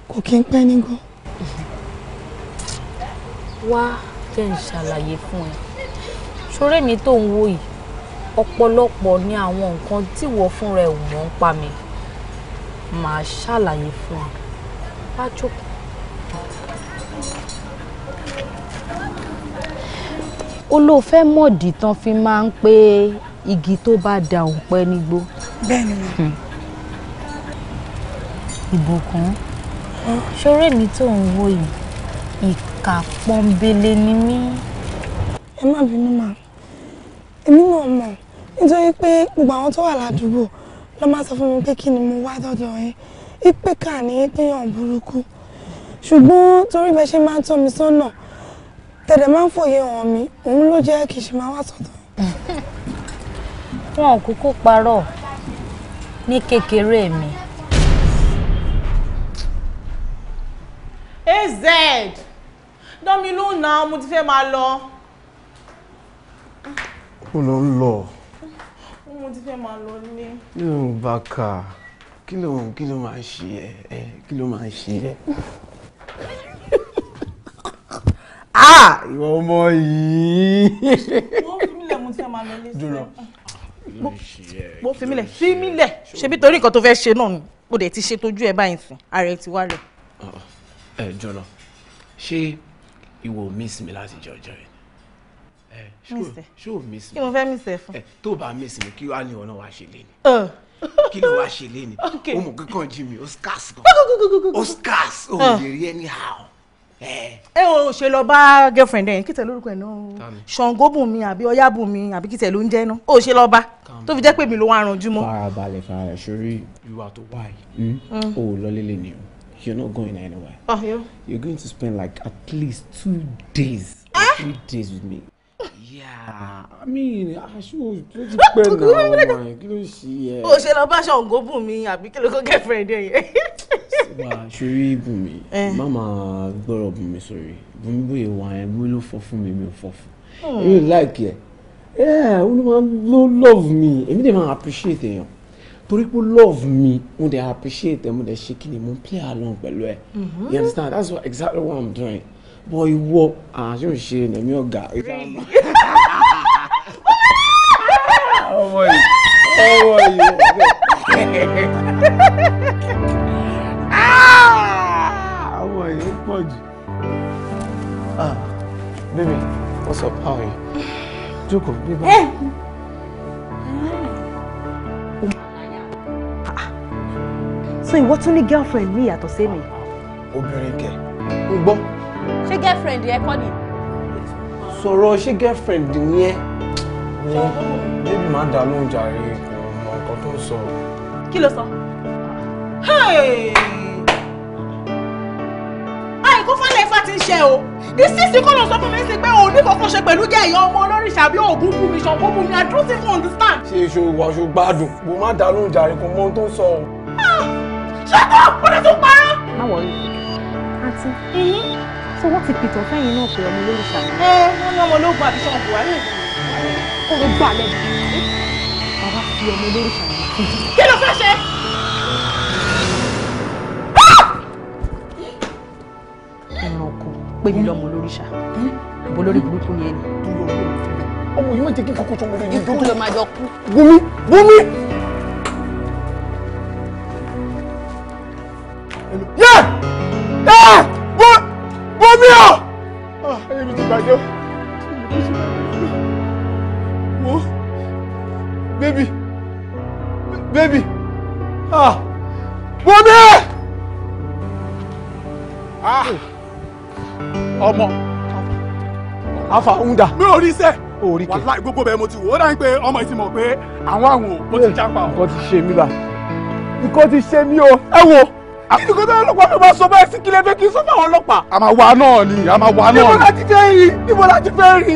kò kì í pẹ́ nígbó. Wá jẹ́ n ṣàlàyé fún ẹ. Ṣoré mi tó ń wò yìí, ọ̀pọ̀lọpọ̀ ni àwọn nǹkan tí wọ́n fúnra ẹ̀ mọ̀ ń pa mi. Màá ṣàlàyé fún ẹ. Wá jókòó. olóòfẹ́ mọ̀dí tán fi máa ń pé igi tó bá da òun pẹ́ nígbó. bẹ́ẹ̀ni mo. Hmm. ìbùkún ṣoré mi tó ń wo yìí ìkà pọ́nbélé ni mí. ẹ má bínú mà èmi náà mọ̀ nítorí pé gbogbo àwọn tó wà ládùúgbò ló máa sọ fún mi pé kí ni mo wá dọ́dọ̀ yín ipe kà ní péyàn burúkú ṣùgbọ́n torí bẹ́ẹ̀ ṣe máa ń tọ́ mi sọ́nà tẹ̀dẹ̀ máa ń fòye hàn mi òun ló jẹ́ kì í ṣe máa wá sọ́dọ̀. wọn ò kúkú parọ́ ní kékeré mi. az dánmi ló ń na mo ti fẹ́ máa lọ. ó lọ ń lọ. mo ti fẹ́ máa lọ ní. ní òun bá kà kí ló kí ló máa ṣe ẹ kí ló máa ṣe ẹ. ah ìwọ ọmọ yìí. wọ́n fi mílẹ̀ mo ti fẹ́ máa lọ lé sí mo fi mí lẹ̀ fi mí lẹ̀ ṣebí torí nǹkan tó fẹ́ ṣe náà ni mo dẹ̀ ti ṣe tójú ẹ báyìí sìn ara ẹ ti wálẹ̀. ẹ jọlọ ṣé ìwọ miss mi láti jẹ ọjọ́ yìí ṣé o miss mi kí mo fẹ́ miss ẹ fún. tó o bá miss mi kí wàá ní ọ̀nà wàá ṣe lé ni kí ló wàá ṣe lé ni o mọ̀ kíkan jí mi o scars kan Oscar's scars o lè rí anyhow. Eh, ẹ ò ṣe lọ bá girlfriend ẹ kí tẹ lórúkọ ẹ náà ṣàngóbùnmi àbí ọyábùnmi àbí kí tẹ ló ń jẹ náà ó ṣe lọ bá tó fi jẹ pé mi ló wá ranjú mọ. farabalẹ̀ farabalẹ̀ sórí ìwà tó wà yìí hmm? Hmm. o ò lọ ni o you're not going anywhere oh, ah, yeah. you're going to spend like at least two days or ah! three days with me. Yeah, I mean, aṣọ ah, tó ti pẹ́ náà ọmọ oh ẹ̀ kí ló ṣe yẹ. o ṣe lọ bá aṣọ òǹgó bùn mi àbí kí ló kó girlfriend ẹ yẹ. wà á ṣorí bùn mi má eh. máa gbọ́rọ̀ bùn mi sórí bùn mi bóyá wà ẹ̀ mo ló fọ́ fún mi mi ò fọ́ fún hmm. èmi ò láìkí ẹ̀ ẹ̀ ó ló máa ló love me èmi dẹ̀ máa appreciate èèyàn torí pé love me mo dẹ̀ appreciate ẹ̀ mo dẹ̀ ṣe kí ni mo play along pẹ̀lú ẹ̀ mm-hmm. you understand that's what exactly what I'm doing bọ ìwọ àti ah, òṣè nẹ̀mí ọ̀gá ìfàmà. oh boy, oh boy, ah, oh boy, pọ̀ jù. Ah, baby, what's up? How are you? Jókòó, baby. Eh! Ah! So ìwọ tún ní girlfriend me yàtọ̀ sí mi. Obìnrin kẹ̀, ń gbọ́ ṣé girlfriend yẹ kọ́ ni. sọ̀rọ̀ ṣé girlfriend ni ẹ́ wọ́n bébì máa dà lóhùn jàre kò mọ nǹkan tó ń sọ. kí ló sọ. àìkú fálẹ̀ ifá ti ń ṣe o ìsísì kọ́ lọ sọ fún mi sí pé òun ní kọ́kọ́ ṣe pẹ̀lú jẹ́ ìyá ọmọ olórin ṣàbí òògùn fún mi ṣọ̀gbọ́n fún mi I don't understand. ṣe iṣu wàṣu gbádùn bó má dà lóhùn jàre kò mọ ohun tó ń sọ. ṣé kó o lè tún parọ́. má wọrí àǹtí so wọ́n ti pìtàn fẹ́yìn náà pé ọmọ olóòṣà. ẹ wọ́n ní ọmọ ológun àbí sọ̀rọ̀ buhari kó o gbà lẹ́nu bàbá fi ọmọ olóòṣà yẹn fún mi. kí ló fẹ́ ṣe. ẹranko pé mi lọmọ olóríṣà àbò lórí burúkú ni ẹni. ọmọ yìí wọ́n ti kí kókó sọmọ rẹ̀ ní dúdú. ikú ló máa jọ kú. Bùnmi Bùnmi. yé. afa ń dà. mi ò rí iṣẹ́. o rí kẹ wàhálà gbogbo bẹ́ẹ̀ mo ti wò ó dáhùn pé ọmọ ìsìn mọ̀ pé àwọn àwọn ò ti jápa o. nǹkan ti ṣe mí bá nǹkan ti ṣe mí o ẹ wo àbíkọ́ tó lọ́pàá ló máa sọ bẹ́ẹ̀ sí kílẹ̀ fẹ́ kí sọ fáwọn ọlọ́pàá. a máa wá náà ni a máa wá náà ni. níbo la ti fẹ́ rí níbo la ti fẹ́ rí.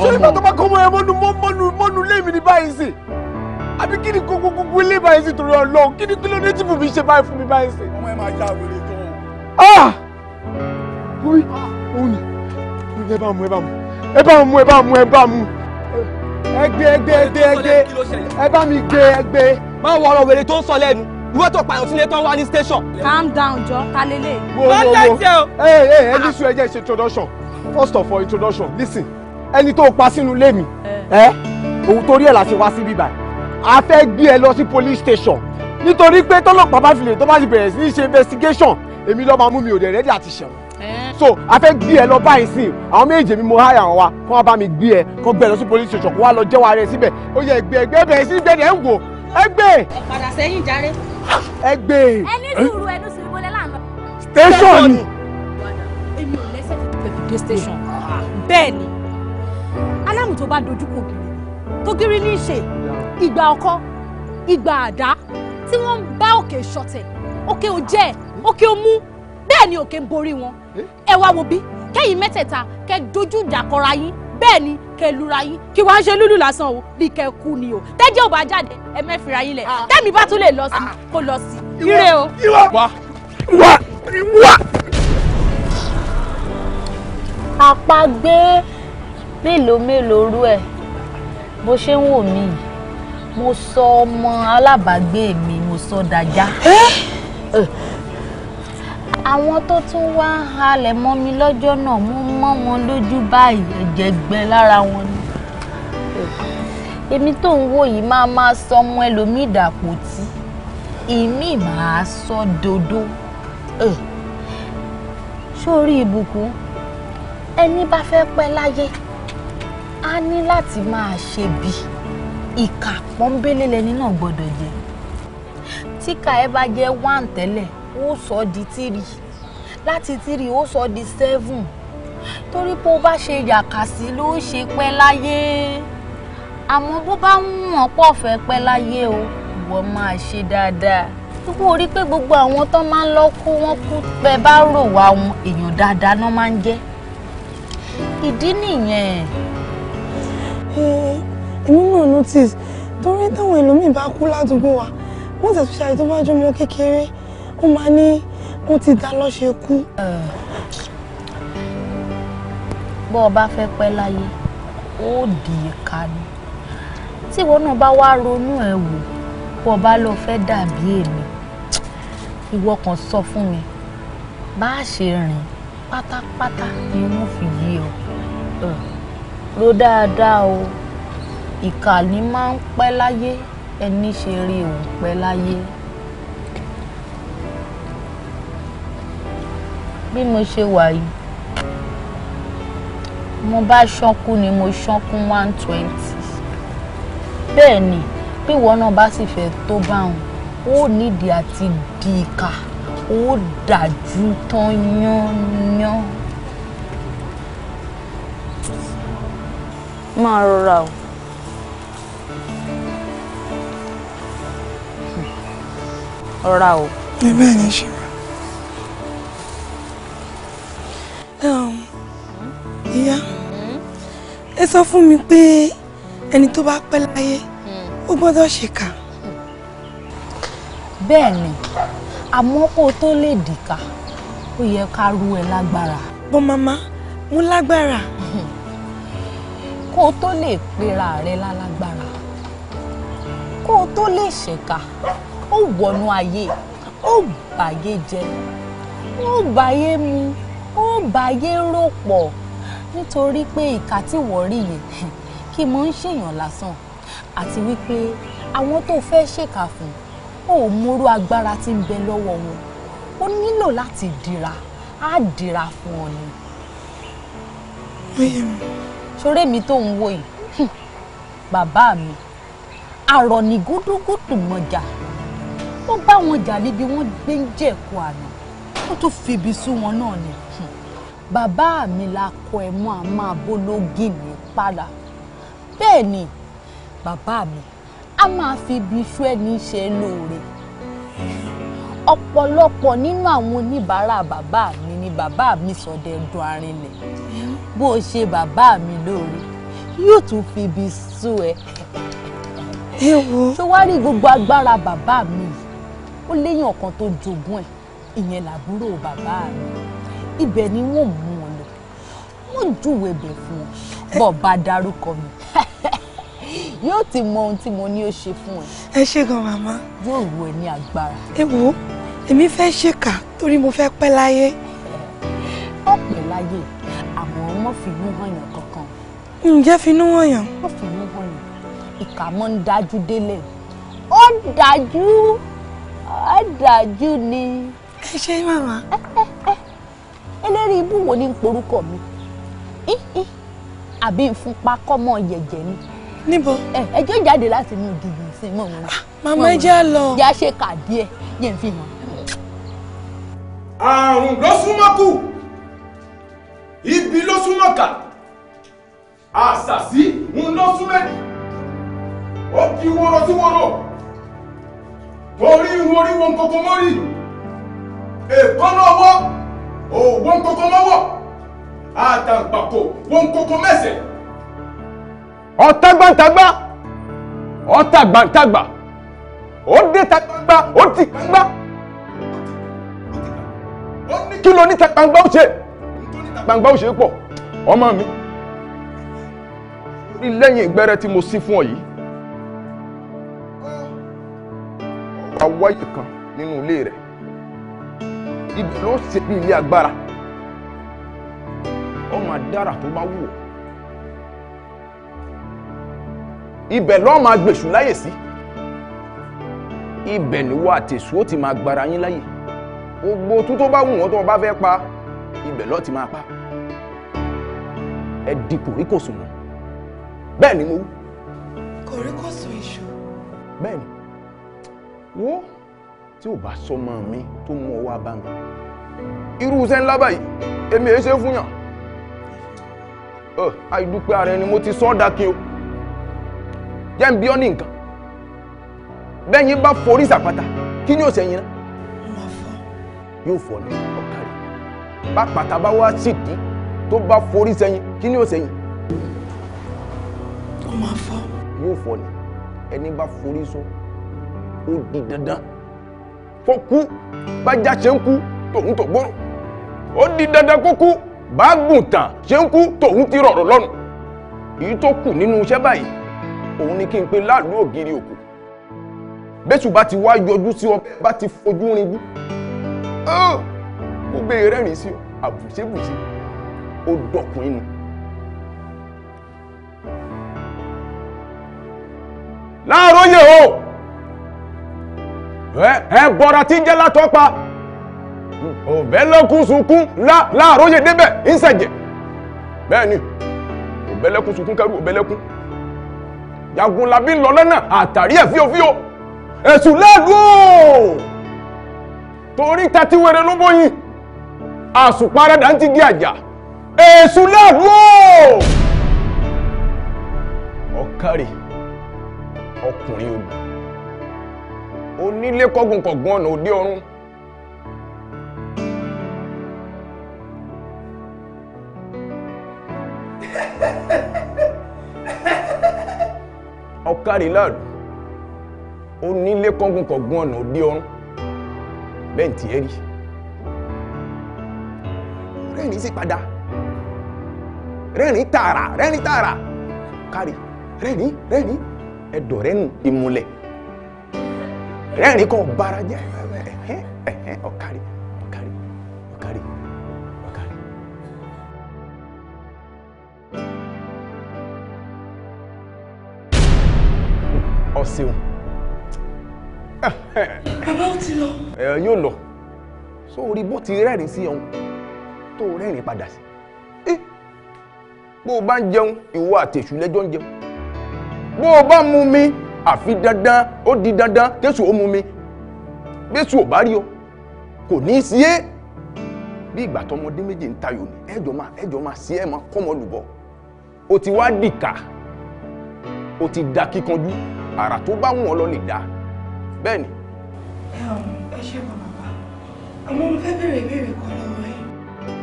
ṣé ìgbà tó bá kọ́ mọ́ ẹ mọ́nu mọ́nu mọ́nu lémi ní báyìí sí. àbí kí ni kókó kókó lé báyìí sí torí Ọlọ́run kí ni kí ló ní tìbù mi ṣe báyìí fún mi báyìí sí. ọmọ ẹ máa yá wèrè gan-an. ah! oyin oyin ẹ bá mú ẹ bá mú ẹ bá mú ẹ bá mú ẹ bá mú ẹ mi gbé ẹ gbé. wọ ọ̀rọ̀ wèrè tó ń sọ lẹ́nu ìwé tó pààyàn sílé tán wá ní station. calm down jọ ta lélẹ̀. wo wo wo ee ee ẹni sùn ẹ jẹ́ ṣe introduction first of all introduction listen ẹni tó pa sínú ilé mi ẹ eh. eh, òun torí ẹ̀ la ṣe wá sí bíbá a fẹ́ gbé ẹ lọ sí police station nítorí pé tọ́lọ́pàá bá fi lè tó bá ti bẹ̀rẹ̀ sí ní ṣe investigation èmi lọ́ọ́ máa mú mi ò dẹ̀ rẹ́dí àti ṣẹ̀wọ̀n so a fẹ́ gbé ẹ lọ báyìí sí àwọn méjèèjì mi mo háyà wọn wa kó wọn bá mi gbé ẹ kó gbé ẹ lọ sí police station kó wá lọ jẹ́wọ́ ara ẹ síbẹ̀ ó yẹ ẹgbẹ́ ẹgbẹ́ bẹ̀rẹ̀ sí bẹ̀rẹ̀ ń wò ẹgbẹ́. ẹ padà sẹ́yìn jàre. ẹgbẹ́. ẹni sùúrù ẹnu sùúrù bọ́lẹ̀ lánàá. station ni. èmi station. bẹ́ẹ̀ ni alámù tó bá dojú kò gírí tó gírí ní í ṣe ìgbà ọkọ ìgbà àdá tí wọ́n ń bá òkè ṣọ̀tẹ̀ òkè ò jẹ́ òkè ò mú bẹ́ẹ̀ ni òkè ń borí wọn eh? ẹ wá wo bí kẹ́yìn mẹ́tẹ̀ẹ̀ta kẹ́ dojú ìjà kọra yín bẹ́ẹ̀ ni kẹ́ lura yín kí wàá ṣe lúlù lásán o bí kẹ́ kú ni o tẹ́jẹ́ ò bá jáde ẹ mẹ́fìrà yín lẹ̀ ah. tẹ́mi bá tún lè lọ sí ah. kó lọ sí ire o. wá wá wá. àpagbé mélòó mélòó rú ẹ bó ṣe ń wò mí mo sọ ọmọ alábàágbé mi mo sọ dájá. Eh? Eh, àwọn tó tún wá ń halẹ̀ mọ́ mi lọ́jọ́ náà mo mọ́ wọn lójú báyìí ẹ̀jẹ̀ gbẹ lára wọn ni èmi tó ń wò yìí máa máa sọ ẹlòmíì dàpọ̀ tí èmi máa sọ dodo eh, sórí ìbùkún ẹni bá fẹ́ pẹ́ láyé a ní láti máa ṣe bí ìkà pọ́nbélé lẹni náà gbọ́dọ̀ jẹ tíkà ẹ bá jẹ́ wáǹtẹ́lẹ̀ ó sọ di tírì láti tírì ó sọ di seven torí pé ó bá ṣe yàkàsí ló ń ṣe pẹ́ láyé àmọ́ bó bá ń wọ̀n pọ̀ fẹ́ pẹ́ láyé o ìwọ máa ṣe dáadáa gbogbo orí pé gbogbo àwọn tó máa ń lọ kú wọn kú pẹ bá rò wá wọn èèyàn dáadáa náà máa ń jẹ́ ìdí nìyẹn. èmi náà notice torí táwọn ẹlòmíín bá kú ládùúgbò wa wọ́n tẹ̀síṣàì tó bá jọmọ kékeré ó máa ní wọ́n ti dá lọ́ṣẹ kú. bọ́ ọ bá fẹ́ pẹ́ láyé ó di ìka ni tí ìwọ náà bá wá ronú ẹ̀ wò bọ́ bá lọ fẹ́ dàbí èmi ìwọ kan sọ fún mi bá a ṣe rìn pátápátá ni wọ́n fi yí ọ ro dáadáa o ìkà ni máa ń pẹ́ láyé ẹni ṣe rí òun pẹ́ láyé. bí mo ṣe wà yìí mo bá ṣánkú ni mo ṣánkún one twenty bẹ́ẹ̀ ni bí ìwọ náà bá sì fẹ́ tó bá wọn ó nídìí àti di ìka ó dájú tán yánnyán. máa rọra o. rọra o. ẹ bẹ́ẹ̀ ni ṣe. ẹ sọ fún mi pé ẹni tó bá pẹ́ láyé hmm. ó gbọ́dọ̀ ṣèkà. bẹ́ẹ̀ ni àmọ́ kó o tó lè dìkà ó yẹ ká rú ẹ lágbára. bọ́ màmá mo lágbára. kó o tó lè pera rẹ lálágbára kó o tó lè ṣèkà ó wọnú ayé ó bàyé jẹ ó bàyé mu ó bàyé rò pọ̀ nítorí pé ìka tí wọ́n rí yẹn kì mọ́ ń ṣèyàn lásán àti wípé àwọn tó fẹ́ ṣèkà fún ò mórú agbára tí ń bẹ lọ́wọ́ wọn ó nílò láti dira á dira fún ọ ni. ṣoré mi tó ń wo yìí bàbá mi àrọ̀ ní gúdúgúdù mọ́jà ó bá wọn jà níbi wọ́n gbé ń jẹ̀kọ́ àná ó tún fi ibi sú wọn náà ni bàbá mi la kọ ẹ mọ́ a máa bólógì ní pàlà bẹ́ẹ̀ ni bàbá mi a máa fi ibi iṣu ẹni ṣe lóore ọ̀pọ̀lọpọ̀ nínú àwọn oníbàárà bàbá mi ni bàbá mi sọdẹ dun arinlẹ̀ bó o ṣe bàbá mi lóore yóò tún fi ibi sú ẹ. ẹ wo tó wá rí gbogbo agbára bàbá mi ó léyìn ọ̀kan tó jogún ẹ̀ ìyẹn làbúrò bàbá mi ibẹ̀ ni wọ́n mú wọn lọ wọ́n júwe ẹ̀bẹ̀ fún wọn bọ́ bá darúkọ mi yóò ti mọ ohun tí mo ní ó ṣe fún ẹ. ẹ ṣe gan màmá. yóò wọ ẹ ní agbára. ẹ wo èmi fẹ́ ṣèkà torí mo fẹ́ pẹ́ láyé. ó pẹ́ láyé àmọ́ wọ́n fi inú hàn yàn kankan. ǹjẹ́ fi inú hàn yàn. wọ́n fi inú hàn yàn ìkà mọ́ ń dájú délẹ̀ ó dájú ó dájú ni. ẹ ṣe màmá. eléri ibú wo ni ń porúkọ mi àbí ìfúnpá kọ́mọ yẹ̀jẹ̀ ni. níbo. ẹ ẹjọ́ jáde láti inú ìdìbò ìsìn mọ̀ wọn. Ah, màmá ẹ jẹ́ lọ. yà á ṣe kà díẹ̀ yẹn fi hàn. àrùn ló súnmọ́ kù ibi ló súnmọ́ kà àṣàṣì ń lọ súnmẹ́dì ó di wóró sí wóró torí wórí wọn kókó mọ́rí èkó lọ́wọ́ òwò nkókó mọ́wọ́ àtàǹpàkò wọ́n nkókó mẹ́sẹ̀. ọ̀tàgbàǹtàgbà ọ̀tàgbàǹtàgbà ó dé tàgbàǹgbà ó ti gbàǹgbà kí ló ní tàgbàǹgbà ó ṣe tàgbàǹgbà ó ṣe pọ̀ ọmọ mi rí lẹ́yìn ìgbẹ́rẹ́ tí mo sí fún ọ yìí àwọ̀ yìí nínú ilé rẹ̀ ibi ló ṣe bí ilé agbára ọmọ adára tó bá wù ọ́ ibẹ̀ lọ́ọ́ máa gbèsù láyè sí ibẹ̀ ni wọ́n àtẹ̀sù ó ti máa gbára yín láyè gbogbo tó tó bá wù wọ́n tó wọ́n bá fẹ́ pa ibẹ̀ lọ́ọ́ ti máa pa ẹ di kòríkòsùn mọ́ bẹ́ẹ̀ ni mo wú. kòríkòsùn iṣu. bẹ́ẹ̀ ni wo tí ò bá sọmọ mi tó mú ọ wá bá mi irú iṣẹ́ ńlá báyìí èmi èé ṣe fún yàn àìdúpẹ́ ara ẹni mo ti sọ́ dákin o jẹ́ ń bí ọ́ ní nǹkan bẹ́yìn bá forí sàpàtà kí ni òsè yín náà yóò fọ ní ọ̀kadì bá pàtà bá wá sí ìdí tó bá forí sẹ́yìn kí ni òsè yín yóò fọ ní ẹni bá forí sọ ó di dandan kó kú bájá ṣe ń kú tòun tó gbóró ó di dandan kó kú báàgùn tàn ṣe ń kú tòun ti rọ̀rọ̀ lọ́nu èyí tó kù nínú iṣẹ́ báyìí òun ni kí n pe láàlú ògiri òkú bẹ́sù bá ti wá yọjú sí ọ bá ti fojú rinjú gbogbo rẹ́rìn sí àbùsébùsé ó dọ̀kun inú. láàárọ̀ yẹ̀ o ẹ bọra tí ń jẹ́ látọ́pa òbẹ́ lọ́kùn sunkún láàárọ̀ yé débẹ̀ ń sẹ̀jẹ̀ bẹ́ẹ̀ ni òbẹ́ lẹ́kùn sunkún kẹrù òbẹ́ lẹ́kùn jagunlabi ń lọ lọ́nà àtàrí ẹ̀ fíofío èṣù lẹ́ẹ̀lú torí tatiwere ló bóyin àsùpárẹ́dà ń ti gé àjà èṣù lẹ́ẹ̀lú ọ̀kàrẹ̀ ọkùnrin odò onílé kọ́gùnkọ̀gùn ọ̀nà òde ọ̀run. ọ̀kàrìláàdù onílé kọ́gùnkọ̀gùn ọ̀nà òde ọ̀run bẹ́ẹ̀ tí ẹ rí rẹ́rìn sí padà rẹ́rìn tààrà rẹ́rìn tààrà kárí rẹ́rìn rẹ́rìn ẹ̀dọ̀ rẹ́nu ìmùlẹ̀ rẹ́rìn kan bara jẹ́ ọ̀kárí ọ̀kárí ọ̀kárí ọ̀kárí. ọ̀sẹ̀un. bàbá ó ti lọ. ẹ yóò lọ so orí bó ti rẹ́rìn sí ọ̀hún tó rẹ́rìn padà sí bó o bá ń jẹun ìwọ àtẹ̀sù lẹ́jọ́ ń jẹun bó o bá mú mi àfi dandan ó di dandan kéṣù ó mú mi bẹ́sù ò bá rí o kò ní í sí é bí ìgbà tọmọdé méje ń tayò ní ẹjọ máa ẹjọ máa sí ẹ máa kọ́mọ lùbọ̀ o ti wá dìkà o ti da kíkanjú àrà tó bá wọn lọ lè dá bẹ́ẹ̀ ni. ẹ ṣe bọ bàbá àmọ́ mo fẹ́ béèrè ìbéèrè kan lọ́wọ́ ẹ.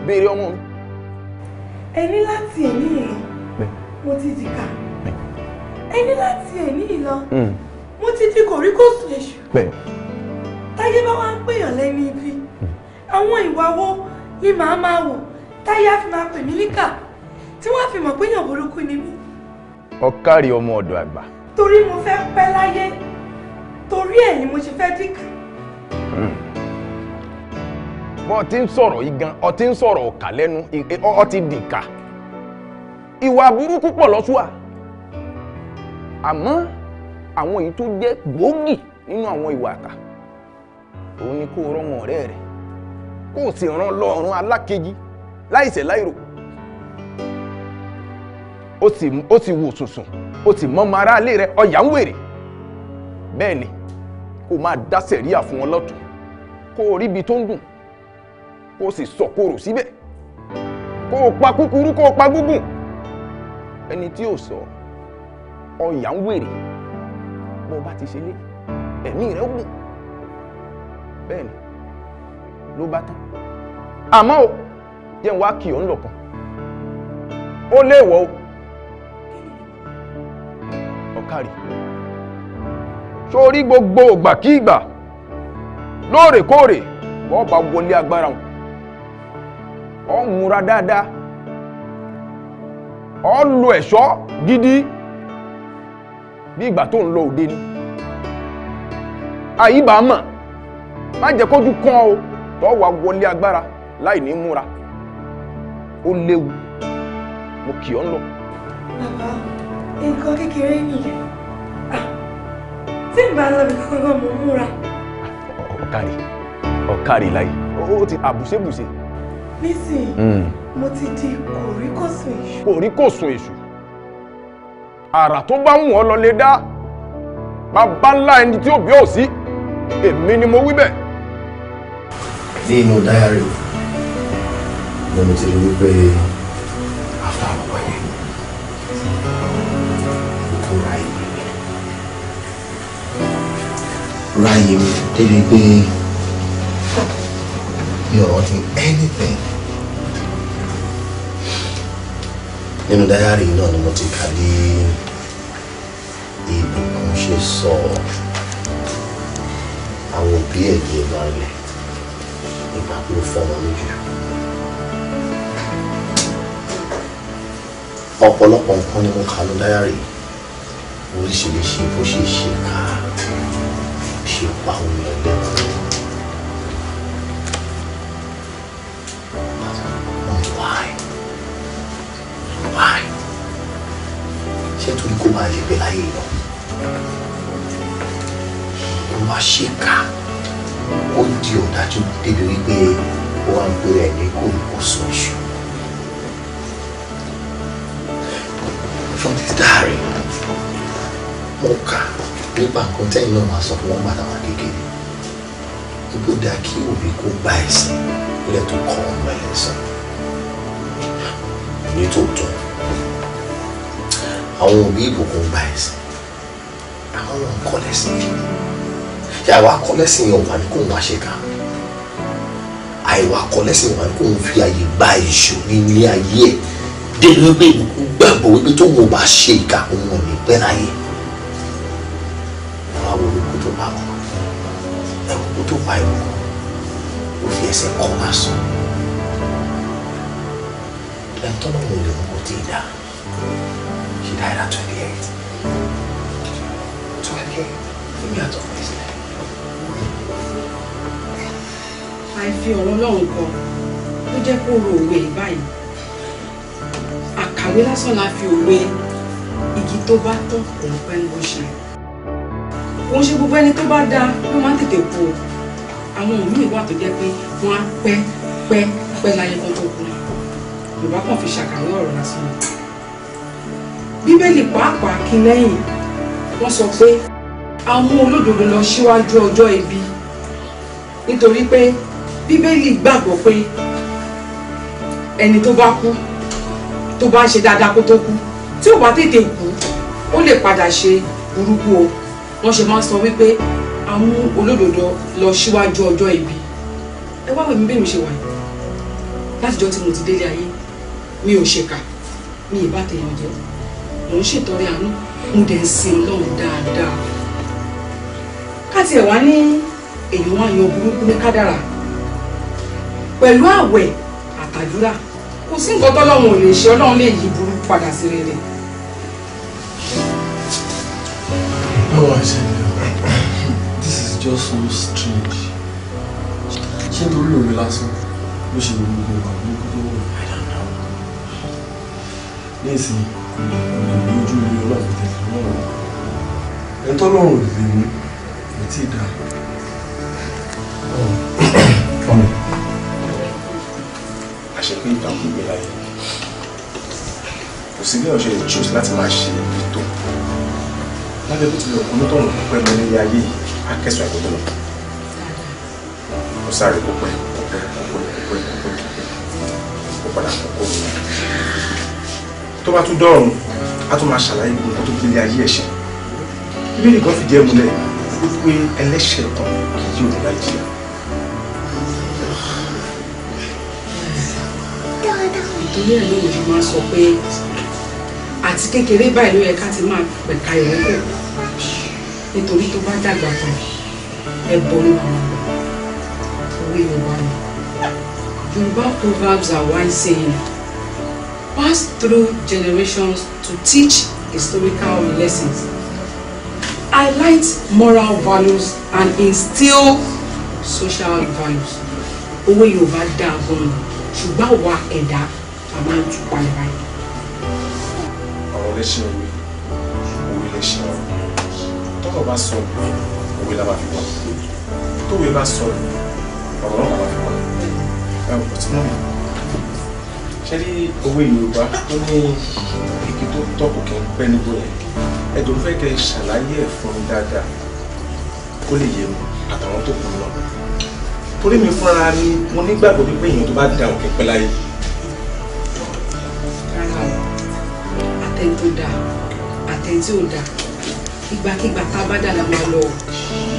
béèrè ọmọ mi. ẹ ní láti ẹ̀mí yẹn mo ti dìkà ẹni láti ẹ̀ní ìlọ hmm. mo ti di kòríkòsù èṣù táyé bá wá ń pèèyàn lẹ́ni ibi hmm. àwọn ìwà wo ni màá máa wò táyé á fi máa pè mí líkà tí wọ́n á fi mọ̀ péèyàn burúkú ni mí. ọ̀kárí ọmọ ọ̀dọ̀ àgbà. torí mo fẹ́ pẹ́ láyé torí ẹ̀ ni mo ṣe fẹ́ dìkà. wọ́n hmm. ti ń sọ̀rọ̀ yìí gan ọtí ń sọ̀rọ̀ ọ̀kà lẹ́nu ọtí dìkà ìwà burúkú pọ̀ lọ́sùwà àmọ́ àwọn èyí tó jẹ́ gbòógì nínú àwọn ìwà àkà òun ni kó rán wọn ọ̀rẹ́ rẹ̀ kó o sì rán lọ́rùn alákejì láìṣẹ̀ láìrò ó ti wò sùnsùn ó ti mọ́ mara alé rẹ̀ ọ̀yà ń wèrè bẹ́ẹ̀ ni kó o máa dá sẹ̀ríà fún wọn lọ́tún kó o ríbi tó ń dùn kó o sì sọ̀kòrò síbẹ̀ kó o pa kúkúrú kó o pa gúngùn ẹni tí ò sọ. So ọyàn wèrè bó bá ti ṣe lé ẹ̀mí rẹ̀ ó gùn bẹ́ẹ̀ ni ló bá tán àmọ́ o jẹ́ wá ń ó o ọ̀kárì gbogbo ìgbàkígbà lóòrèkóòrè wọ́n bá wọlé agbára wọn ọ̀ ń múra dáadáa ọ̀ bí ìgbà tó ń lọ òde ni àyíbá mọ̀ má jẹ́ kójú kán o tó wà wọlé agbára láì ní múra ó léwu mo kì ọ́ ń lọ. bàbá nǹkan kékeré nìyẹn ah, tí n bá lọ bí kankan mo múra. ọ̀kàrì ọ̀kàrì láyé ó ti àbùṣebùṣe. nísìnyí hmm. mo ti di kòríkòsùn èṣù. kòríkòsùn èṣù àrà tó bá wù ọ́ lọ lè dá bàbá ńlá ẹni tí ó bí ò sí èmi ni mo wí bẹ́ẹ̀. ní inú dáyàrí mo ti rí wípé afá àbúkọ yẹn kò ráyè mi ráyè mi débi pé mi ò rántí anything. nínú dáyàrí náà ni mo ti kà bí ìbùkún ṣe sọ àwọn òbí ẹ̀ ní ìbálẹ̀ nígbà pé fọmọ méjì. ọ̀pọ̀lọpọ̀ nǹkan ni mo kà ló dáyàrí oríṣiríṣi bó ṣe ṣe ká ṣe pa omi ẹlẹ́kùn. Why? Why? ṣe torí kó máa lè gbé láyé lọ ó wá ṣe ká ó di ọ̀dájú débi wípé ó wá ń pèrè ẹ̀ ní kòlùkòsò iṣu. from this diary mo kà nípa nǹkan tẹ́yìn náà máa sọ fún wọn bàtà wọn kékeré ibo dá kí òbí kó gbá ẹ̀sìn lẹ́tọ̀ọ́ kọ́ ọmọ ẹ̀sìn nítòótọ́ àwọn òbí ìbùkún gba ẹ̀sìn àwọn nǹkan lẹ́sìn ṣé àwa kọ́ lẹ́sìn yẹn wà ní kò wá ṣe ká àìwá kọ́ lẹ́sìn wà ní kò fi àyè gba ìṣòro ilé ayé ẹ̀ débi wípé gbàgbọ́ wípé tó wọn bá ṣe ìka òun ò ní pẹ́ láyé wọn á wo olùkú tó bá kọ ẹ̀kú tó pa ẹ̀kú ó fi ẹsẹ̀ kọ́ lásán ẹ̀ tọ́lọ́mù lè mú kó tí ì dáa died at 28. 28. Give me out of this life. I feel Ọlọ́run kan ló jẹ́ kó ro òwe báyìí. Àkàwé lásán la fi òwe igi tó bá tán kò ń pẹ́ ló ṣe. Òun ṣe gbogbo ẹni tó bá dáa ló máa ń tètè po. Àwọn òmíì wà tó jẹ́ pé wọ́n á pẹ́ pẹ́ pẹ́ láyé kan tó kù. Yorùbá kàn fi ṣàkàwé ọ̀rọ̀ lásán ni bíbélì pàápàá kí lẹ́yìn wọ́n sọ pé a mú olódodo lọ síwájú ọjọ́ ibi nítorí pé bíbélì gbàgbọ́ pé ẹni tó bá kú tó bá ṣe dáadáa kó tó kú tí ò bá tètè kú ó lè padà ṣe burúkú o wọ́n ṣe máa ń sọ wípé a mú olódodo lọ síwájú ọjọ́ ibi ẹ wá wèmí bẹ́ẹ̀ mi ṣe wà yìí látijọ́ tí mo ti délé ayé mi ò ṣèkà mi ì bá tẹ̀yàn jẹ́ mò ṣètọrẹ àánú mo dẹ̀ ń sin ọlọ́run dáadáa ká tiẹ̀ wá ní èyí wọn yan burúkú ní kádàrà pẹ̀lú àwẹ̀ àtàdúrà kò sí nǹkan tọ́lọ́run ò lè ṣe ọlọ́run lè yí burúkú padà sí rere. this is just so strange ṣé nítorí òwe lásán ló ṣe gbogbo ìgbà gbogbo tó wọ̀ ní ìsìn kò lè lọ lójú ilé ọlọ́run tẹ̀sí ọlọ́run ẹni tọ́lọ́run lè mú ètí ìdá. àṣepé ìtàkùn ìgbé láyé kò sí bí ọ̀ṣẹ́ ìjọsìn láti máa ṣe ètò lábẹ́ bó tilẹ̀ ọkùnrin tọ̀run pẹ́ mi nílé ayé yìí akẹ́sọ̀ àgbọ̀dọ̀ lọ. mo sáré kó pẹ́ kó pẹ́ kó pẹ́ kó pẹ́ kó pẹ́ kó padà kó kó mi. tó bá tún dọ̀rùn a tún máa ṣàlàyé gbogbo nǹkan tó fi lé ayé ẹ̀ṣẹ̀ ibi nìkan fìdí ẹ̀ múlẹ̀ wípé ẹlẹ́ṣẹ̀ kan kì yóò ní láyé jìyà. ìtorí ẹ̀ ló lè máa sọ pé àti kékeré báyìí ló yẹ ká ti máa pẹ̀ka ìrókò nítorí tó bá dàgbà tán ẹ bọ́ ní àwọn òwe Yorùbá ni Yorùbá proverbs are wise saying passed through generations to teach historical lessons, highlight moral values, and instill social values. Owó Yorùbá dáa gan-an ṣùgbọ́n àwa ẹ̀dá a máa ń tún palẹ̀ báyìí. Ọ̀rọ̀ lẹ́sìn òwe, òwe lẹ́sìn ọ̀rọ̀. Tọ́kọ̀ bá sọ òwe, òwe la máa fi wọ́n. Tówe bá sọ òwe, ọ̀rọ̀ náà fi wọ́n. Ẹ tí mọ́ mi ṣé rí òwe Yorùbá tó ní igi tó tọ́kù kí n pẹ́ níbo yẹn ẹ̀dùn fẹ́ kẹ́ ṣàlàyé ẹ̀ fún mi dáadáa kó lè yé mi àtàwọn tó kù lọ torí mi fúnra mi mo nígbàgbọ́ wípé èèyàn tó bá da òkè pẹ́ láyé. rárá o àtẹni tó dáa àtẹni tí ò dáa ìgbàkigbà tá a bá dáa la máa lọ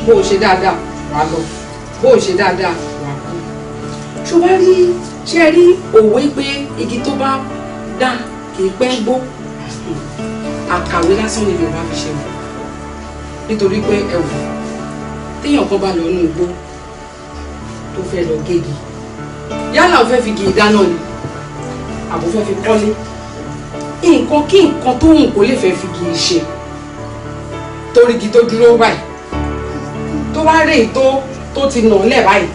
bó o ṣe dáadáa wàá lọ bó o ṣe dáadáa ṣùgbọ́n rí ṣe rí òwe pé igi tó bá dà kì í pẹ́ gbó àkàwé lásán ni yorùbá fi ṣe wò nítorí pé ẹwù téèyàn kan bá lọ nú igbó tó fẹ́ lọ géègì yálà ó fẹ́ fi gèè dáná ni àbò fẹ́ fi kọ́lé nǹkan kí nǹkan tó wù kó lè fẹ́ fi gèè ṣe torí igi tó dúró báyìí tó bá rèé tó tó ti nà ọ́ lẹ̀ báyìí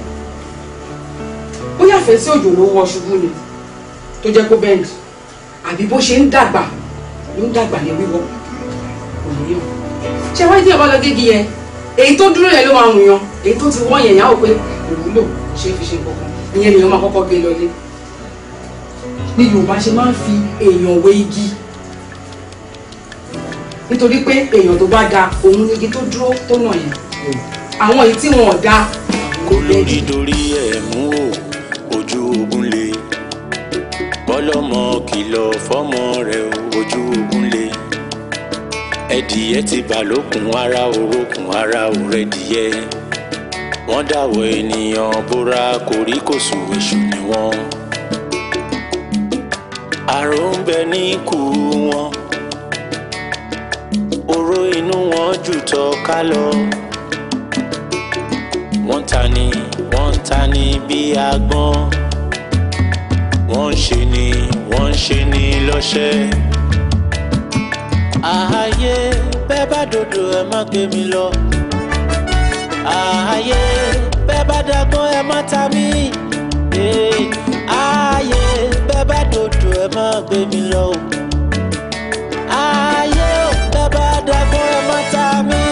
bóyá àfẹ́ sí òjò ló wọ ṣubú ni tó jẹ́ kó bẹ́ẹ̀dì àbí bó ṣe ń dàgbà ló ń dàgbà ní wíwọ́ kò ní yàn ṣé wáyé tí ẹ bá lọ gégi yẹn èyí tó dúró yẹn ló máa rùn yan èyí tó ti wọ́ yẹn yàn á wò pé kò wúlò ṣé fi ṣe kankan ìyẹn lèèyàn máa kọ́kọ́ gé lọlé ni Yorùbá ṣe máa ń fi èèyàn wé igi nítorí pé èèyàn tó bá da òun ni igi tó dúró tó nà yẹn àwọn èyí tí wọn ò da kò lórí dorí ẹ̀ mú o ojú ogun le bọ́lọ́mọ kìlọ̀ fọ́mọ rẹ̀ ojú ogun le ẹdìyẹ ti bà lókun ara orókun ara òrẹ́dìyẹ wọ́n dàwọ̀ ènìyàn bóra koríkòsùn èṣù ni wọ́n àrò ń bẹ ní ikú wọn oró inú wọn jù tọ́ ká lọ wọ́n ta ni wọ́n ta ni bí agbọ́n wọ́n ṣe ni wọ́n ṣe ni lọ́ṣẹ́. ààyè bẹ́ẹ̀ bá dodo ẹ má gbé mi lọ. ààyè bẹ́ẹ̀ bá dagbọ́n ẹ má ta mí. ààyè bẹ́ẹ̀ bá dodo ẹ má gbé mi lọ. ààyè bẹ́ẹ̀ bá dagbọ́n ẹ má ta mí.